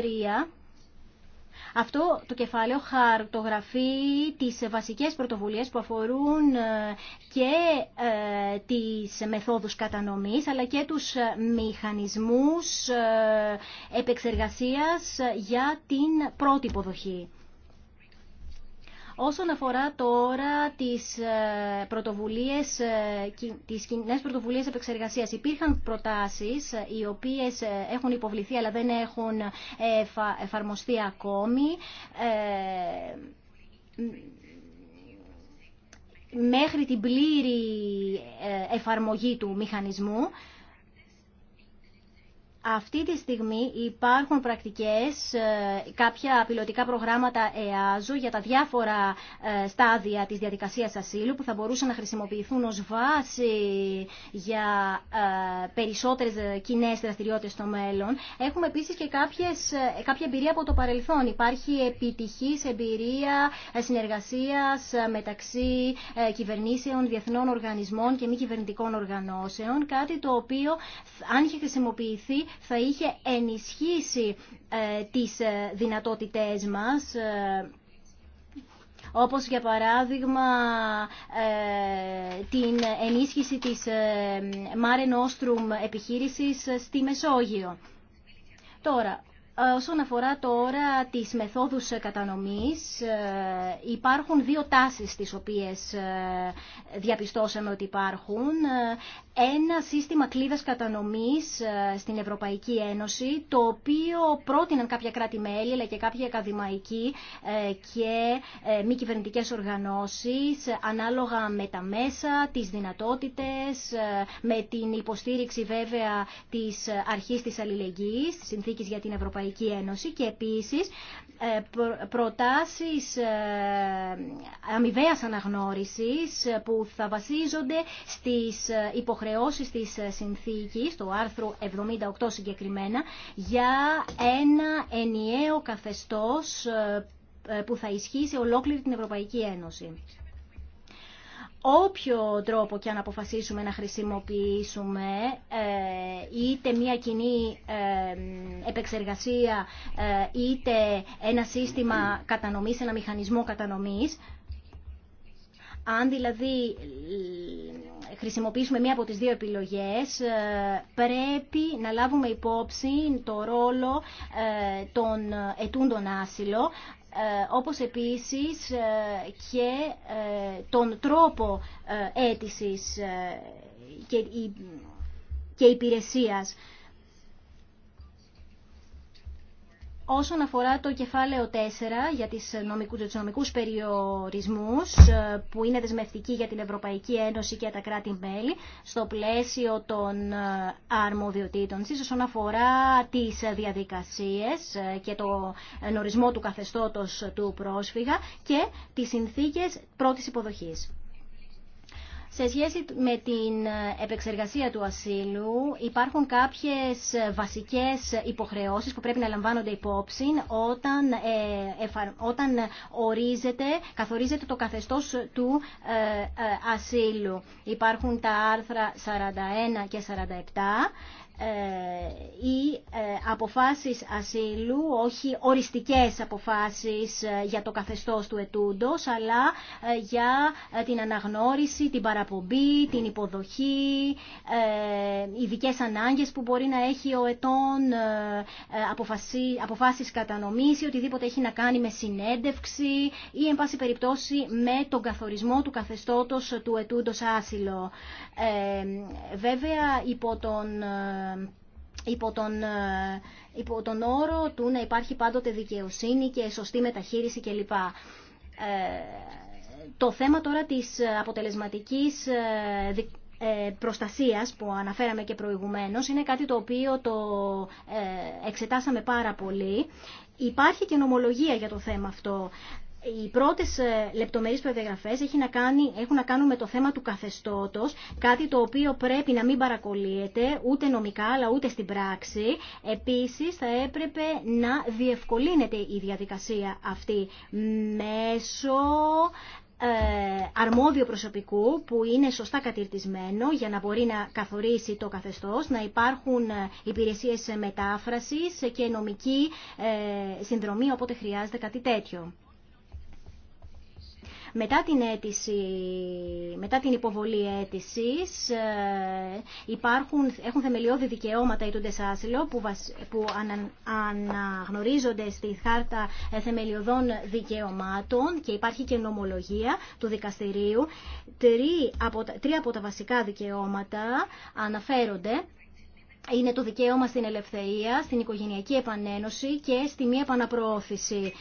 Αυτό το κεφάλαιο χαρτογραφεί τις βασικές πρωτοβουλίες που αφορούν ε, και τις μεθόδους κατανομής αλλά και τους μηχανισμούς επεξεργασίας για την πρώτη υποδοχή. Όσον αφορά τώρα τις ε, πρωτοβουλίες, ε, τις κοινέ πρωτοβουλίες επεξεργασίας, υπήρχαν προτάσεις ε, οι οποίες έχουν υποβληθεί αλλά δεν έχουν εφαρμοστεί ακόμη. μέχρι την πλήρη εφαρμογή του μηχανισμού αυτή τη στιγμή υπάρχουν πρακτικές, ε, κάποια πιλωτικά προγράμματα ΕΑΖΟ για τα διάφορα ε, στάδια της διαδικασίας ασύλου που θα μπορούσαν να χρησιμοποιηθούν ως βάση για ε, περισσότερες κοινέ δραστηριότητες στο μέλλον. Έχουμε επίσης και κάποιες, κάποια εμπειρία από το παρελθόν. Υπάρχει επιτυχής εμπειρία συνεργασίας μεταξύ κυβερνήσεων, διεθνών οργανισμών και μη κυβερνητικών οργανώσεων, κάτι το οποίο αν είχε χρησιμοποιηθεί θα είχε ενισχύσει ε, τις ε, δυνατότητές μας ε, όπως για παράδειγμα την ενίσχυση της Mare Nostrum επιχείρησης στη Μεσόγειο. Τώρα, ε, όσον αφορά τώρα τις μεθόδους ε, κατανομής, ε, υπάρχουν δύο τάσεις τις οποίες διαπιστώσαμε ότι υπάρχουν. Ένα σύστημα κλίδας κατανομής στην Ευρωπαϊκή Ένωση, το οποίο πρότειναν κάποια κράτη-μέλη, αλλά και κάποια ακαδημαϊκοί και μη κυβερνητικές οργανώσεις, ανάλογα με τα μέσα, τις δυνατότητες, με την υποστήριξη βέβαια της αρχής της αλληλεγγύης, συνθήκης για την Ευρωπαϊκή Ευρωπαϊκή Ένωση και επίσης ε, προτάσεις ε, αμοιβαίας αναγνώρισης ε, που θα βασίζονται στις υποχρεώσεις της συνθήκης, το άρθρο 78 συγκεκριμένα, για ένα ενιαίο καθεστώς που θα ισχύσει ολόκληρη την Ευρωπαϊκή Ένωση όποιο τρόπο και αν αποφασίσουμε να χρησιμοποιήσουμε ε, είτε μια κοινή ε, επεξεργασία ε, είτε ένα σύστημα κατανομής, ένα μηχανισμό κατανομής αν δηλαδή χρησιμοποιήσουμε μία από τις δύο επιλογές, πρέπει να λάβουμε υπόψη το ρόλο των ετούντων άσυλο, ε, όπως επίσης ε, και ε, τον τρόπο αίτησης και υπηρεσίας. Όσον αφορά το κεφάλαιο 4 για τις νομικούς, τους νομικούς περιορισμούς ε, που είναι δεσμευτικοί για την Ευρωπαϊκή Ένωση και τα κράτη-μέλη στο πλαίσιο των ε, αρμοδιοτήτων της, όσον αφορά τις διαδικασίες ε, και το νορισμό του καθεστώτος του πρόσφυγα και τις συνθήκες πρώτης υποδοχής. Σε σχέση με την ε, επεξεργασία του ασύλου υπάρχουν κάποιες ε, βασικές υποχρεώσεις που πρέπει να λαμβάνονται υπόψη όταν, ε, όταν ορίζεται, καθορίζεται το καθεστώς του ασύλου. Υπάρχουν τα άρθρα 41 και 47 ε, ή ε, αποφάσεις ασύλου, όχι οριστικές αποφάσεις ε, για το καθεστώς του ετούντος, αλλά για την αναγνώριση, την παραπομπή, την υποδοχή, ειδικέ ανάγκες που μπορεί να έχει ο ετών, αποφάσεις κατανομής ή οτιδήποτε έχει να κάνει με συνέντευξη ή, εν πάση περιπτώσει, με τον καθορισμό του καθεστώτος του ετούντος άσυλο. βέβαια, υπό τον ε, υπό τον, ε, υπό τον όρο του να υπάρχει πάντοτε δικαιοσύνη και σωστή μεταχείριση κλπ. Ε, το θέμα τώρα της αποτελεσματικής προστασίας που αναφέραμε και προηγουμένως είναι κάτι το οποίο το εξετάσαμε πάρα πολύ. Υπάρχει και νομολογία για το θέμα αυτό. Οι πρώτε λεπτομερεί προδιαγραφέ έχουν να κάνουν με το θέμα του καθεστώτο, κάτι το οποίο πρέπει να μην παρακολύεται ούτε νομικά αλλά ούτε στην πράξη. Επίση, θα έπρεπε να διευκολύνεται η διαδικασία αυτή μέσω ε, αρμόδιο προσωπικού που είναι σωστά κατηρτισμένο για να μπορεί να καθορίσει το καθεστώς, να υπάρχουν ε, υπηρεσίες μετάφρασης και νομική ε, συνδρομή όποτε χρειάζεται κάτι τέτοιο. Μετά την, μετά την υποβολή αίτησης ε, υπάρχουν, έχουν θεμελιώδη δικαιώματα οι τούντες άσυλο που, που αναγνωρίζονται στη χάρτα ε, θεμελιωδών δικαιωμάτων και υπάρχει και νομολογία του δικαστηρίου. Τρία από, τρία από τα βασικά δικαιώματα αναφέρονται είναι το δικαίωμα στην ελευθερία, στην οικογενειακή επανένωση και στη μία επαναπροώθηση.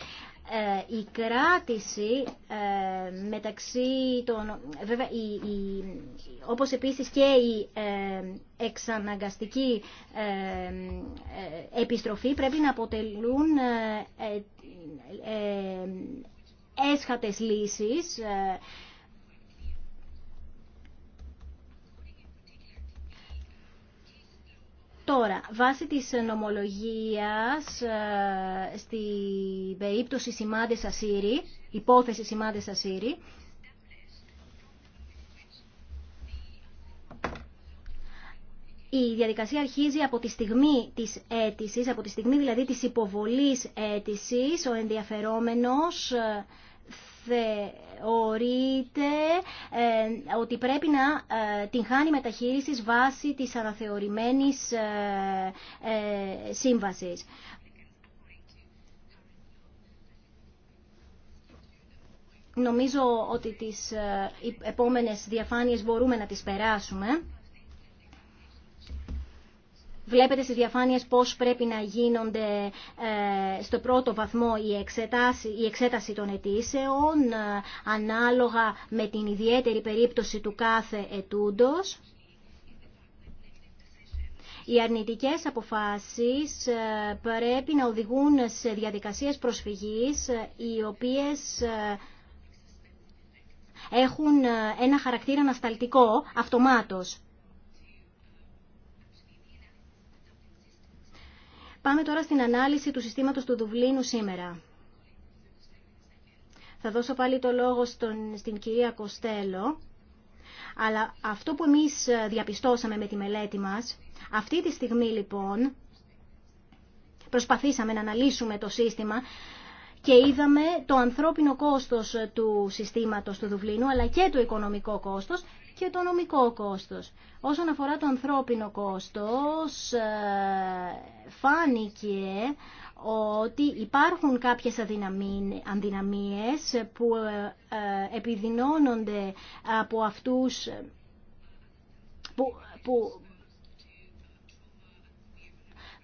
Ε, η κράτηση ε, μεταξύ των... Βέβαια, η, η, όπως επίσης και η ε, εξαναγκαστική επιστροφή πρέπει να αποτελούν έσχατες λύσεις Τώρα, βάσει της νομολογίας, ε, στην περίπτωση σημάδες ασύρι, υπόθεση σημάδες ασύρι, Η διαδικασία αρχίζει από τη στιγμή της αίτησης, από τη στιγμή δηλαδή της υποβολής αίτησης, ο ενδιαφερόμενος ε, θεωρείται ε, ότι πρέπει να ε, την χάνει μεταχείρισης βάσει της αναθεωρημένης ε, σύμβασης. Νομίζω ότι τις επόμενες διαφάνειες μπορούμε να τις περάσουμε. Βλέπετε στις διαφάνειες πώς πρέπει να γίνονται ε, στο πρώτο βαθμό η εξέταση, η εξέταση των αιτήσεων ε, ανάλογα με την ιδιαίτερη περίπτωση του κάθε ετούντος. Οι αρνητικές αποφάσεις ε, πρέπει να οδηγούν σε διαδικασίες προσφυγής οι οποίες έχουν ένα χαρακτήρα ανασταλτικό αυτομάτως. Πάμε τώρα στην ανάλυση του συστήματος του Δουβλίνου σήμερα. Θα δώσω πάλι το λόγο στον, στην κυρία Κοστέλο. Αλλά αυτό που εμείς διαπιστώσαμε με τη μελέτη μας, αυτή τη στιγμή λοιπόν προσπαθήσαμε να αναλύσουμε το σύστημα και είδαμε το ανθρώπινο κόστος του συστήματος του Δουβλίνου αλλά και το οικονομικό κόστος και το νομικό κόστος. Όσον αφορά το ανθρώπινο κόστος, ε, φάνηκε ότι υπάρχουν κάποιες αδυναμίες που ε, ε, επιδεινώνονται από αυτούς που, που,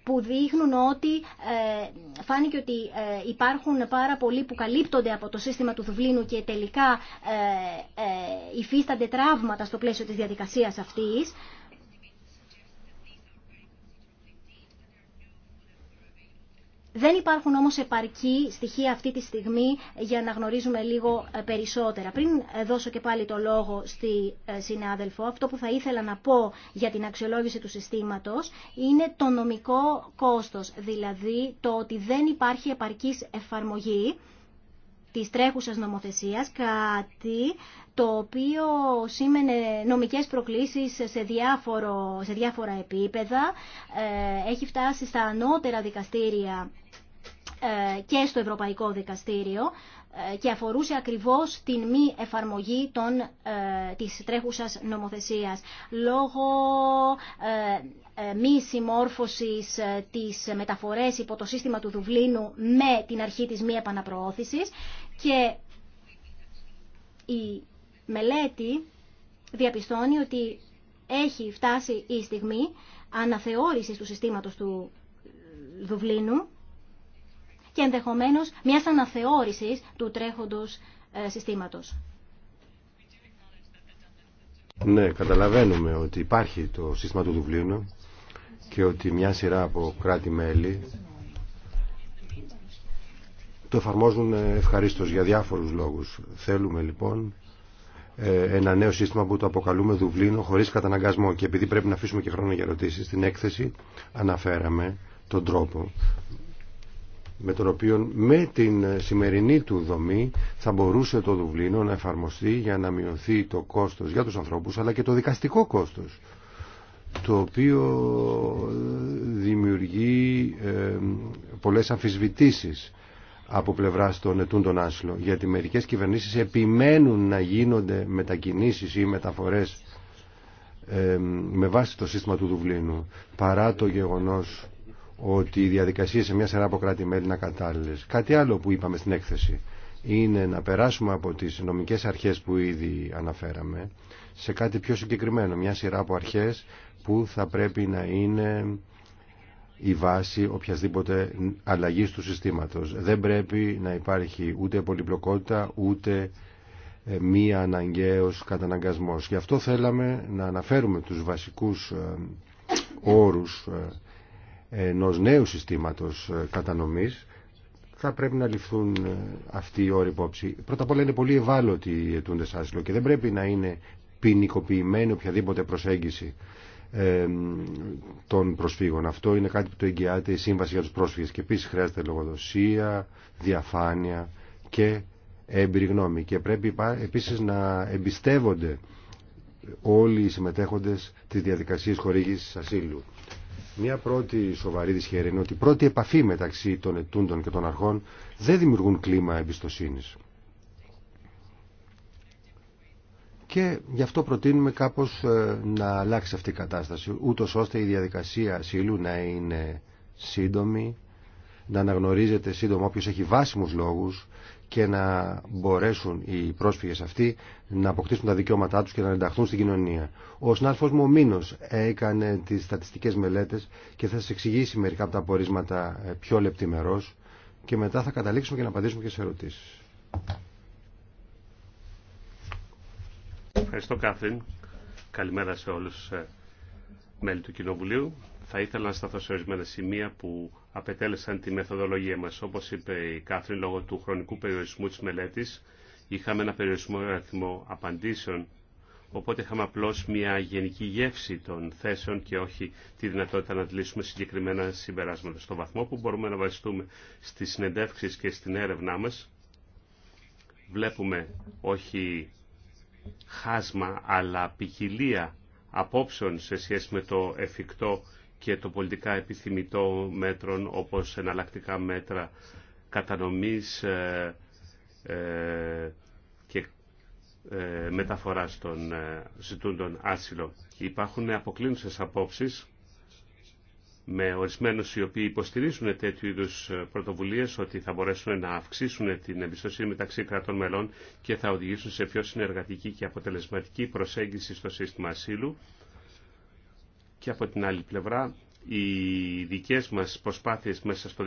που δείχνουν ότι ε, φάνηκε ότι ε, υπάρχουν πάρα πολλοί που καλύπτονται από το σύστημα του Δουβλίνου και τελικά ε, υφίστανται τραύματα στο πλαίσιο της διαδικασίας αυτής Δεν υπάρχουν όμως επαρκή στοιχεία αυτή τη στιγμή για να γνωρίζουμε λίγο ε, περισσότερα. Πριν ε, δώσω και πάλι το λόγο στη ε, συνάδελφο, αυτό που θα ήθελα να πω για την αξιολόγηση του συστήματος είναι το νομικό κόστος, δηλαδή το ότι δεν υπάρχει επαρκής εφαρμογή της τρέχουσας νομοθεσίας, κάτι το οποίο σήμαινε νομικές προκλήσεις σε, διάφορο, σε διάφορα επίπεδα. Ε, έχει φτάσει στα ανώτερα δικαστήρια ε, και στο Ευρωπαϊκό Δικαστήριο ε, και αφορούσε ακριβώς την μη εφαρμογή των, της τρέχουσας νομοθεσίας. Λόγω ε, μη συμμόρφωσης της μεταφορές υπό το σύστημα του Δουβλίνου με την αρχή της μη επαναπροώθησης και η μελέτη διαπιστώνει ότι έχει φτάσει η στιγμή αναθεώρησης του συστήματος του Δουβλίνου και ενδεχομένως μιας αναθεώρησης του τρέχοντος ε, συστήματος. Ναι, καταλαβαίνουμε ότι υπάρχει το σύστημα του Δουβλίνου και ότι μια σειρά από κράτη-μέλη το εφαρμόζουν ε, ευχαρίστως για διάφορους λόγους. Θέλουμε λοιπόν ε, ένα νέο σύστημα που το αποκαλούμε Δουβλίνο χωρίς καταναγκασμό και επειδή πρέπει να αφήσουμε και χρόνο για ερωτήσεις στην έκθεση αναφέραμε τον τρόπο με τον οποίο με την σημερινή του δομή θα μπορούσε το Δουβλίνο να εφαρμοστεί για να μειωθεί το κόστος για τους ανθρώπους αλλά και το δικαστικό κόστος το οποίο ε, δημιουργεί ε, πολλές αμφισβητήσεις από πλευρά των ετούντων άσυλο. Γιατί μερικές κυβερνήσεις επιμένουν να γίνονται μετακινήσεις ή μεταφορές ε, με βάση το σύστημα του Δουβλίνου παρά το γεγονός ότι οι διαδικασίε σε μια σειρά από κράτη-μέλη είναι ακατάλληλε. Κάτι άλλο που είπαμε στην έκθεση είναι να περάσουμε από τις νομικές αρχές που ήδη αναφέραμε σε κάτι πιο συγκεκριμένο, μια σειρά από αρχέ που θα πρέπει να είναι η βάση οποιασδήποτε αλλαγής του συστήματος. Δεν πρέπει να υπάρχει ούτε πολυπλοκότητα ούτε ε, μία αναγκαίος καταναγκασμός. Γι' αυτό θέλαμε να αναφέρουμε τους βασικούς ε, όρους ε, ενός νέου συστήματος κατανομής θα πρέπει να ληφθούν αυτοί οι όροι υπόψη. Πρώτα απ' όλα είναι πολύ ευάλωτοι οι αιτούντε άσυλο και δεν πρέπει να είναι ποινικοποιημένη οποιαδήποτε προσέγγιση των προσφύγων. Αυτό είναι κάτι που το εγγυάται η Σύμβαση για τους Πρόσφυγες και επίση χρειάζεται λογοδοσία, διαφάνεια και έμπειρη γνώμη και πρέπει επίσης να εμπιστεύονται όλοι οι συμμετέχοντες της διαδικασίας χορήγησης ασύλου. Μια πρώτη σοβαρή δυσχέρη είναι ότι η πρώτη επαφή μεταξύ των ετούντων και των αρχών δεν δημιουργούν κλίμα εμπιστοσύνης. Και γι' αυτό προτείνουμε κάπως ε, να αλλάξει αυτή η κατάσταση, ούτως ώστε η διαδικασία ασύλου να είναι σύντομη, να αναγνωρίζεται σύντομα όποιος έχει βάσιμους λόγους και να μπορέσουν οι πρόσφυγες αυτοί να αποκτήσουν τα δικαιώματά τους και να ενταχθούν στην κοινωνία. Ο συνάρφος μου ο Μήνος έκανε τις στατιστικές μελέτες και θα σας εξηγήσει μερικά από τα απορίσματα ε, πιο λεπτημερός και μετά θα καταλήξουμε και να απαντήσουμε και σε ερωτήσεις. Ευχαριστώ Κάθριν. Καλημέρα σε όλους ε, μέλη του Κοινοβουλίου. Θα ήθελα να σταθώ σε ορισμένα σημεία που απετέλεσαν τη μεθοδολογία μας. Όπως είπε η Κάθριν, λόγω του χρονικού περιορισμού της μελέτης, είχαμε ένα περιορισμό αριθμό απαντήσεων, οπότε είχαμε απλώς μια γενική γεύση των θέσεων και όχι τη δυνατότητα να αντλήσουμε συγκεκριμένα συμπεράσματα. Στο βαθμό που μπορούμε να βασιστούμε στις συνεντεύξεις και στην έρευνά μας, βλέπουμε όχι χάσμα αλλά ποικιλία απόψεων σε σχέση με το εφικτό και το πολιτικά επιθυμητό μέτρων όπως εναλλακτικά μέτρα κατανομής ε, ε, και ε, μεταφοράς των ε, ζητούντων άσυλο. Υπάρχουν αποκλίνουσες απόψεις με ορισμένους οι οποίοι υποστηρίζουν τέτοιου είδους ε, πρωτοβουλίες ότι θα μπορέσουν να αυξήσουν την εμπιστοσύνη μεταξύ κρατών μελών και θα οδηγήσουν σε πιο συνεργατική και αποτελεσματική προσέγγιση στο σύστημα ασύλου. Και από την άλλη πλευρά οι δικές μας προσπάθειες μέσα στο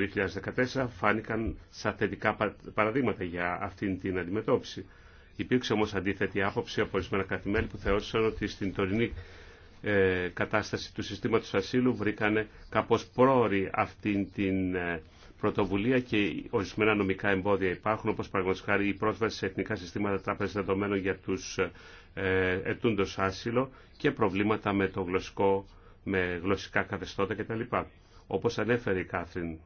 2014 φάνηκαν σαν θετικά παραδείγματα για αυτήν την αντιμετώπιση. Υπήρξε όμως αντίθετη άποψη από ορισμένα που θεώρησαν ότι στην τωρινή ε, κατάσταση του συστήματος ασύλου βρήκανε κάπως πρόορη αυτήν την ε, πρωτοβουλία και ορισμένα νομικά εμπόδια υπάρχουν, όπως παραγωγός η πρόσβαση σε εθνικά συστήματα τράπεζα δεδομένων για τους ε, ετούντος άσυλο και προβλήματα με το γλωσσικό, με γλωσσικά καθεστώτα κτλ. Όπως ανέφερε η Κάθριν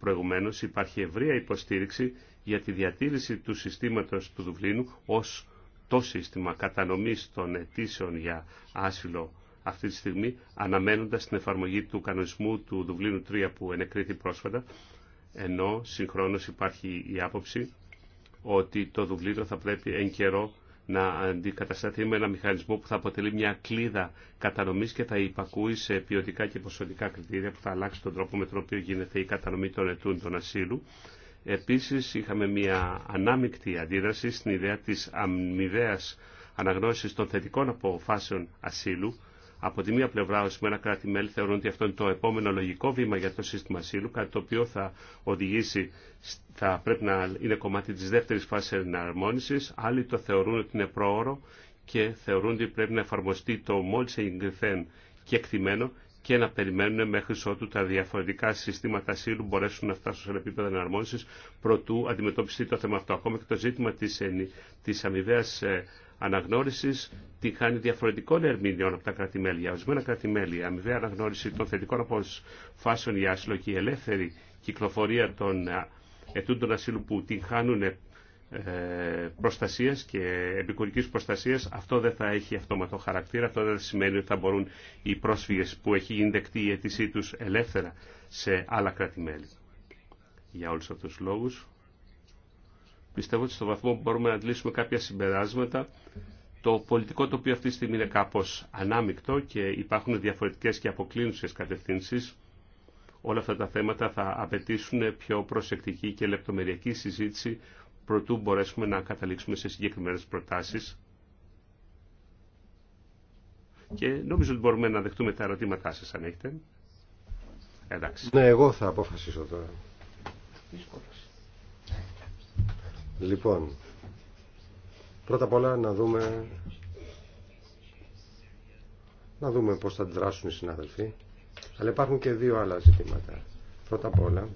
προηγουμένως, υπάρχει ευρεία υποστήριξη για τη διατήρηση του συστήματος του Δουβλίνου ως το σύστημα κατανομής των αιτήσεων για άσυλο αυτή τη στιγμή, αναμένοντας την εφαρμογή του κανονισμού του Δουβλίνου 3 που ενεκρίθη πρόσφατα, ενώ συγχρόνως υπάρχει η άποψη ότι το Δουβλίνο θα πρέπει εν καιρό να αντικατασταθεί με ένα μηχανισμό που θα αποτελεί μια κλίδα κατανομής και θα υπακούει σε ποιοτικά και ποσοτικά κριτήρια που θα αλλάξει τον τρόπο με τον οποίο γίνεται η κατανομή των των ασύλου Επίσης είχαμε μια ανάμεικτη αντίδραση στην ιδέα της αμοιβαίας αναγνώσης των θετικών αποφάσεων ασύλου. Από τη μία πλευρά, ορισμένα κράτη-μέλη θεωρούν ότι αυτό είναι το επόμενο λογικό βήμα για το σύστημα ασύλου, κάτι το οποίο θα οδηγήσει, θα πρέπει να είναι κομμάτι της δεύτερης φάσης εναρμόνισης. Άλλοι το θεωρούν ότι είναι πρόωρο και θεωρούν ότι πρέπει να εφαρμοστεί το μόλις εγκριθέν και εκτιμένο και να περιμένουν μέχρι ότου τα διαφορετικά συστήματα ασύλου μπορέσουν να φτάσουν σε επίπεδο εναρμόνιση προτού αντιμετωπιστεί το θέμα αυτό. Ακόμα και το ζήτημα τη της αμοιβαία ε, αναγνώριση τη χάνει διαφορετικών ερμηνεών από τα κράτη-μέλη. ορισμένα κράτη-μέλη, η αμοιβαία αναγνώριση των θετικών αποφάσεων για άσυλο και η ελεύθερη κυκλοφορία των ε, ετούντων ασύλου που την χάνουν ε, προστασίας και επικουρικής προστασίας αυτό δεν θα έχει αυτόματο χαρακτήρα αυτό δεν σημαίνει ότι θα μπορούν οι πρόσφυγες που έχει γίνει δεκτή η αίτησή τους ελεύθερα σε άλλα κράτη-μέλη για όλους αυτούς τους λόγους πιστεύω ότι στο βαθμό που μπορούμε να αντλήσουμε κάποια συμπεράσματα το πολιτικό οποίο αυτή τη στιγμή είναι κάπως ανάμεικτο και υπάρχουν διαφορετικές και αποκλίνουσες κατευθύνσει. όλα αυτά τα θέματα θα απαιτήσουν πιο προσεκτική και λεπτομεριακή συζήτηση προτού μπορέσουμε να καταλήξουμε σε συγκεκριμένες προτάσεις. Και νομίζω ότι μπορούμε να δεχτούμε τα ερωτήματά σας, αν έχετε. Εντάξει. Ναι, εγώ θα αποφασίσω τώρα. Λοιπόν, πρώτα απ' όλα να δούμε, να δούμε πώς θα αντιδράσουν οι συνάδελφοι. Αλλά υπάρχουν και δύο άλλα ζητήματα. Πρώτα απ' όλα,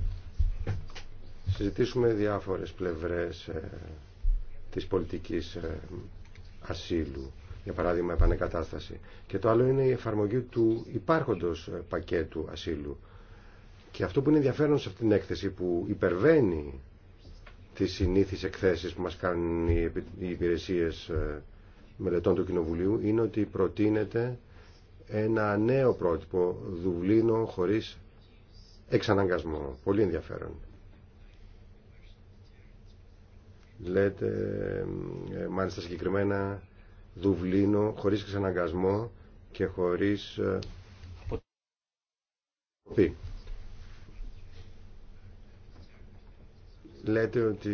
συζητήσουμε διάφορες πλευρές ε, της πολιτικής ε, ασύλου, για παράδειγμα επανεκατάσταση. Και το άλλο είναι η εφαρμογή του υπάρχοντος ε, πακέτου ασύλου. Και αυτό που είναι ενδιαφέρον σε αυτήν την έκθεση που υπερβαίνει τις συνήθεις εκθέσεις που μας κάνουν οι υπηρεσίες μελετών του Κοινοβουλίου είναι ότι προτείνεται ένα νέο πρότυπο Δουβλίνο χωρίς εξαναγκασμό. Πολύ ενδιαφέρον. λέτε ε, μάλιστα συγκεκριμένα Δουβλίνο χωρίς ξαναγκασμό και χωρίς ε, Λέτε ότι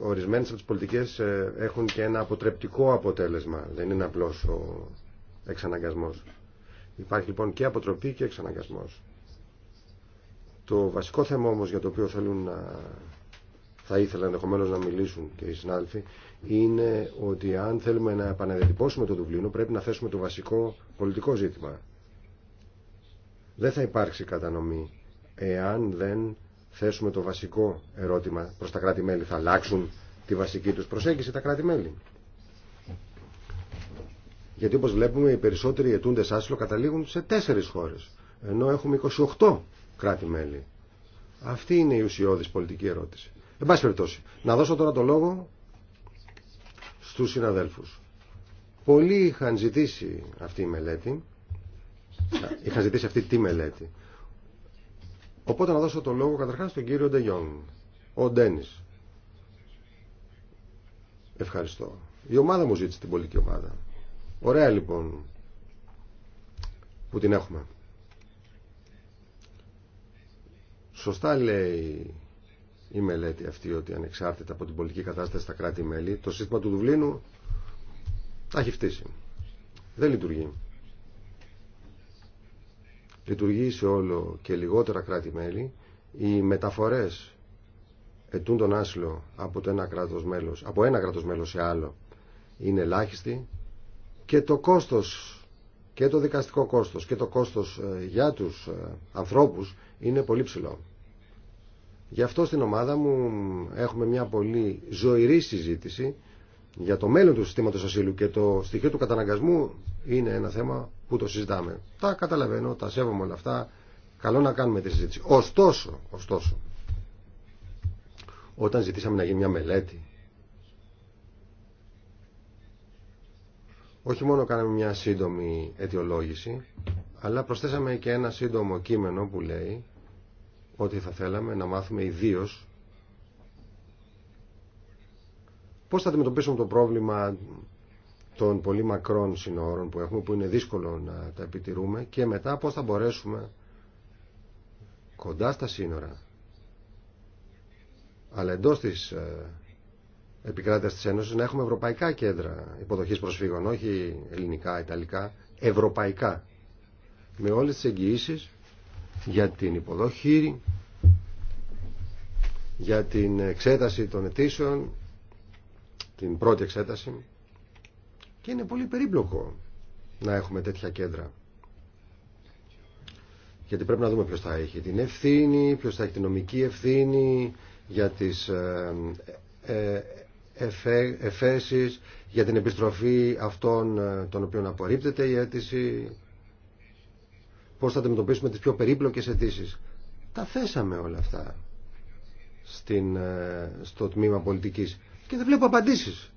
ορισμένες από τις πολιτικές ε, έχουν και ένα αποτρεπτικό αποτέλεσμα. Δεν είναι απλώς ο εξαναγκασμός. Υπάρχει λοιπόν και αποτροπή και εξαναγκασμός. Το βασικό θέμα όμως για το οποίο θέλουν να θα ήθελα ενδεχομένω να μιλήσουν και οι συνάδελφοι, είναι ότι αν θέλουμε να επαναδιατυπώσουμε το Δουβλίνο πρέπει να θέσουμε το βασικό πολιτικό ζήτημα. Δεν θα υπάρξει κατανομή εάν δεν θέσουμε το βασικό ερώτημα προς τα κράτη-μέλη. Θα αλλάξουν τη βασική τους προσέγγιση τα κράτη-μέλη. Γιατί όπως βλέπουμε οι περισσότεροι ετούντες άσυλο καταλήγουν σε τέσσερις χώρες. Ενώ έχουμε 28 κράτη-μέλη. Αυτή είναι η ουσιώδης πολιτική ερώτηση. Εν πάση περιπτώσει, να δώσω τώρα το λόγο στους συναδέλφους. Πολλοί είχαν ζητήσει αυτή η μελέτη, είχαν ζητήσει αυτή τη μελέτη. Οπότε να δώσω το λόγο καταρχάς στον κύριο Ντεγιόν, ο Ντένις. Ευχαριστώ. Η ομάδα μου ζήτησε την πολιτική ομάδα. Ωραία λοιπόν που την έχουμε. Σωστά λέει η μελέτη αυτή ότι ανεξάρτητα από την πολιτική κατάσταση στα κράτη-μέλη το σύστημα του Δουβλίνου τα έχει φτύσει. Δεν λειτουργεί. Λειτουργεί σε όλο και λιγότερα κράτη-μέλη. Οι μεταφορές ετούν τον άσυλο από, το ένα κράτος μέλος, από ένα κράτος μέλος σε άλλο είναι ελάχιστη και το κόστος και το δικαστικό κόστος και το κόστος ε, για τους ε, ανθρώπους είναι πολύ ψηλό. Γι' αυτό στην ομάδα μου έχουμε μια πολύ ζωηρή συζήτηση για το μέλλον του συστήματος ασύλου και το στοιχείο του καταναγκασμού είναι ένα θέμα που το συζητάμε. Τα καταλαβαίνω, τα σέβομαι όλα αυτά. Καλό να κάνουμε τη συζήτηση. Ωστόσο, ωστόσο, όταν ζητήσαμε να γίνει μια μελέτη, όχι μόνο κάναμε μια σύντομη αιτιολόγηση, αλλά προσθέσαμε και ένα σύντομο κείμενο που λέει ότι θα θέλαμε να μάθουμε ιδίω πώς θα αντιμετωπίσουμε το πρόβλημα των πολύ μακρών συνόρων που έχουμε, που είναι δύσκολο να τα επιτηρούμε και μετά πώς θα μπορέσουμε κοντά στα σύνορα, αλλά εντός της ε, επικράτεια τη Ένωση να έχουμε ευρωπαϊκά κέντρα υποδοχή προσφύγων, όχι ελληνικά, ιταλικά, ευρωπαϊκά. Με όλε τι εγγυήσει για την υποδοχή, για την εξέταση των αιτήσεων, την πρώτη εξέταση. Και είναι πολύ περίπλοκο να έχουμε τέτοια κέντρα. Γιατί πρέπει να δούμε ποιος θα έχει την ευθύνη, ποιος θα έχει την νομική ευθύνη για τις ε, ε, ε, εφέσεις, για την επιστροφή αυτών των οποίων απορρίπτεται η αίτηση πώς θα αντιμετωπίσουμε τις πιο περίπλοκες αιτήσει. Τα θέσαμε όλα αυτά στην, ε, στο τμήμα πολιτικής και δεν βλέπω απαντήσεις.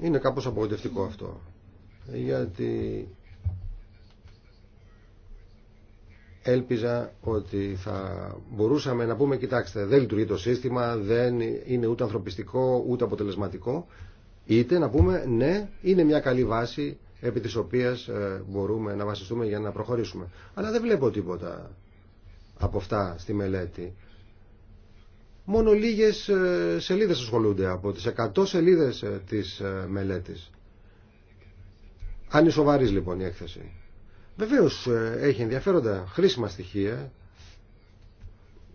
Είναι κάπως απογοητευτικό αυτό. Γιατί Έλπιζα ότι θα μπορούσαμε να πούμε κοιτάξτε δεν λειτουργεί το σύστημα, δεν είναι ούτε ανθρωπιστικό ούτε αποτελεσματικό είτε να πούμε ναι είναι μια καλή βάση επί της οποίας ε, μπορούμε να βασιστούμε για να προχωρήσουμε. Αλλά δεν βλέπω τίποτα από αυτά στη μελέτη. Μόνο λίγες ε, σελίδες ασχολούνται από τις 100 σελίδες ε, της μελέτης. Αν είναι λοιπόν η έκθεση. Βεβαίως έχει ενδιαφέροντα χρήσιμα στοιχεία.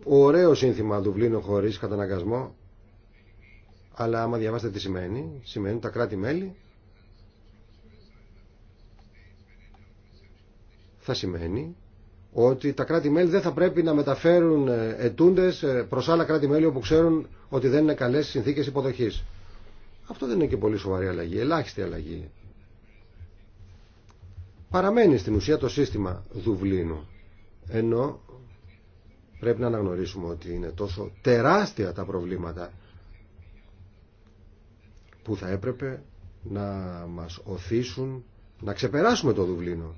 Ωραίο σύνθημα Δουβλίνο χωρίς καταναγκασμό. Αλλά άμα διαβάσετε τι σημαίνει, σημαίνει τα κράτη-μέλη θα σημαίνει ότι τα κράτη-μέλη δεν θα πρέπει να μεταφέρουν ε, ετούντε ε, προ άλλα κράτη-μέλη όπου ξέρουν ότι δεν είναι καλές συνθήκες υποδοχής. Αυτό δεν είναι και πολύ σοβαρή αλλαγή, ελάχιστη αλλαγή. Παραμένει στην ουσία το σύστημα Δουβλίνου, ενώ πρέπει να αναγνωρίσουμε ότι είναι τόσο τεράστια τα προβλήματα που θα έπρεπε να μας οθήσουν να ξεπεράσουμε το Δουβλίνο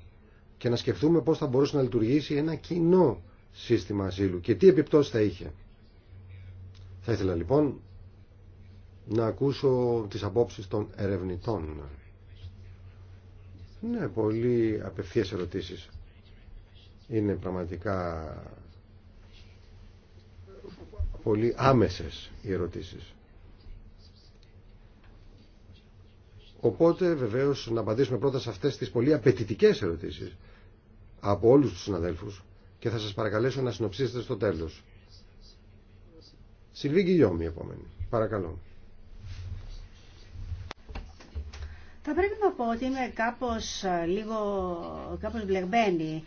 και να σκεφτούμε πώς θα μπορούσε να λειτουργήσει ένα κοινό σύστημα ασύλου και τι επιπτώσεις θα είχε. Θα ήθελα λοιπόν να ακούσω τις απόψεις των ερευνητών. Ναι, πολύ απευθείας ερωτήσεις. Είναι πραγματικά πολύ άμεσες οι ερωτήσεις. Οπότε βεβαίω να απαντήσουμε πρώτα σε αυτές τις πολύ απαιτητικέ ερωτήσεις από όλους τους συναδέλφους και θα σας παρακαλέσω να συνοψίσετε στο τέλο. Σιλβί Γκυλιόμη, επόμενη. Παρακαλώ. Θα πρέπει να πω ότι είμαι κάπως, λίγο, κάπως μπλεγμένη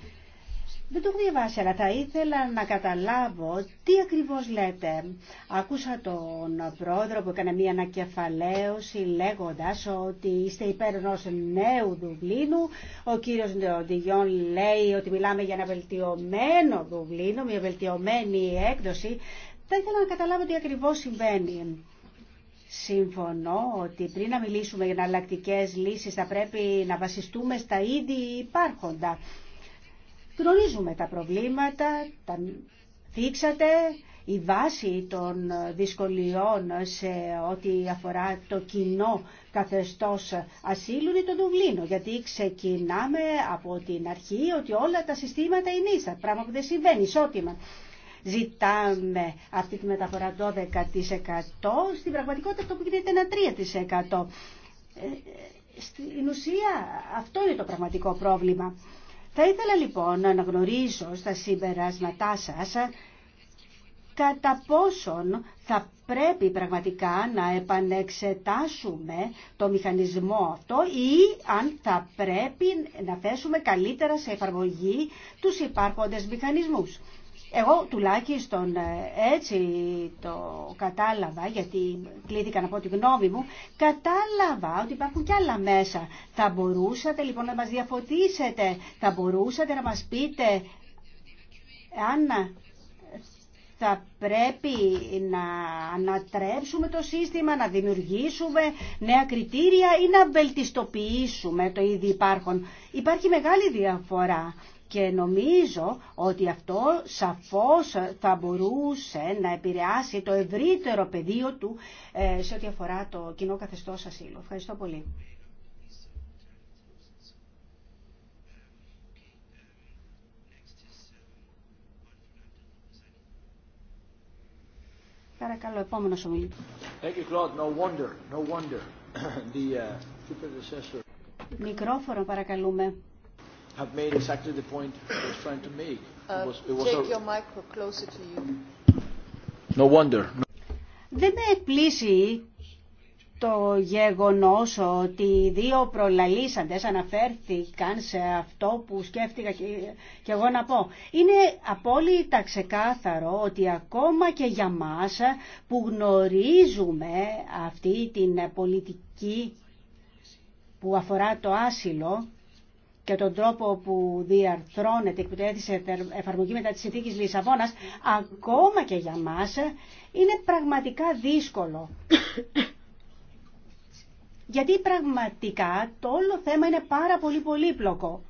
δεν το έχω διαβάσει, αλλά θα ήθελα να καταλάβω τι ακριβώς λέτε. Άκουσα τον πρόεδρο που έκανε μια ανακεφαλαίωση λέγοντας ότι είστε υπέρ ενός νέου Δουβλίνου. Ο κύριος Ντεοντιγιόν λέει ότι μιλάμε για ένα βελτιωμένο Δουβλίνο, μια βελτιωμένη έκδοση. Θα ήθελα να καταλάβω τι ακριβώς συμβαίνει. Συμφωνώ ότι πριν να μιλήσουμε για εναλλακτικέ λύσεις θα πρέπει να βασιστούμε στα ήδη υπάρχοντα. Γνωρίζουμε τα προβλήματα, τα θίξατε, η βάση των δυσκολιών σε ό,τι αφορά το κοινό καθεστώς ασύλου είναι το Δουβλίνο, γιατί ξεκινάμε από την αρχή ότι όλα τα συστήματα είναι ίσα, πράγμα που δεν συμβαίνει, ισότιμα. Ζητάμε αυτή τη μεταφορά 12% στην πραγματικότητα αυτό που γίνεται ένα 3%. Ε, ε, στην ουσία αυτό είναι το πραγματικό πρόβλημα. Θα ήθελα λοιπόν να αναγνωρίσω στα συμπεράσματά σας κατά πόσον θα πρέπει πραγματικά να επανεξετάσουμε το μηχανισμό αυτό ή αν θα πρέπει να θέσουμε καλύτερα σε εφαρμογή τους υπάρχοντες μηχανισμούς. Εγώ τουλάχιστον ε, έτσι το κατάλαβα, γιατί κλείθηκα να πω τη γνώμη μου, κατάλαβα ότι υπάρχουν κι άλλα μέσα. Θα μπορούσατε λοιπόν να μας διαφωτίσετε, θα μπορούσατε να μας πείτε αν θα πρέπει να ανατρέψουμε το σύστημα, να δημιουργήσουμε νέα κριτήρια ή να βελτιστοποιήσουμε το ήδη υπάρχον. Υπάρχει μεγάλη διαφορά και νομίζω ότι αυτό σαφώς θα μπορούσε να επηρεάσει το ευρύτερο πεδίο του ε, σε ό,τι αφορά το κοινό καθεστώς ασύλου. Ευχαριστώ πολύ. Παρακαλώ, επόμενο ομιλητή. (clears throat) Uh, Μικρόφωνο παρακαλούμε have made Δεν με εκπλήσει το γεγονός ότι οι δύο προλαλήσαντες αναφέρθηκαν σε αυτό που σκέφτηκα και εγώ να πω. Είναι απόλυτα ξεκάθαρο ότι ακόμα και για μας που γνωρίζουμε αυτή την πολιτική που αφορά το άσυλο, και τον τρόπο που διαρθρώνεται, που σε εφαρμογή μετά τη συνθήκη Λισαβόνα, ακόμα και για μα, είναι πραγματικά δύσκολο. (coughs) Γιατί πραγματικά το όλο θέμα είναι πάρα πολύ πολύπλοκο.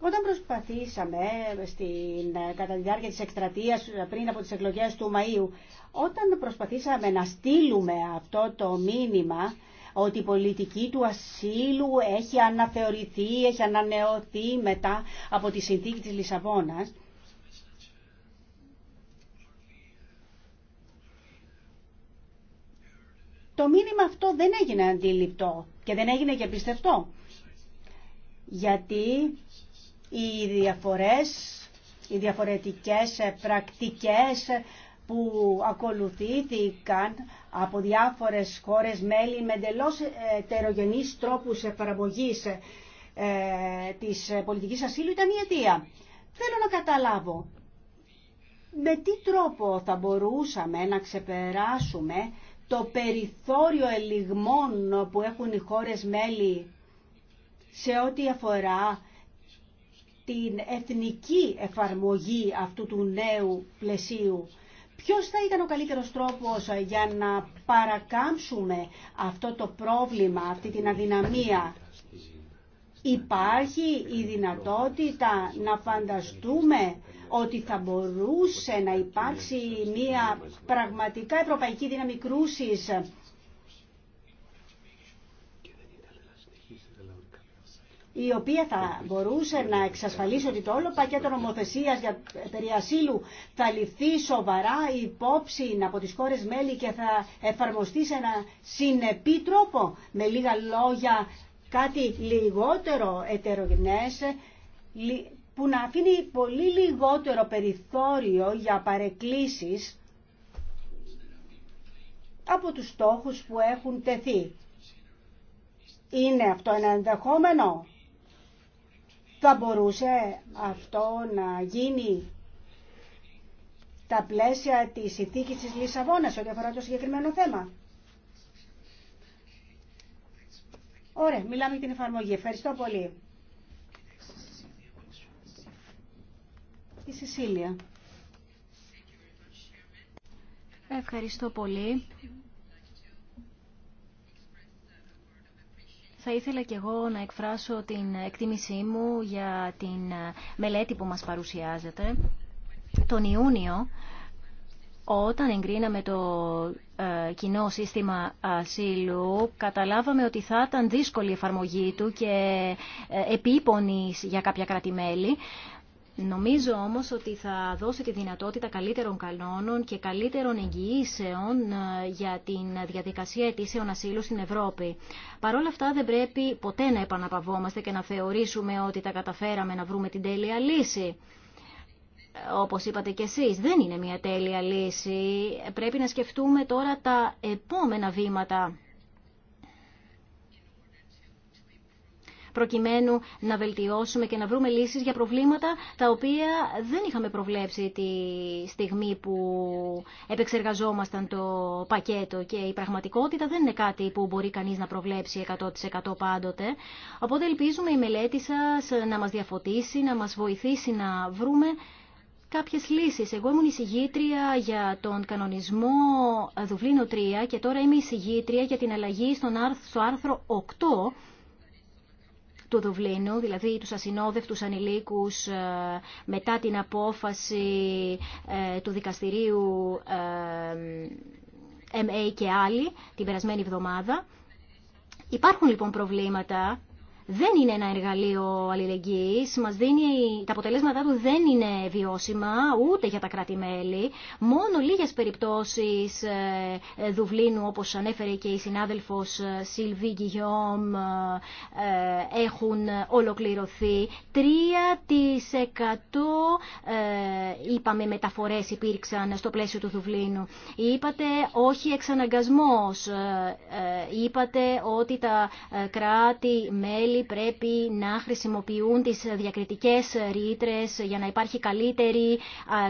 Όταν προσπαθήσαμε στην, κατά τη διάρκεια της εκστρατείας πριν από τις εκλογές του Μαΐου, όταν προσπαθήσαμε να στείλουμε αυτό το μήνυμα ότι η πολιτική του ασύλου έχει αναθεωρηθεί, έχει ανανεωθεί μετά από τη συνθήκη της Λισαβόνας. Το μήνυμα αυτό δεν έγινε αντιληπτό και δεν έγινε και πιστευτό. Γιατί οι διαφορές οι διαφορετικές πρακτικές που ακολουθήθηκαν από διάφορες χώρες μέλη με εντελώ τερογενείς τρόπους εφαρμογής ε, της πολιτικής ασύλου ήταν η αιτία. Θέλω να καταλάβω με τι τρόπο θα μπορούσαμε να ξεπεράσουμε το περιθώριο ελιγμών που έχουν οι χώρες μέλη σε ό,τι αφορά την εθνική εφαρμογή αυτού του νέου πλαισίου. Ποιος θα ήταν ο καλύτερος τρόπος ε, για να παρακάμψουμε αυτό το πρόβλημα, αυτή την αδυναμία. Υπάρχει η δυνατότητα να φανταστούμε ότι θα μπορούσε να υπάρξει μια πραγματικά ευρωπαϊκή δύναμη κρούσης η οποία θα μπορούσε να εξασφαλίσει ότι το όλο πακέτο νομοθεσία για περί ασύλου θα ληφθεί σοβαρά υπόψη από τι χώρε μέλη και θα εφαρμοστεί σε ένα συνεπή Με λίγα λόγια, κάτι λιγότερο ετερογενές που να αφήνει πολύ λιγότερο περιθώριο για παρεκκλήσεις από τους στόχους που έχουν τεθεί. Είναι αυτό ένα ενδεχόμενο. Θα μπορούσε αυτό να γίνει τα πλαίσια της συνθήκη της Λισαβόνας ό,τι αφορά το συγκεκριμένο θέμα. Ωραία, μιλάμε για την εφαρμογή. Ευχαριστώ πολύ. Η Σισίλια. Ευχαριστώ πολύ. Θα ήθελα και εγώ να εκφράσω την εκτίμησή μου για την ε, μελέτη που μας παρουσιάζεται. Τον Ιούνιο, όταν εγκρίναμε το ε, κοινό σύστημα ασύλου, καταλάβαμε ότι θα ήταν δύσκολη η εφαρμογή του και ε, επίπονη για κάποια Νομίζω όμως ότι θα δώσει τη δυνατότητα καλύτερων κανόνων και καλύτερων εγγυήσεων ε, για την διαδικασία αιτήσεων ασύλου στην Ευρώπη. Παρ' όλα αυτά δεν πρέπει ποτέ να επαναπαυόμαστε και να θεωρήσουμε ότι τα καταφέραμε να βρούμε την τέλεια λύση όπως είπατε και εσείς, δεν είναι μια τέλεια λύση. Πρέπει να σκεφτούμε τώρα τα επόμενα βήματα προκειμένου να βελτιώσουμε και να βρούμε λύσεις για προβλήματα τα οποία δεν είχαμε προβλέψει τη στιγμή που επεξεργαζόμασταν το πακέτο και η πραγματικότητα δεν είναι κάτι που μπορεί κανείς να προβλέψει 100% πάντοτε. Οπότε ελπίζουμε η μελέτη σας να μας διαφωτίσει, να μας βοηθήσει να βρούμε κάποιες λύσεις. Εγώ ήμουν εισηγήτρια για τον κανονισμό Δουβλίνο 3 και τώρα είμαι εισηγήτρια για την αλλαγή στο άρθρο 8 του Δουβλίνου, δηλαδή τους ασυνόδευτους ανηλίκους ε, μετά την απόφαση ε, του δικαστηρίου ε, MA και άλλοι την περασμένη εβδομάδα. Υπάρχουν λοιπόν προβλήματα δεν είναι ένα εργαλείο αλληλεγγύης, μας δίνει, τα αποτελέσματά του δεν είναι βιώσιμα ούτε για τα κράτη-μέλη. Μόνο λίγες περιπτώσεις ε, ε, Δουβλίνου, όπως ανέφερε και η συνάδελφος ε, Σιλβί ε, έχουν ολοκληρωθεί. 3% είπαμε μεταφορές υπήρξαν στο πλαίσιο του Δουβλίνου. Είπατε όχι εξαναγκασμός. Είπατε ότι τα κράτη-μέλη πρέπει να χρησιμοποιούν τις διακριτικές ρήτρε για να υπάρχει καλύτερη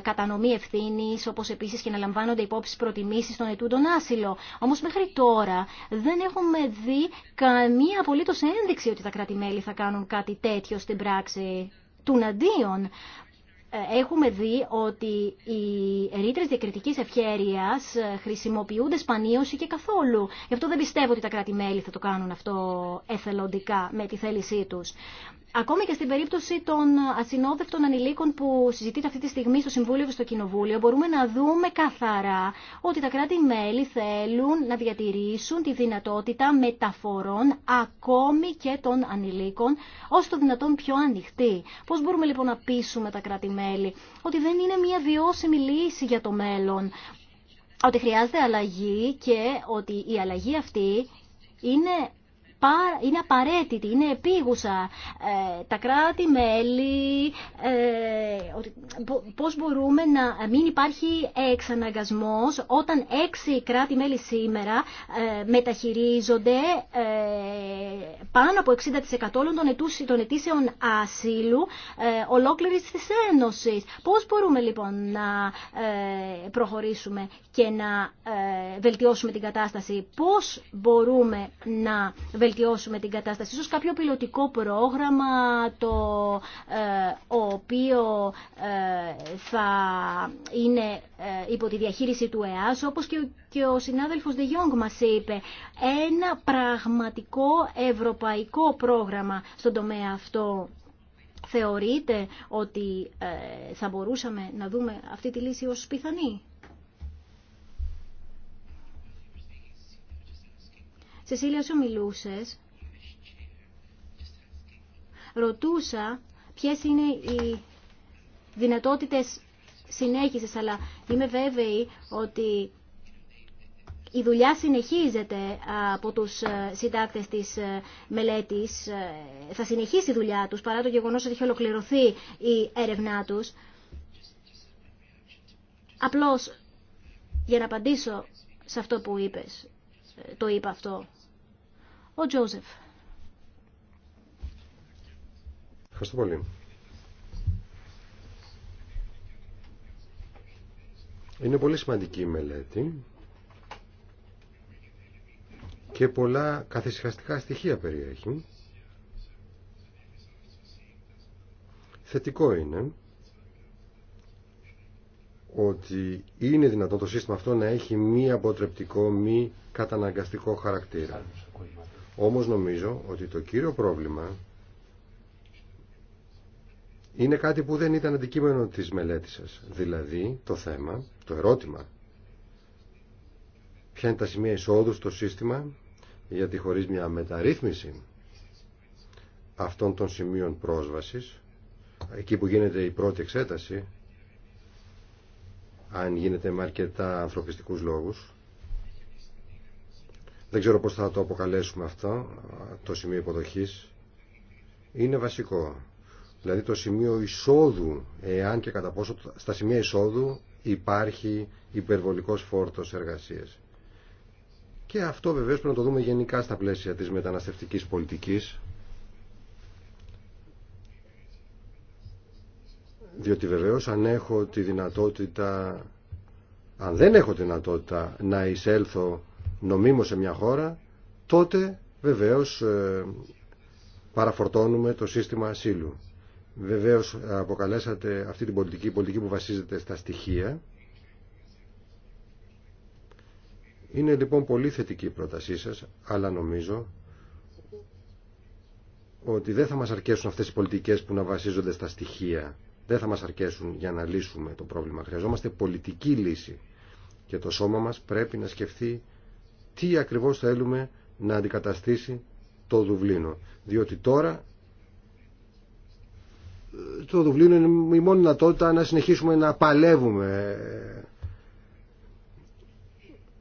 κατανομή ευθύνη, όπως επίσης και να λαμβάνονται υπόψη προτιμήσεις των ετούντων άσυλο. Όμως μέχρι τώρα δεν έχουμε δει καμία απολύτως ένδειξη ότι τα κρατη θα κάνουν κάτι τέτοιο στην πράξη. Τουναντίον, έχουμε δει ότι οι ρήτρε διακριτική ευχέρεια ε, χρησιμοποιούνται σπανίω ή και καθόλου. Γι' αυτό δεν πιστεύω ότι τα κράτη-μέλη θα το κάνουν αυτό εθελοντικά με τη θέλησή του. Ακόμη και στην περίπτωση των ασυνόδευτων ανηλίκων που συζητείται αυτή τη στιγμή στο Συμβούλιο και στο Κοινοβούλιο, μπορούμε να δούμε καθαρά ότι τα κράτη-μέλη θέλουν να διατηρήσουν τη δυνατότητα μεταφορών ακόμη και των ανηλίκων, ως το δυνατόν πιο ανοιχτή. Πώς μπορούμε λοιπόν να πείσουμε τα κράτη-μέλη ότι δεν είναι μια βιώσιμη λύση για το μέλλον, ότι χρειάζεται αλλαγή και ότι η αλλαγή αυτή είναι είναι απαραίτητη, είναι επίγουσα. Ε, τα κράτη-μέλη, ε, πώς μπορούμε να μην υπάρχει εξαναγκασμός όταν έξι κράτη-μέλη σήμερα ε, μεταχειρίζονται πάνω από 60% όλων των αιτήσεων ασύλου ολόκληρης της Ένωσης. Πώς μπορούμε λοιπόν να προχωρήσουμε και να βελτιώσουμε την κατάσταση. Πώς μπορούμε να βελτιώσουμε βελτιώσουμε την κατάσταση. Ίσως κάποιο πιλωτικό πρόγραμμα το ε, οποίο ε, θα είναι ε, υπό τη διαχείριση του ΕΑΣ, όπως και ο συνάδελφος De Jong μας είπε, ένα πραγματικό ευρωπαϊκό πρόγραμμα στον τομέα αυτό. Θεωρείτε ότι θα μπορούσαμε να δούμε αυτή τη λύση ως πιθανή. Σεσίλια, όσο μιλούσες, ρωτούσα ποιε είναι οι δυνατότητες συνέχισης, αλλά είμαι βέβαιη ότι η δουλειά συνεχίζεται από τους ε, συντάκτες της ε, μελέτης. Ε, θα συνεχίσει η δουλειά τους, παρά το γεγονός ότι έχει ολοκληρωθεί η έρευνά τους. Απλώς, για να απαντήσω σε αυτό που είπες, το είπα αυτό. Ο Τζόζεφ. Ευχαριστώ πολύ. Είναι πολύ σημαντική η μελέτη και πολλά καθησυχαστικά στοιχεία περιέχει. Θετικό είναι ότι είναι δυνατόν το σύστημα αυτό να έχει μη αποτρεπτικό, μη καταναγκαστικό χαρακτήρα. Όμως νομίζω ότι το κύριο πρόβλημα είναι κάτι που δεν ήταν αντικείμενο της μελέτης σας. Δηλαδή το θέμα, το ερώτημα, ποια είναι τα σημεία εισόδου στο σύστημα γιατί χωρίς μια μεταρρύθμιση αυτών των σημείων πρόσβασης εκεί που γίνεται η πρώτη εξέταση αν γίνεται με αρκετά ανθρωπιστικούς λόγους δεν ξέρω πώς θα το αποκαλέσουμε αυτό, το σημείο υποδοχής, είναι βασικό. Δηλαδή το σημείο εισόδου, εάν και κατά πόσο στα σημεία εισόδου υπάρχει υπερβολικός φόρτος εργασίας. Και αυτό βεβαίως πρέπει να το δούμε γενικά στα πλαίσια της μεταναστευτικής πολιτικής, διότι βεβαίως αν έχω τη δυνατότητα, αν δεν έχω τη δυνατότητα να εισέλθω νομίμως σε μια χώρα, τότε βεβαίως ε, παραφορτώνουμε το σύστημα ασύλου. Βεβαίως ε, αποκαλέσατε αυτή την πολιτική, πολιτική που βασίζεται στα στοιχεία. Είναι λοιπόν πολύ θετική η πρότασή σας, αλλά νομίζω ότι δεν θα μας αρκέσουν αυτές οι πολιτικές που να βασίζονται στα στοιχεία. Δεν θα μας αρκέσουν για να λύσουμε το πρόβλημα. Χρειαζόμαστε πολιτική λύση και το σώμα μας πρέπει να σκεφτεί τι ακριβώς θέλουμε να αντικαταστήσει το Δουβλίνο. Διότι τώρα ε, το Δουβλίνο είναι η μόνη δυνατότητα να συνεχίσουμε να παλεύουμε ε,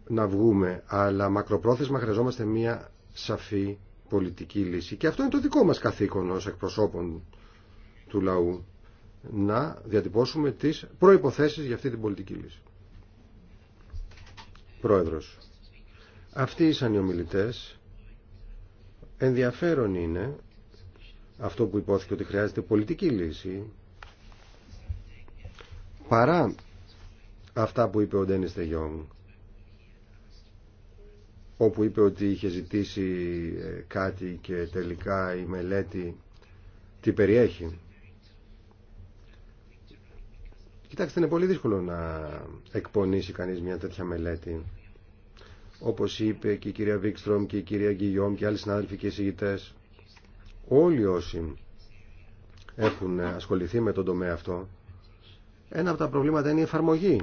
να βγούμε, αλλά μακροπρόθεσμα χρειαζόμαστε μια σαφή πολιτική λύση. Και αυτό είναι το δικό μας καθήκον ως εκπροσώπων του λαού, να διατυπώσουμε τις προϋποθέσεις για αυτή την πολιτική λύση. Πρόεδρος. Αυτοί ήσαν οι ομιλητές. Ενδιαφέρον είναι αυτό που υπόθηκε ότι χρειάζεται πολιτική λύση παρά αυτά που είπε ο Ντένις Τεγιόγκ όπου είπε ότι είχε ζητήσει ε, κάτι και τελικά η μελέτη τι περιέχει. Κοιτάξτε, είναι πολύ δύσκολο να εκπονήσει κανείς μια τέτοια μελέτη όπως είπε και η κυρία Βίξτρομ και η κυρία Γκυγιόμ και άλλοι συνάδελφοι και όλοι όσοι έχουν ασχοληθεί με τον τομέα αυτό, ένα από τα προβλήματα είναι η εφαρμογή.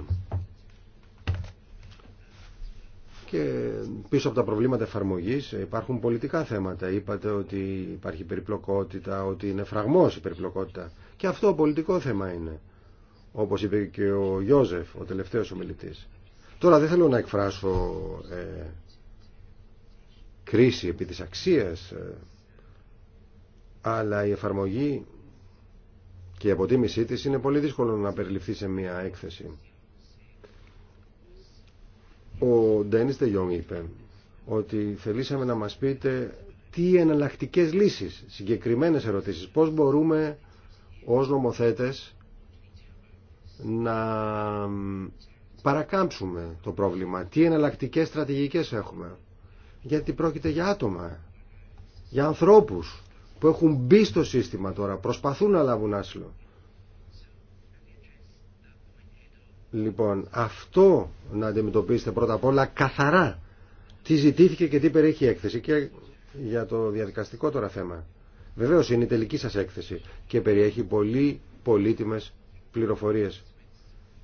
Και πίσω από τα προβλήματα εφαρμογής υπάρχουν πολιτικά θέματα. Είπατε ότι υπάρχει περιπλοκότητα, ότι είναι φραγμός η περιπλοκότητα. Και αυτό πολιτικό θέμα είναι, όπως είπε και ο Γιώζεφ, ο τελευταίος ομιλητή. Τώρα δεν θέλω να εκφράσω ε, κρίση επί της αξίας, ε, αλλά η εφαρμογή και η αποτίμησή της είναι πολύ δύσκολο να περιληφθεί σε μια έκθεση. Ο Ντένις Τεγιόν είπε ότι θελήσαμε να μας πείτε τι εναλλακτικέ λύσεις, συγκεκριμένες ερωτήσεις, πώς μπορούμε ως νομοθέτες να παρακάμψουμε το πρόβλημα. Τι εναλλακτικέ στρατηγικές έχουμε. Γιατί πρόκειται για άτομα, για ανθρώπους που έχουν μπει στο σύστημα τώρα, προσπαθούν να λάβουν άσυλο. Λοιπόν, αυτό να αντιμετωπίσετε πρώτα απ' όλα καθαρά. Τι ζητήθηκε και τι περιέχει η έκθεση. Και για το διαδικαστικό τώρα θέμα. Βεβαίω είναι η τελική σας έκθεση και περιέχει πολύ πολύτιμε πληροφορίες.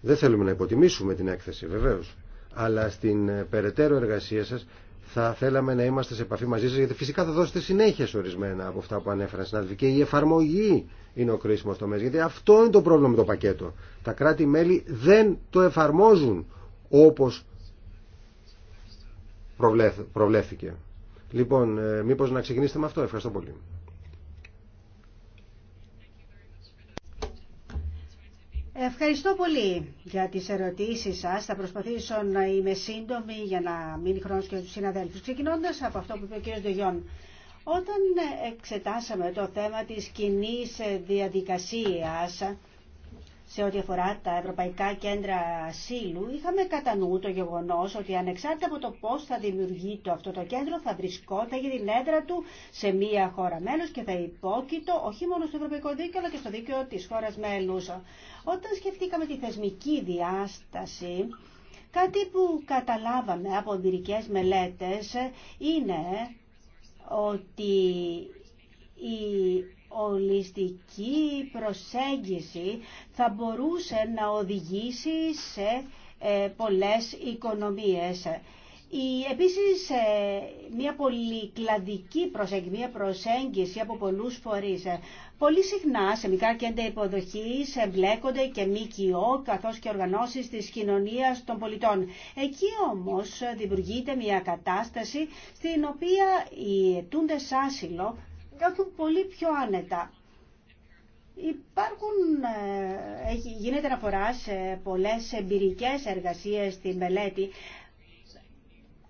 Δεν θέλουμε να υποτιμήσουμε την έκθεση βεβαίως, αλλά στην ε, περαιτέρω εργασία σας θα θέλαμε να είμαστε σε επαφή μαζί σας γιατί φυσικά θα δώσετε συνέχεια σε ορισμένα από αυτά που ανέφεραν συνάδελφοι και η εφαρμογή είναι ο κρίσιμος τομέας γιατί αυτό είναι το πρόβλημα με το πακέτο. Τα κράτη-μέλη δεν το εφαρμόζουν όπως προβλέφθηκε. Λοιπόν, ε, μήπως να ξεκινήσετε με αυτό. Ευχαριστώ πολύ. Ευχαριστώ πολύ για τις ερωτήσεις σας. Θα προσπαθήσω να είμαι σύντομη για να μείνει χρόνος και τους συναδέλφους. Ξεκινώντας από αυτό που είπε ο κ. Δεγιόν, όταν εξετάσαμε το θέμα της κοινή διαδικασίας, σε ό,τι αφορά τα Ευρωπαϊκά Κέντρα Ασύλου, είχαμε κατά νου το γεγονός ότι ανεξάρτητα από το πώς θα δημιουργεί το αυτό το κέντρο, θα βρισκόταν για την έδρα του σε μία χώρα μέλος και θα υπόκειτο όχι μόνο στο Ευρωπαϊκό Δίκαιο, αλλά και στο δίκαιο της χώρας μέλους. Όταν σκεφτήκαμε τη θεσμική διάσταση, κάτι που καταλάβαμε από εμπειρικέ μελέτε είναι ότι η ολιστική προσέγγιση θα μπορούσε να οδηγήσει σε ε, πολλές οικονομίες. Η, επίσης, ε, μια πολυκλαδική προσέγγιση, μια προσέγγιση από πολλούς φορείς. Ε, πολύ συχνά σε μικρά κέντρα υποδοχής εμπλέκονται και ΜΚΟ καθώς και οργανώσεις της κοινωνίας των πολιτών. Εκεί όμως δημιουργείται μια κατάσταση στην οποία οι αιτούντες άσυλο νιώθουν πολύ πιο άνετα. Υπάρχουν, ε, γίνεται αφορά σε πολλές εμπειρικές εργασίες στη μελέτη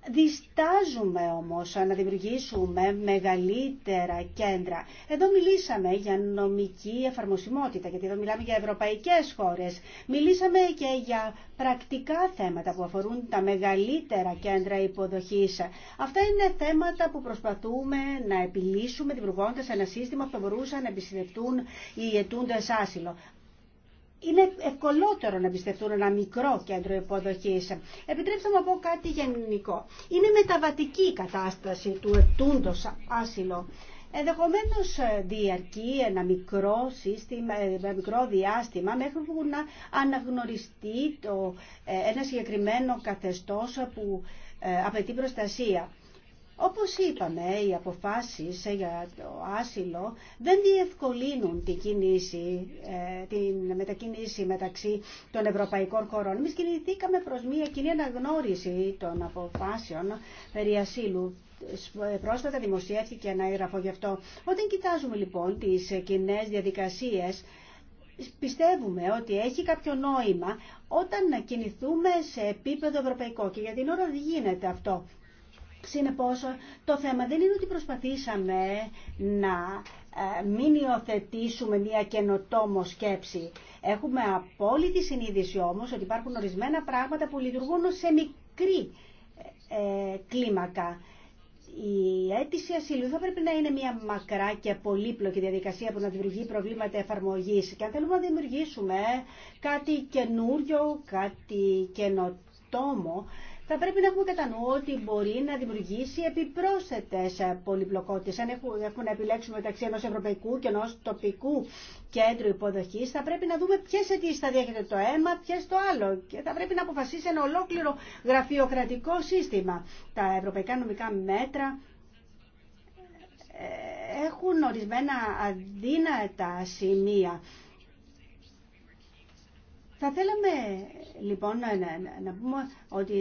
Διστάζουμε όμως να δημιουργήσουμε μεγαλύτερα κέντρα. Εδώ μιλήσαμε για νομική εφαρμοσιμότητα, γιατί εδώ μιλάμε για ευρωπαϊκές χώρες. Μιλήσαμε και για πρακτικά θέματα που αφορούν τα μεγαλύτερα κέντρα υποδοχής. Αυτά είναι θέματα που προσπαθούμε να επιλύσουμε δημιουργώντας ένα σύστημα που θα μπορούσαν να οι άσυλο είναι ευκολότερο να εμπιστευτούν ένα μικρό κέντρο υποδοχή. Επιτρέψτε μου να πω κάτι γενικό. Είναι μεταβατική η κατάσταση του ετούντο άσυλο. Ενδεχομένω ε, διαρκεί ένα μικρό, σύστημα, ε, ένα μικρό διάστημα μέχρι που να αναγνωριστεί το, ε, ένα συγκεκριμένο καθεστώ που απαιτεί προστασία. Όπως είπαμε, οι αποφάσεις για το άσυλο δεν διευκολύνουν ε, την, κινήση, την μετακινήση μεταξύ των ευρωπαϊκών χωρών. Εμείς κινηθήκαμε προς μια κοινή αναγνώριση των αποφάσεων περί ασύλου. Ε, πρόσφατα δημοσιεύτηκε ένα έγγραφο γι' αυτό. Όταν κοιτάζουμε λοιπόν τις κοινέ διαδικασίες, πιστεύουμε ότι έχει κάποιο νόημα όταν κινηθούμε σε επίπεδο ευρωπαϊκό και για την ώρα δεν γίνεται αυτό. Συνεπώ, το θέμα δεν είναι ότι προσπαθήσαμε να ε, μην υιοθετήσουμε μια καινοτόμο σκέψη. Έχουμε απόλυτη συνείδηση όμω ότι υπάρχουν ορισμένα πράγματα που λειτουργούν σε μικρή ε, κλίμακα. Η αίτηση ασύλου θα πρέπει να είναι μια μακρά και πολύπλοκη διαδικασία που να δημιουργεί προβλήματα εφαρμογή. Και αν θέλουμε να δημιουργήσουμε κάτι καινούριο, κάτι καινοτόμο, θα πρέπει να έχουμε κατά νου ότι μπορεί να δημιουργήσει επιπρόσθετε πολυπλοκότητε. Αν έχουμε να επιλέξουμε μεταξύ ενό ευρωπαϊκού και ενό τοπικού κέντρου υποδοχή, θα πρέπει να δούμε ποιε αιτήσει θα διέχεται το αίμα, ποιε το άλλο. Και θα πρέπει να αποφασίσει ένα ολόκληρο γραφειοκρατικό σύστημα. Τα ευρωπαϊκά νομικά μέτρα ε, έχουν ορισμένα αδύνατα σημεία. Θα θέλαμε λοιπόν να, να, να πούμε ότι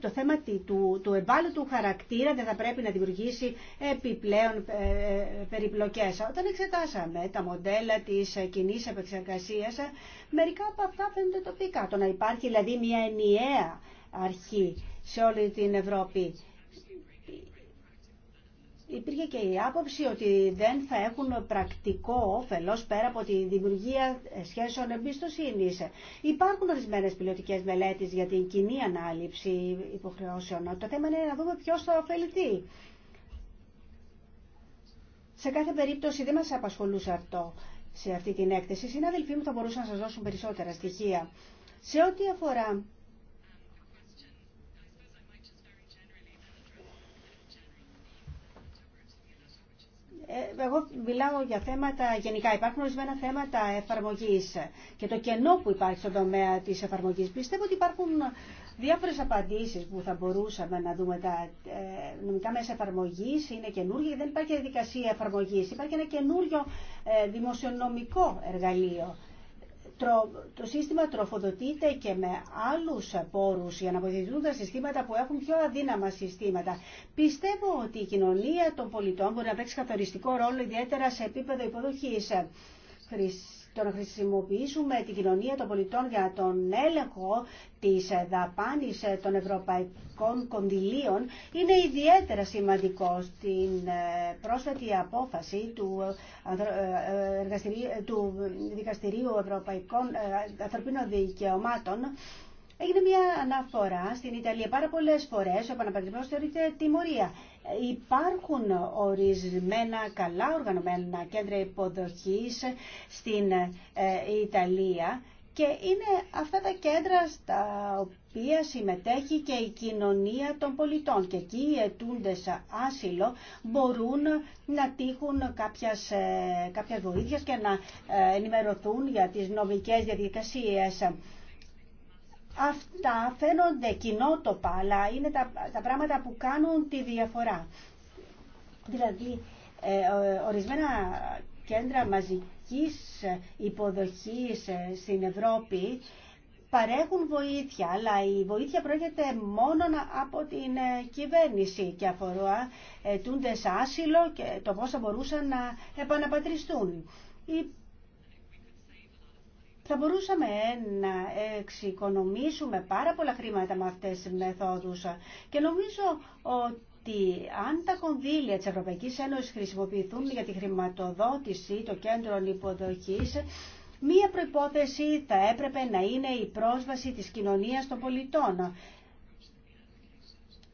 το θέμα του, του ευάλωτου χαρακτήρα δεν θα πρέπει να δημιουργήσει επιπλέον ε, ε, περιπλοκές. Όταν εξετάσαμε τα μοντέλα της κοινή επεξεργασίας, μερικά από αυτά φαίνονται τοπικά. Το να υπάρχει δηλαδή μια ενιαία αρχή σε όλη την Ευρώπη. Υπήρχε και η άποψη ότι δεν θα έχουν πρακτικό όφελος πέρα από τη δημιουργία σχέσεων εμπιστοσύνης. Υπάρχουν ορισμένες πιλωτικές μελέτες για την κοινή ανάληψη υποχρεώσεων. Το θέμα είναι να δούμε ποιος θα ωφεληθεί. Σε κάθε περίπτωση δεν μας απασχολούσε αυτό σε αυτή την έκθεση. Συνάδελφοί μου θα μπορούσαν να σας δώσουν περισσότερα στοιχεία. Σε ό,τι αφορά Ε, εγώ μιλάω για θέματα γενικά. Υπάρχουν ορισμένα θέματα εφαρμογής και το κενό που υπάρχει στον τομέα τη εφαρμογή. Πιστεύω ότι υπάρχουν διάφορε απαντήσεις που θα μπορούσαμε να δούμε. Τα ε, νομικά μέσα εφαρμογής είναι καινούργια, δεν υπάρχει διαδικασία εφαρμογής. Υπάρχει ένα καινούριο ε, δημοσιονομικό εργαλείο το σύστημα τροφοδοτείται και με άλλους πόρους για να βοηθηθούν τα συστήματα που έχουν πιο αδύναμα συστήματα. Πιστεύω ότι η κοινωνία των πολιτών μπορεί να παίξει καθοριστικό ρόλο ιδιαίτερα σε επίπεδο υποδοχής το να χρησιμοποιήσουμε την κοινωνία των πολιτών για τον έλεγχο της δαπάνης των ευρωπαϊκών κονδυλίων είναι ιδιαίτερα σημαντικό στην ε, πρόσφατη απόφαση του, ε, ε, του Δικαστηρίου Ευρωπαϊκών Ανθρωπίνων Δικαιωμάτων Έγινε μια αναφορά στην Ιταλία. Πάρα πολλέ φορέ ο Παναπατρισμό θεωρείται τιμωρία. Υπάρχουν ορισμένα καλά οργανωμένα κέντρα υποδοχής στην ε, Ιταλία και είναι αυτά τα κέντρα στα οποία συμμετέχει και η κοινωνία των πολιτών και εκεί οι αιτούντες άσυλο μπορούν να τύχουν κάποιας, ε, κάποιας βοήθειας και να ε, ενημερωθούν για τις νομικές διαδικασίες. Αυτά φαίνονται κοινότοπα, αλλά είναι τα, τα πράγματα που κάνουν τη διαφορά. Δηλαδή, ε, ορισμένα κέντρα μαζικής υποδοχής ε, στην Ευρώπη παρέχουν βοήθεια, αλλά η βοήθεια πρόκειται μόνο από την ε, κυβέρνηση και αφορά ε, τούντες άσυλο και το πώς μπορούσαν να επαναπατριστούν θα μπορούσαμε ε, να εξοικονομήσουμε πάρα πολλά χρήματα με αυτές τις μεθόδους και νομίζω ότι αν τα κονδύλια της Ευρωπαϊκής Ένωσης χρησιμοποιηθούν για τη χρηματοδότηση των κέντρων υποδοχής, μία προϋπόθεση θα έπρεπε να είναι η πρόσβαση της κοινωνίας των πολιτών.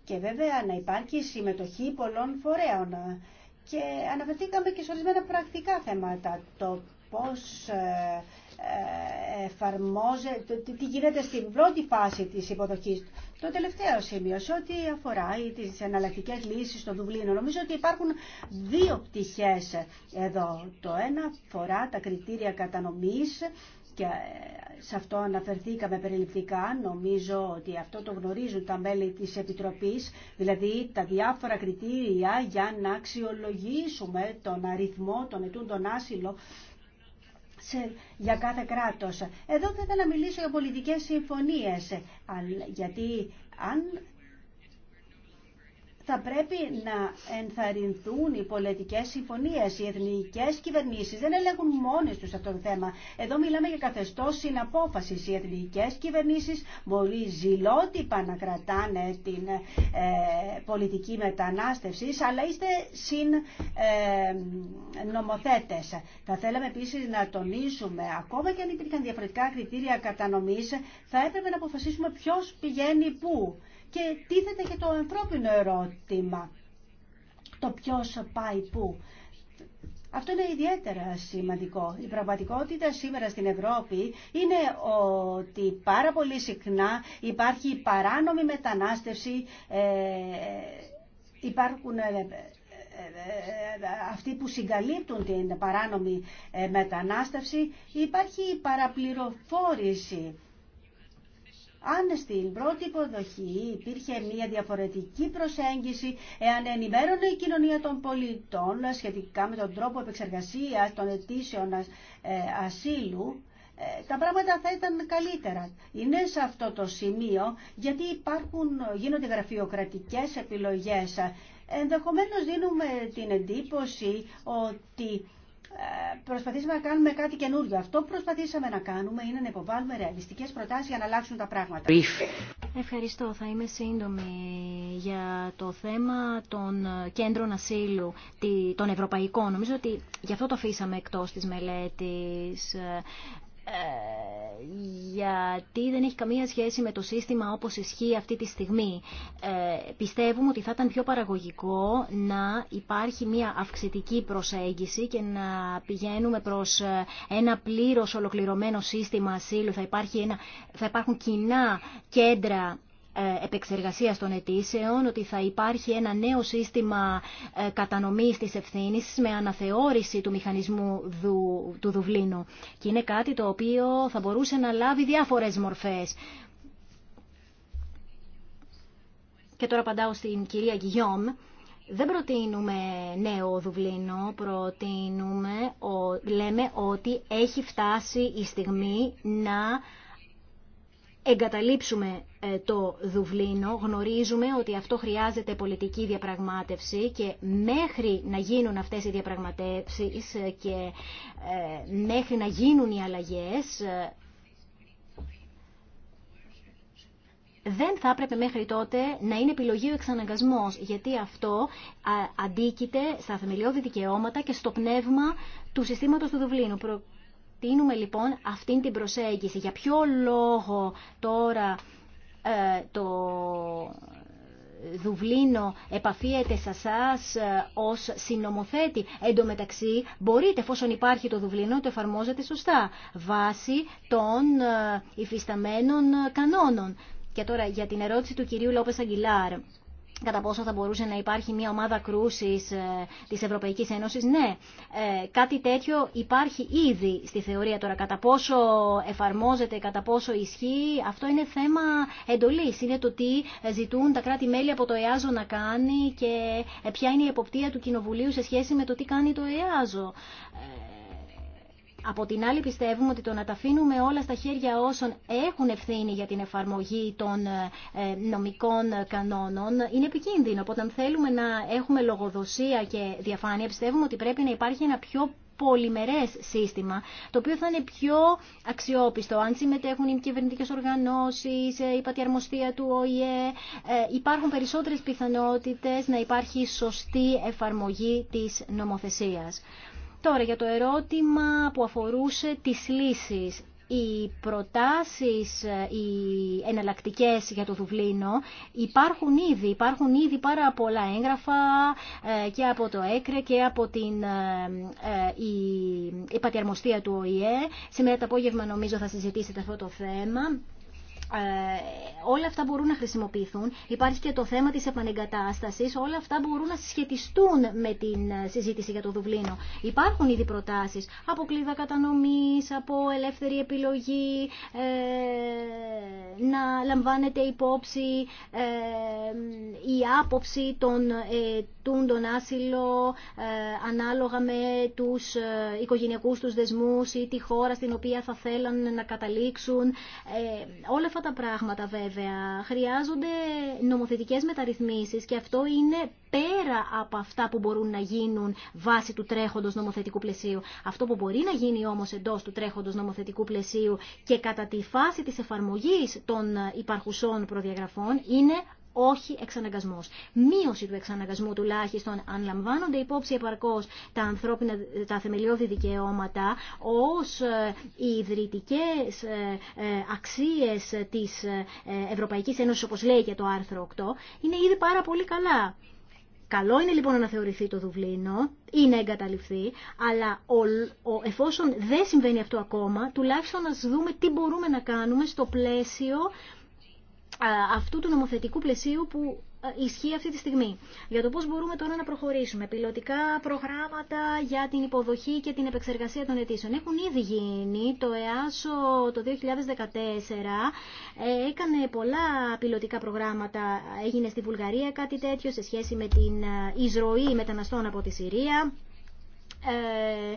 Και βέβαια να υπάρχει συμμετοχή πολλών φορέων. Και αναφερθήκαμε και σε ορισμένα πρακτικά θέματα, το πώς ε, ε, εφαρμόζεται, τι γίνεται στην πρώτη φάση της υποδοχής. Το τελευταίο σημείο, σε ό,τι αφορά τις εναλλακτικέ λύσεις στο Δουβλίνο, νομίζω ότι υπάρχουν δύο πτυχές εδώ. Το ένα αφορά τα κριτήρια κατανομής και ε, σε αυτό αναφερθήκαμε περιληπτικά. Νομίζω ότι αυτό το γνωρίζουν τα μέλη της Επιτροπής, δηλαδή τα διάφορα κριτήρια για να αξιολογήσουμε τον αριθμό των ετούντων άσυλων για κάθε κράτος. Εδώ θα ήθελα να μιλήσω για πολιτικές συμφωνίες, γιατί αν θα πρέπει να ενθαρρυνθούν οι πολιτικέ συμφωνίε. Οι εθνικέ κυβερνήσει δεν ελέγχουν μόνε τους αυτό το θέμα. Εδώ μιλάμε για καθεστώ συναπόφαση. Οι εθνικέ κυβερνήσει μπορεί ζηλότυπα να κρατάνε την ε, πολιτική μετανάστευση, αλλά είστε συν ε, Θα θέλαμε επίση να τονίσουμε, ακόμα και αν υπήρχαν διαφορετικά κριτήρια κατανομή, θα έπρεπε να αποφασίσουμε ποιο πηγαίνει πού. Και τίθεται και το ανθρώπινο ερώτημα. Το ποιος πάει πού. Αυτό είναι ιδιαίτερα σημαντικό. Η πραγματικότητα σήμερα στην Ευρώπη είναι ότι πάρα πολύ συχνά υπάρχει παράνομη μετανάστευση, ε, υπάρχουν ε, ε, ε, ε αυτοί που αυτο ειναι ιδιαιτερα σημαντικο η πραγματικοτητα σημερα στην ευρωπη ειναι οτι παρα πολυ συχνα υπαρχει παρανομη μεταναστευση ε υπαρχουν αυτοι που συγκαλυπτουν την παράνομη μετανάστευση, υπάρχει παραπληροφόρηση. Αν στην πρώτη υποδοχή υπήρχε μια διαφορετική προσέγγιση, εάν ενημέρωνε η κοινωνία των πολιτών σχετικά με τον τρόπο επεξεργασίας των αιτήσεων ε, ασύλου, ε, τα πράγματα θα ήταν καλύτερα. Είναι σε αυτό το σημείο γιατί υπάρχουν, γίνονται γραφειοκρατικές επιλογές. Ενδεχομένως δίνουμε την εντύπωση ότι προσπαθήσαμε να κάνουμε κάτι καινούριο. Αυτό που προσπαθήσαμε να κάνουμε είναι να υποβάλουμε ρεαλιστικές προτάσεις για να αλλάξουν τα πράγματα. Ευχαριστώ. Θα είμαι σύντομη για το θέμα των κέντρων ασύλου, των ευρωπαϊκών. Νομίζω ότι γι' αυτό το αφήσαμε εκτός της μελέτης. Ε, γιατί δεν έχει καμία σχέση με το σύστημα όπως ισχύει αυτή τη στιγμή. Ε, πιστεύουμε ότι θα ήταν πιο παραγωγικό να υπάρχει μια αυξητική προσέγγιση και να πηγαίνουμε προς ε, ένα πλήρως ολοκληρωμένο σύστημα ασύλου. Θα, υπάρχει ένα, θα υπάρχουν κοινά κέντρα ε, επεξεργασίας των αιτήσεων, ότι θα υπάρχει ένα νέο σύστημα ε, κατανομής της ευθύνης με αναθεώρηση του μηχανισμού του Δουβλίνου. Και είναι κάτι το οποίο θα μπορούσε να λάβει διάφορες μορφές. Και τώρα απαντάω στην κυρία Γιόμ. Δεν προτείνουμε νέο Δουβλίνο, προτείνουμε, λέμε ότι έχει φτάσει η στιγμή να εγκαταλείψουμε ε, το Δουβλίνο. Γνωρίζουμε ότι αυτό χρειάζεται πολιτική διαπραγμάτευση και μέχρι να γίνουν αυτές οι διαπραγματεύσεις ε, και ε, μέχρι να γίνουν οι αλλαγές δεν θα έπρεπε μέχρι τότε να είναι επιλογή ο εξαναγκασμός, γιατί αυτό αντίκειται στα θεμελιώδη δικαιώματα και στο πνεύμα του συστήματος του Δουβλίνου προτείνουμε λοιπόν αυτήν την προσέγγιση. Για ποιο λόγο τώρα ε, το Δουβλίνο επαφίεται σε εσά ε, ως συνομοθέτη. Εν τω μεταξύ μπορείτε, εφόσον υπάρχει το Δουβλίνο, το εφαρμόζετε σωστά, βάσει των ε, υφισταμένων κανόνων. Και τώρα για την ερώτηση του κυρίου Λόπες Αγγιλάρ κατά πόσο θα μπορούσε να υπάρχει μια ομάδα κρούσης ε, της Ευρωπαϊκής Ένωσης. Ναι, ε, κάτι τέτοιο υπάρχει ήδη στη θεωρία τώρα. Κατά πόσο εφαρμόζεται, κατά πόσο ισχύει, αυτό είναι θέμα εντολής. Είναι το τι ζητούν τα κράτη-μέλη από το ΕΑΖΟ να κάνει και ε, ποια είναι η εποπτεία του Κοινοβουλίου σε σχέση με το τι κάνει το ΕΑΖΟ. Από την άλλη πιστεύουμε ότι το να τα αφήνουμε όλα στα χέρια όσων έχουν ευθύνη για την εφαρμογή των ε, νομικών κανόνων είναι επικίνδυνο. Οπότε θέλουμε να έχουμε λογοδοσία και διαφάνεια πιστεύουμε ότι πρέπει να υπάρχει ένα πιο πολυμερές σύστημα, το οποίο θα είναι πιο αξιόπιστο. Αν συμμετέχουν οι κυβερνητικέ οργανώσει, ε, η πατιαρμοστία του ΟΗΕ, ε, υπάρχουν περισσότερε πιθανότητες να υπάρχει σωστή εφαρμογή της νομοθεσίας. Τώρα για το ερώτημα που αφορούσε τις λύσεις. Οι προτάσεις, ε, οι εναλλακτικές για το Δουβλίνο υπάρχουν ήδη. Υπάρχουν ήδη πάρα πολλά έγγραφα ε, και από το ΕΚΡΕ και από την ε, η, του ΟΗΕ. Σήμερα το απόγευμα νομίζω θα συζητήσετε αυτό το θέμα. Ε, όλα αυτά μπορούν να χρησιμοποιηθούν. Υπάρχει και το θέμα της επανεγκατάστασης. Όλα αυτά μπορούν να συσχετιστούν με την ε, συζήτηση για το Δουβλίνο. Υπάρχουν ήδη προτάσεις από κλίδα κατανομής, από ελεύθερη επιλογή, ε, να λαμβάνεται υπόψη η άποψη των τούντων άσυλο ανάλογα με τους οικογενειακούς τους δεσμούς ή τη χώρα στην οποία θα θέλαν να καταλήξουν. όλα αυτά τα πράγματα βέβαια χρειάζονται νομοθετικές μεταρρυθμίσεις και αυτό είναι πέρα από αυτά που μπορούν να γίνουν βάσει του τρέχοντος νομοθετικού πλαισίου. Αυτό που μπορεί να γίνει όμως εντός του τρέχοντος νομοθετικού πλαισίου και κατά τη φάση της εφαρμογής των υπαρχουσών προδιαγραφών είναι όχι εξαναγκασμός. Μείωση του εξαναγκασμού τουλάχιστον αν λαμβάνονται υπόψη επαρκώς τα, ανθρώπινα, τα θεμελιώδη δικαιώματα ως ε, οι ιδρυτικές ε, ε, αξίες της Ευρωπαϊκής Ένωση, όπως λέει και το άρθρο 8 είναι ήδη πάρα πολύ καλά. Καλό είναι λοιπόν να θεωρηθεί το Δουβλίνο ή να εγκαταληφθεί, αλλά ο, εφόσον δεν συμβαίνει αυτό ακόμα, τουλάχιστον να δούμε τι μπορούμε να κάνουμε στο πλαίσιο αυτού του νομοθετικού πλαισίου που ισχύει αυτή τη στιγμή. Για το πώς μπορούμε τώρα να προχωρήσουμε. Πιλωτικά προγράμματα για την υποδοχή και την επεξεργασία των αιτήσεων έχουν ήδη γίνει. Το ΕΑΣΟ το 2014 ε, έκανε πολλά πιλωτικά προγράμματα. Έγινε στη Βουλγαρία κάτι τέτοιο σε σχέση με την ε, εισρωή μεταναστών από τη Συρία ε,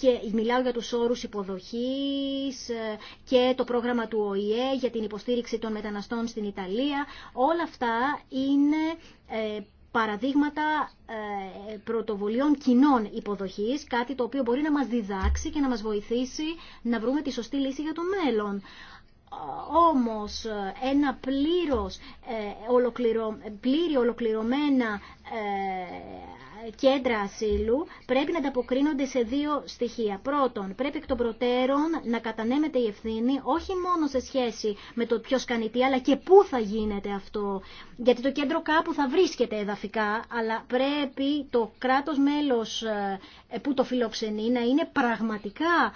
και μιλάω για τους όρους υποδοχής ε, και το πρόγραμμα του ΟΗΕ για την υποστήριξη των μεταναστών στην Ιταλία. Όλα αυτά είναι ε, παραδείγματα ε, πρωτοβουλειών κοινών υποδοχής, κάτι το οποίο μπορεί να μας διδάξει και να μας βοηθήσει να βρούμε τη σωστή λύση για το μέλλον όμως ένα πλήρως, ολοκληρω, πλήρη ολοκληρωμένα κέντρα ασύλου πρέπει να ανταποκρίνονται σε δύο στοιχεία. Πρώτον, πρέπει εκ των προτέρων να κατανέμεται η ευθύνη όχι μόνο σε σχέση με το ποιο κάνει τι, αλλά και πού θα γίνεται αυτό. Γιατί το κέντρο κάπου θα βρίσκεται εδαφικά, αλλά πρέπει το κράτος μέλος ε, που το φιλοξενεί να είναι πραγματικά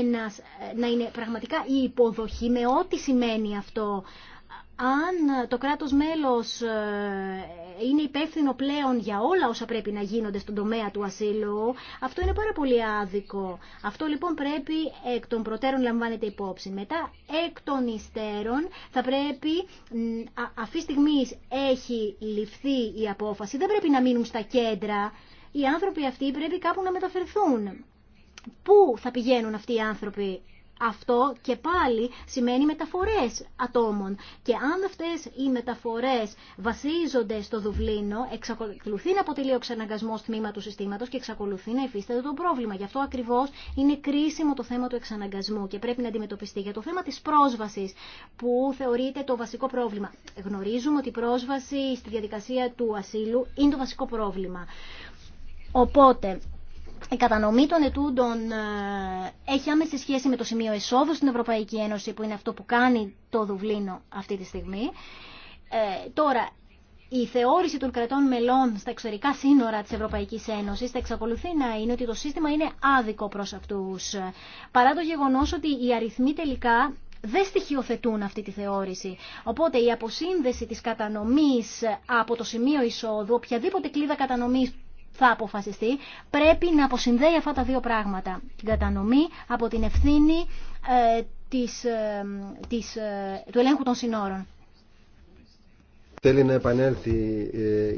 ένας, ε, να είναι πραγματικά η υποδοχή με ό,τι σημαίνει αυτό αν ε, το κράτος μέλος ε, είναι υπεύθυνο πλέον για όλα όσα πρέπει να γίνονται στον τομέα του ασύλου, αυτό είναι πάρα πολύ άδικο. Αυτό λοιπόν πρέπει εκ των προτέρων λαμβάνεται υπόψη. Μετά εκ των υστέρων θα πρέπει, αυτή στιγμή έχει ληφθεί η απόφαση, δεν πρέπει να μείνουν στα κέντρα. Οι άνθρωποι αυτοί πρέπει κάπου να μεταφερθούν. Πού θα πηγαίνουν αυτοί οι άνθρωποι αυτό και πάλι σημαίνει μεταφορές ατόμων. Και αν αυτές οι μεταφορές βασίζονται στο Δουβλίνο, εξακολουθεί να αποτελεί ο εξαναγκασμός τμήμα του συστήματος και εξακολουθεί να υφίσταται το πρόβλημα. Γι' αυτό ακριβώς είναι κρίσιμο το θέμα του εξαναγκασμού και πρέπει να αντιμετωπιστεί. Για το θέμα της πρόσβασης που θεωρείται το βασικό πρόβλημα. Γνωρίζουμε ότι η πρόσβαση στη διαδικασία του ασύλου είναι το βασικό πρόβλημα. Οπότε, η κατανομή των ετούντων ε, έχει άμεση σχέση με το σημείο εισόδου στην Ευρωπαϊκή Ένωση που είναι αυτό που κάνει το Δουβλίνο αυτή τη στιγμή. Ε, τώρα, η θεώρηση των κρατών μελών στα εξωτερικά σύνορα της Ευρωπαϊκής Ένωσης θα εξακολουθεί να είναι ότι το σύστημα είναι άδικο προς αυτούς. Παρά το γεγονός ότι οι αριθμοί τελικά δεν στοιχειοθετούν αυτή τη θεώρηση. Οπότε η αποσύνδεση της κατανομής από το σημείο εισόδου, οποιαδήποτε κλίδα κατανομής θα αποφασιστεί, πρέπει να αποσυνδέει αυτά τα δύο πράγματα. Την κατανομή από την ευθύνη ε, της, ε, ε, του ελέγχου των συνόρων. Θέλει να επανέλθει,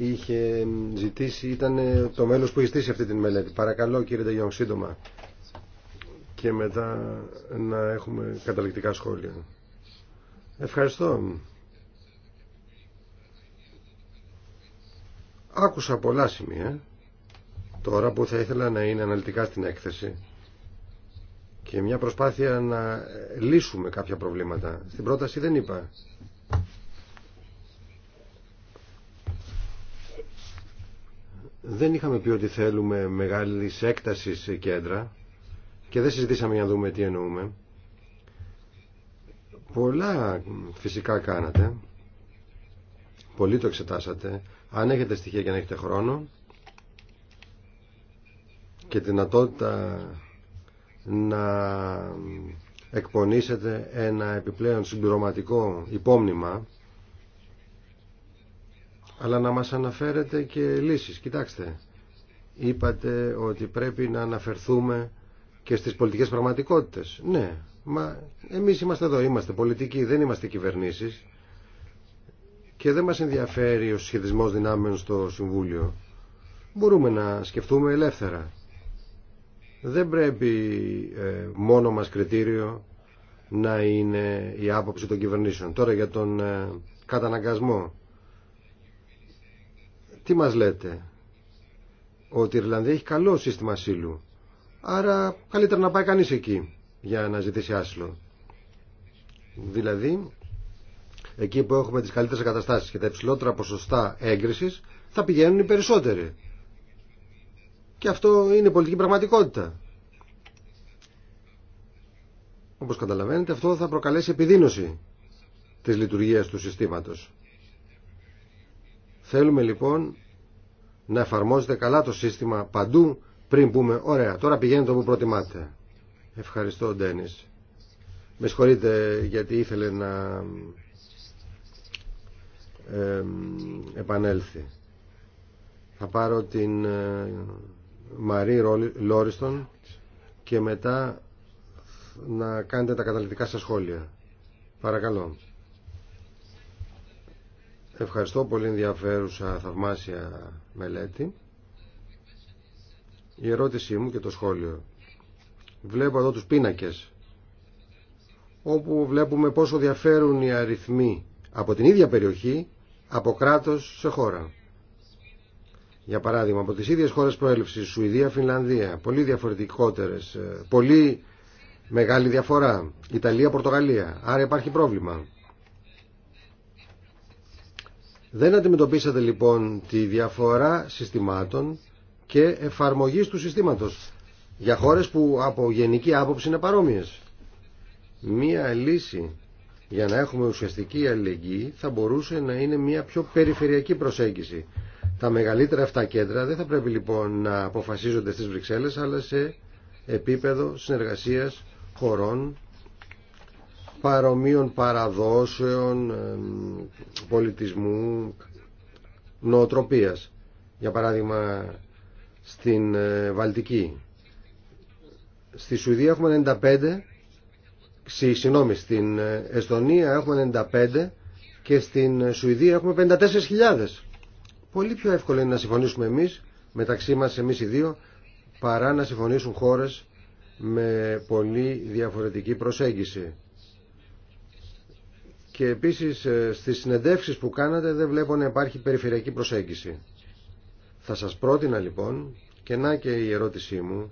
είχε ζητήσει, ήταν το μέλος που είχε αυτή την μελέτη. Παρακαλώ κύριε Νταγιόν, σύντομα. Και μετά να έχουμε καταληκτικά σχόλια. Ευχαριστώ. Άκουσα πολλά σημεία. Τώρα που θα ήθελα να είναι αναλυτικά στην έκθεση και μια προσπάθεια να λύσουμε κάποια προβλήματα. Στην πρόταση δεν είπα. Δεν είχαμε πει ότι θέλουμε μεγάλη έκταση κέντρα και δεν συζητήσαμε για να δούμε τι εννοούμε. Πολλά φυσικά κάνατε. Πολύ το εξετάσατε. Αν έχετε στοιχεία και αν έχετε χρόνο, και δυνατότητα να εκπονήσετε ένα επιπλέον συμπληρωματικό υπόμνημα αλλά να μας αναφέρετε και λύσεις. Κοιτάξτε, είπατε ότι πρέπει να αναφερθούμε και στις πολιτικές πραγματικότητες. Ναι, μα εμείς είμαστε εδώ, είμαστε πολιτικοί, δεν είμαστε κυβερνήσεις και δεν μας ενδιαφέρει ο σχεδισμός δυνάμεων στο Συμβούλιο. Μπορούμε να σκεφτούμε ελεύθερα δεν πρέπει ε, μόνο μας κριτήριο να είναι η άποψη των κυβερνήσεων. Τώρα για τον ε, καταναγκασμό. Τι μας λέτε. Ότι η Ιρλανδία έχει καλό σύστημα ασύλου. Άρα καλύτερα να πάει κανείς εκεί για να ζητήσει άσυλο. Δηλαδή, εκεί που έχουμε τις καλύτερες καταστάσεις και τα υψηλότερα ποσοστά έγκρισης, θα πηγαίνουν οι περισσότεροι. Και αυτό είναι πολιτική πραγματικότητα. Όπως καταλαβαίνετε αυτό θα προκαλέσει επιδείνωση της λειτουργίας του συστήματος. Θέλουμε λοιπόν να εφαρμόζεται καλά το σύστημα παντού πριν πούμε ωραία τώρα πηγαίνετε όπου προτιμάτε. Ευχαριστώ Ντένις. Με συγχωρείτε γιατί ήθελε να επανέλθει. Θα πάρω την ε, Μαρή Λόριστον και μετά να κάνετε τα καταληκτικά σας σχόλια. Παρακαλώ. Ευχαριστώ πολύ ενδιαφέρουσα θαυμάσια μελέτη. Η ερώτησή μου και το σχόλιο. Βλέπω εδώ τους πίνακες όπου βλέπουμε πόσο διαφέρουν οι αριθμοί από την ίδια περιοχή από κράτος σε χώρα. Για παράδειγμα, από τις ίδιες χώρες προέλευσης, Σουηδία, Φινλανδία, πολύ διαφορετικότερες, ε, πολύ μεγάλη διαφορά, Ιταλία, Πορτογαλία, άρα υπάρχει πρόβλημα. Δεν αντιμετωπίσατε λοιπόν τη διαφορά συστημάτων και εφαρμογής του συστήματος για χώρες που από γενική άποψη είναι παρόμοιες. Μία λύση για να έχουμε ουσιαστική αλληλεγγύη θα μπορούσε να είναι μια πιο περιφερειακή προσέγγιση τα μεγαλύτερα αυτά κέντρα δεν θα πρέπει λοιπόν να αποφασίζονται στις Βρυξέλλες αλλά σε επίπεδο συνεργασίας χωρών παρομοίων παραδόσεων, πολιτισμού, νοοτροπίας. Για παράδειγμα στην ε, Βαλτική. Στη Σουηδία έχουμε 95, συγγνώμη, στην ε, Εστονία έχουμε 95 και στην Σουηδία έχουμε 54.000. Πολύ πιο εύκολο είναι να συμφωνήσουμε εμείς, μεταξύ μας εμείς οι δύο, παρά να συμφωνήσουν χώρες με πολύ διαφορετική προσέγγιση. Και επίσης ε, στις συνεντεύξεις που κάνατε δεν βλέπω να υπάρχει περιφερειακή προσέγγιση. Θα σας πρότεινα λοιπόν, και να και η ερώτησή μου,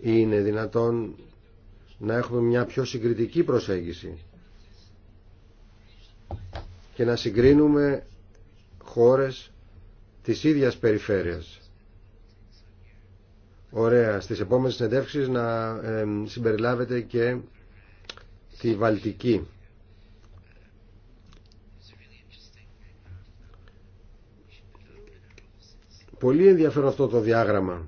είναι δυνατόν να έχουμε μια πιο συγκριτική προσέγγιση και να συγκρίνουμε χώρες της ίδιας περιφέρειας. Ωραία, στις επόμενες συνεντεύξεις να συμπεριλάβετε και τη Βαλτική. Πολύ ενδιαφέρον αυτό το διάγραμμα.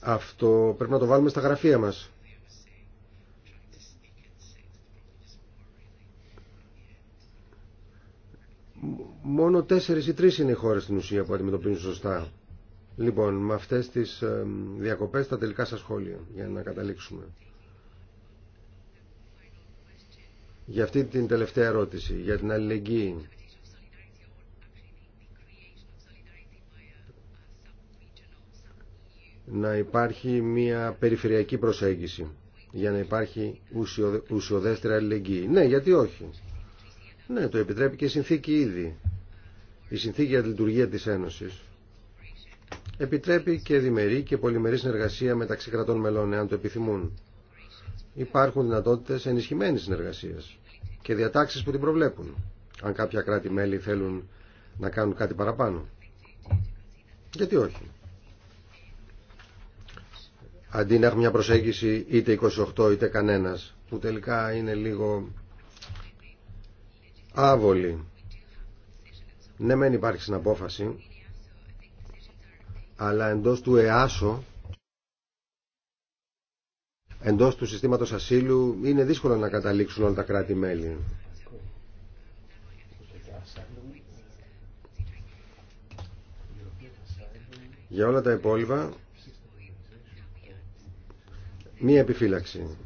Αυτό πρέπει να το βάλουμε στα γραφεία μας. μόνο τέσσερις ή τρεις είναι οι χώρες στην ουσία που αντιμετωπίζουν σωστά. Λοιπόν, με αυτές τις ε, διακοπές τα τελικά σας σχόλια για να καταλήξουμε. Για αυτή την τελευταία ερώτηση, για την αλληλεγγύη. Να υπάρχει μια περιφερειακή προσέγγιση για να υπάρχει ουσιοδέστερη αλληλεγγύη. Ναι, γιατί όχι. Ναι, το επιτρέπει και η συνθήκη ήδη. Η συνθήκη για τη λειτουργία της Ένωσης επιτρέπει και διμερή και πολυμερή συνεργασία μεταξύ κρατών μελών, εάν το επιθυμούν. Υπάρχουν δυνατότητες ενισχυμένης συνεργασίας και διατάξεις που την προβλέπουν, αν κάποια κράτη-μέλη θέλουν να κάνουν κάτι παραπάνω. Γιατί όχι. Αντί να έχουμε μια προσέγγιση είτε 28 είτε κανένας, που τελικά είναι λίγο άβολη. Ναι, μεν υπάρχει συναπόφαση, αλλά εντός του ΕΑΣΟ, εντός του συστήματος ασύλου, είναι δύσκολο να καταλήξουν όλα τα κράτη-μέλη. Για όλα τα υπόλοιπα, μία επιφύλαξη.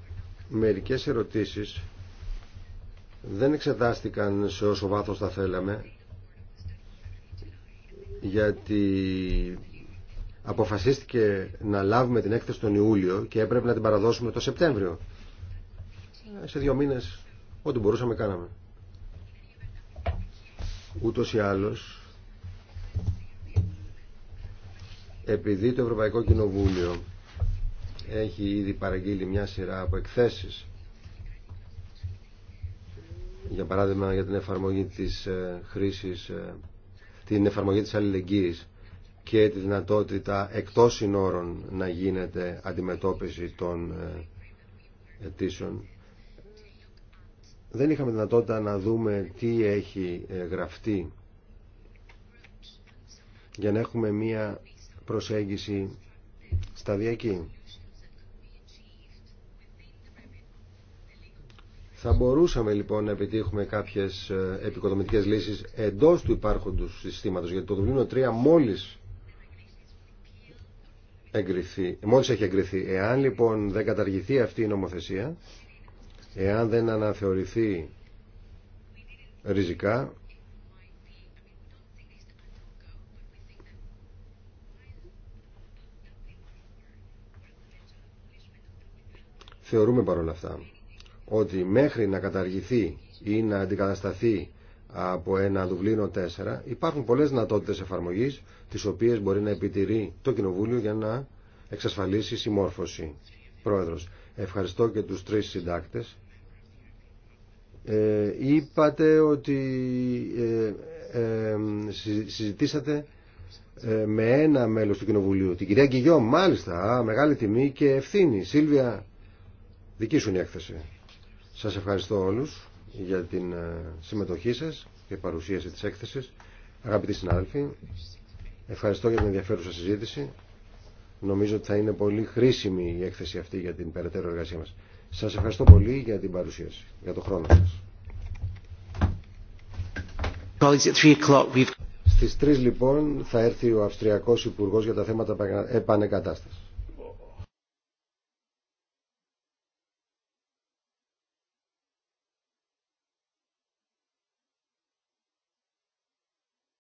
Μερικές ερωτήσεις δεν εξετάστηκαν σε όσο βάθος θα θέλαμε γιατί αποφασίστηκε να λάβουμε την έκθεση τον Ιούλιο και έπρεπε να την παραδώσουμε το Σεπτέμβριο. Ε, σε δύο μήνες ό,τι μπορούσαμε κάναμε. Ούτως ή άλλως, επειδή το Ευρωπαϊκό Κοινοβούλιο έχει ήδη παραγγείλει μια σειρά από εκθέσεις για παράδειγμα για την εφαρμογή της ε, χρήσης ε, την εφαρμογή της αλληλεγγύης και τη δυνατότητα εκτός συνόρων να γίνεται αντιμετώπιση των ε, αιτήσεων. Δεν είχαμε δυνατότητα να δούμε τι έχει ε, γραφτεί για να έχουμε μία προσέγγιση σταδιακή. Θα μπορούσαμε λοιπόν να επιτύχουμε κάποιες ε, επικοδομητικές λύσεις εντός του υπάρχοντος συστήματος, γιατί το Δουβλίνο 3 μόλις εγκριθεί, μόλις έχει εγκριθεί. Εάν λοιπόν δεν καταργηθεί αυτή η νομοθεσία, εάν δεν αναθεωρηθεί ριζικά, θεωρούμε παρόλα αυτά ότι μέχρι να καταργηθεί ή να αντικατασταθεί από ένα Δουβλίνο 4 υπάρχουν πολλές δυνατότητε εφαρμογής τις οποίες μπορεί να επιτηρεί το Κοινοβούλιο για να εξασφαλίσει συμμόρφωση. Πρόεδρος, ευχαριστώ και τους τρεις συντάκτες. Ε, είπατε ότι ε, ε, συζητήσατε με ένα μέλος του Κοινοβουλίου, την κυρία Γκυγιό, μάλιστα, μεγάλη τιμή και ευθύνη. Σίλβια, δική σου είναι η έκθεση. Σας ευχαριστώ όλους για την ε, συμμετοχή σας και παρουσίαση της έκθεσης. Αγαπητοί συνάδελφοι, ευχαριστώ για την ενδιαφέρουσα συζήτηση. Νομίζω ότι θα είναι πολύ χρήσιμη η έκθεση αυτή για την περαιτέρω εργασία μας. Σας ευχαριστώ πολύ για την παρουσίαση, για το χρόνο σας. Στις 3 λοιπόν θα έρθει ο Αυστριακός Υπουργός για τα θέματα επανεκατάστασης.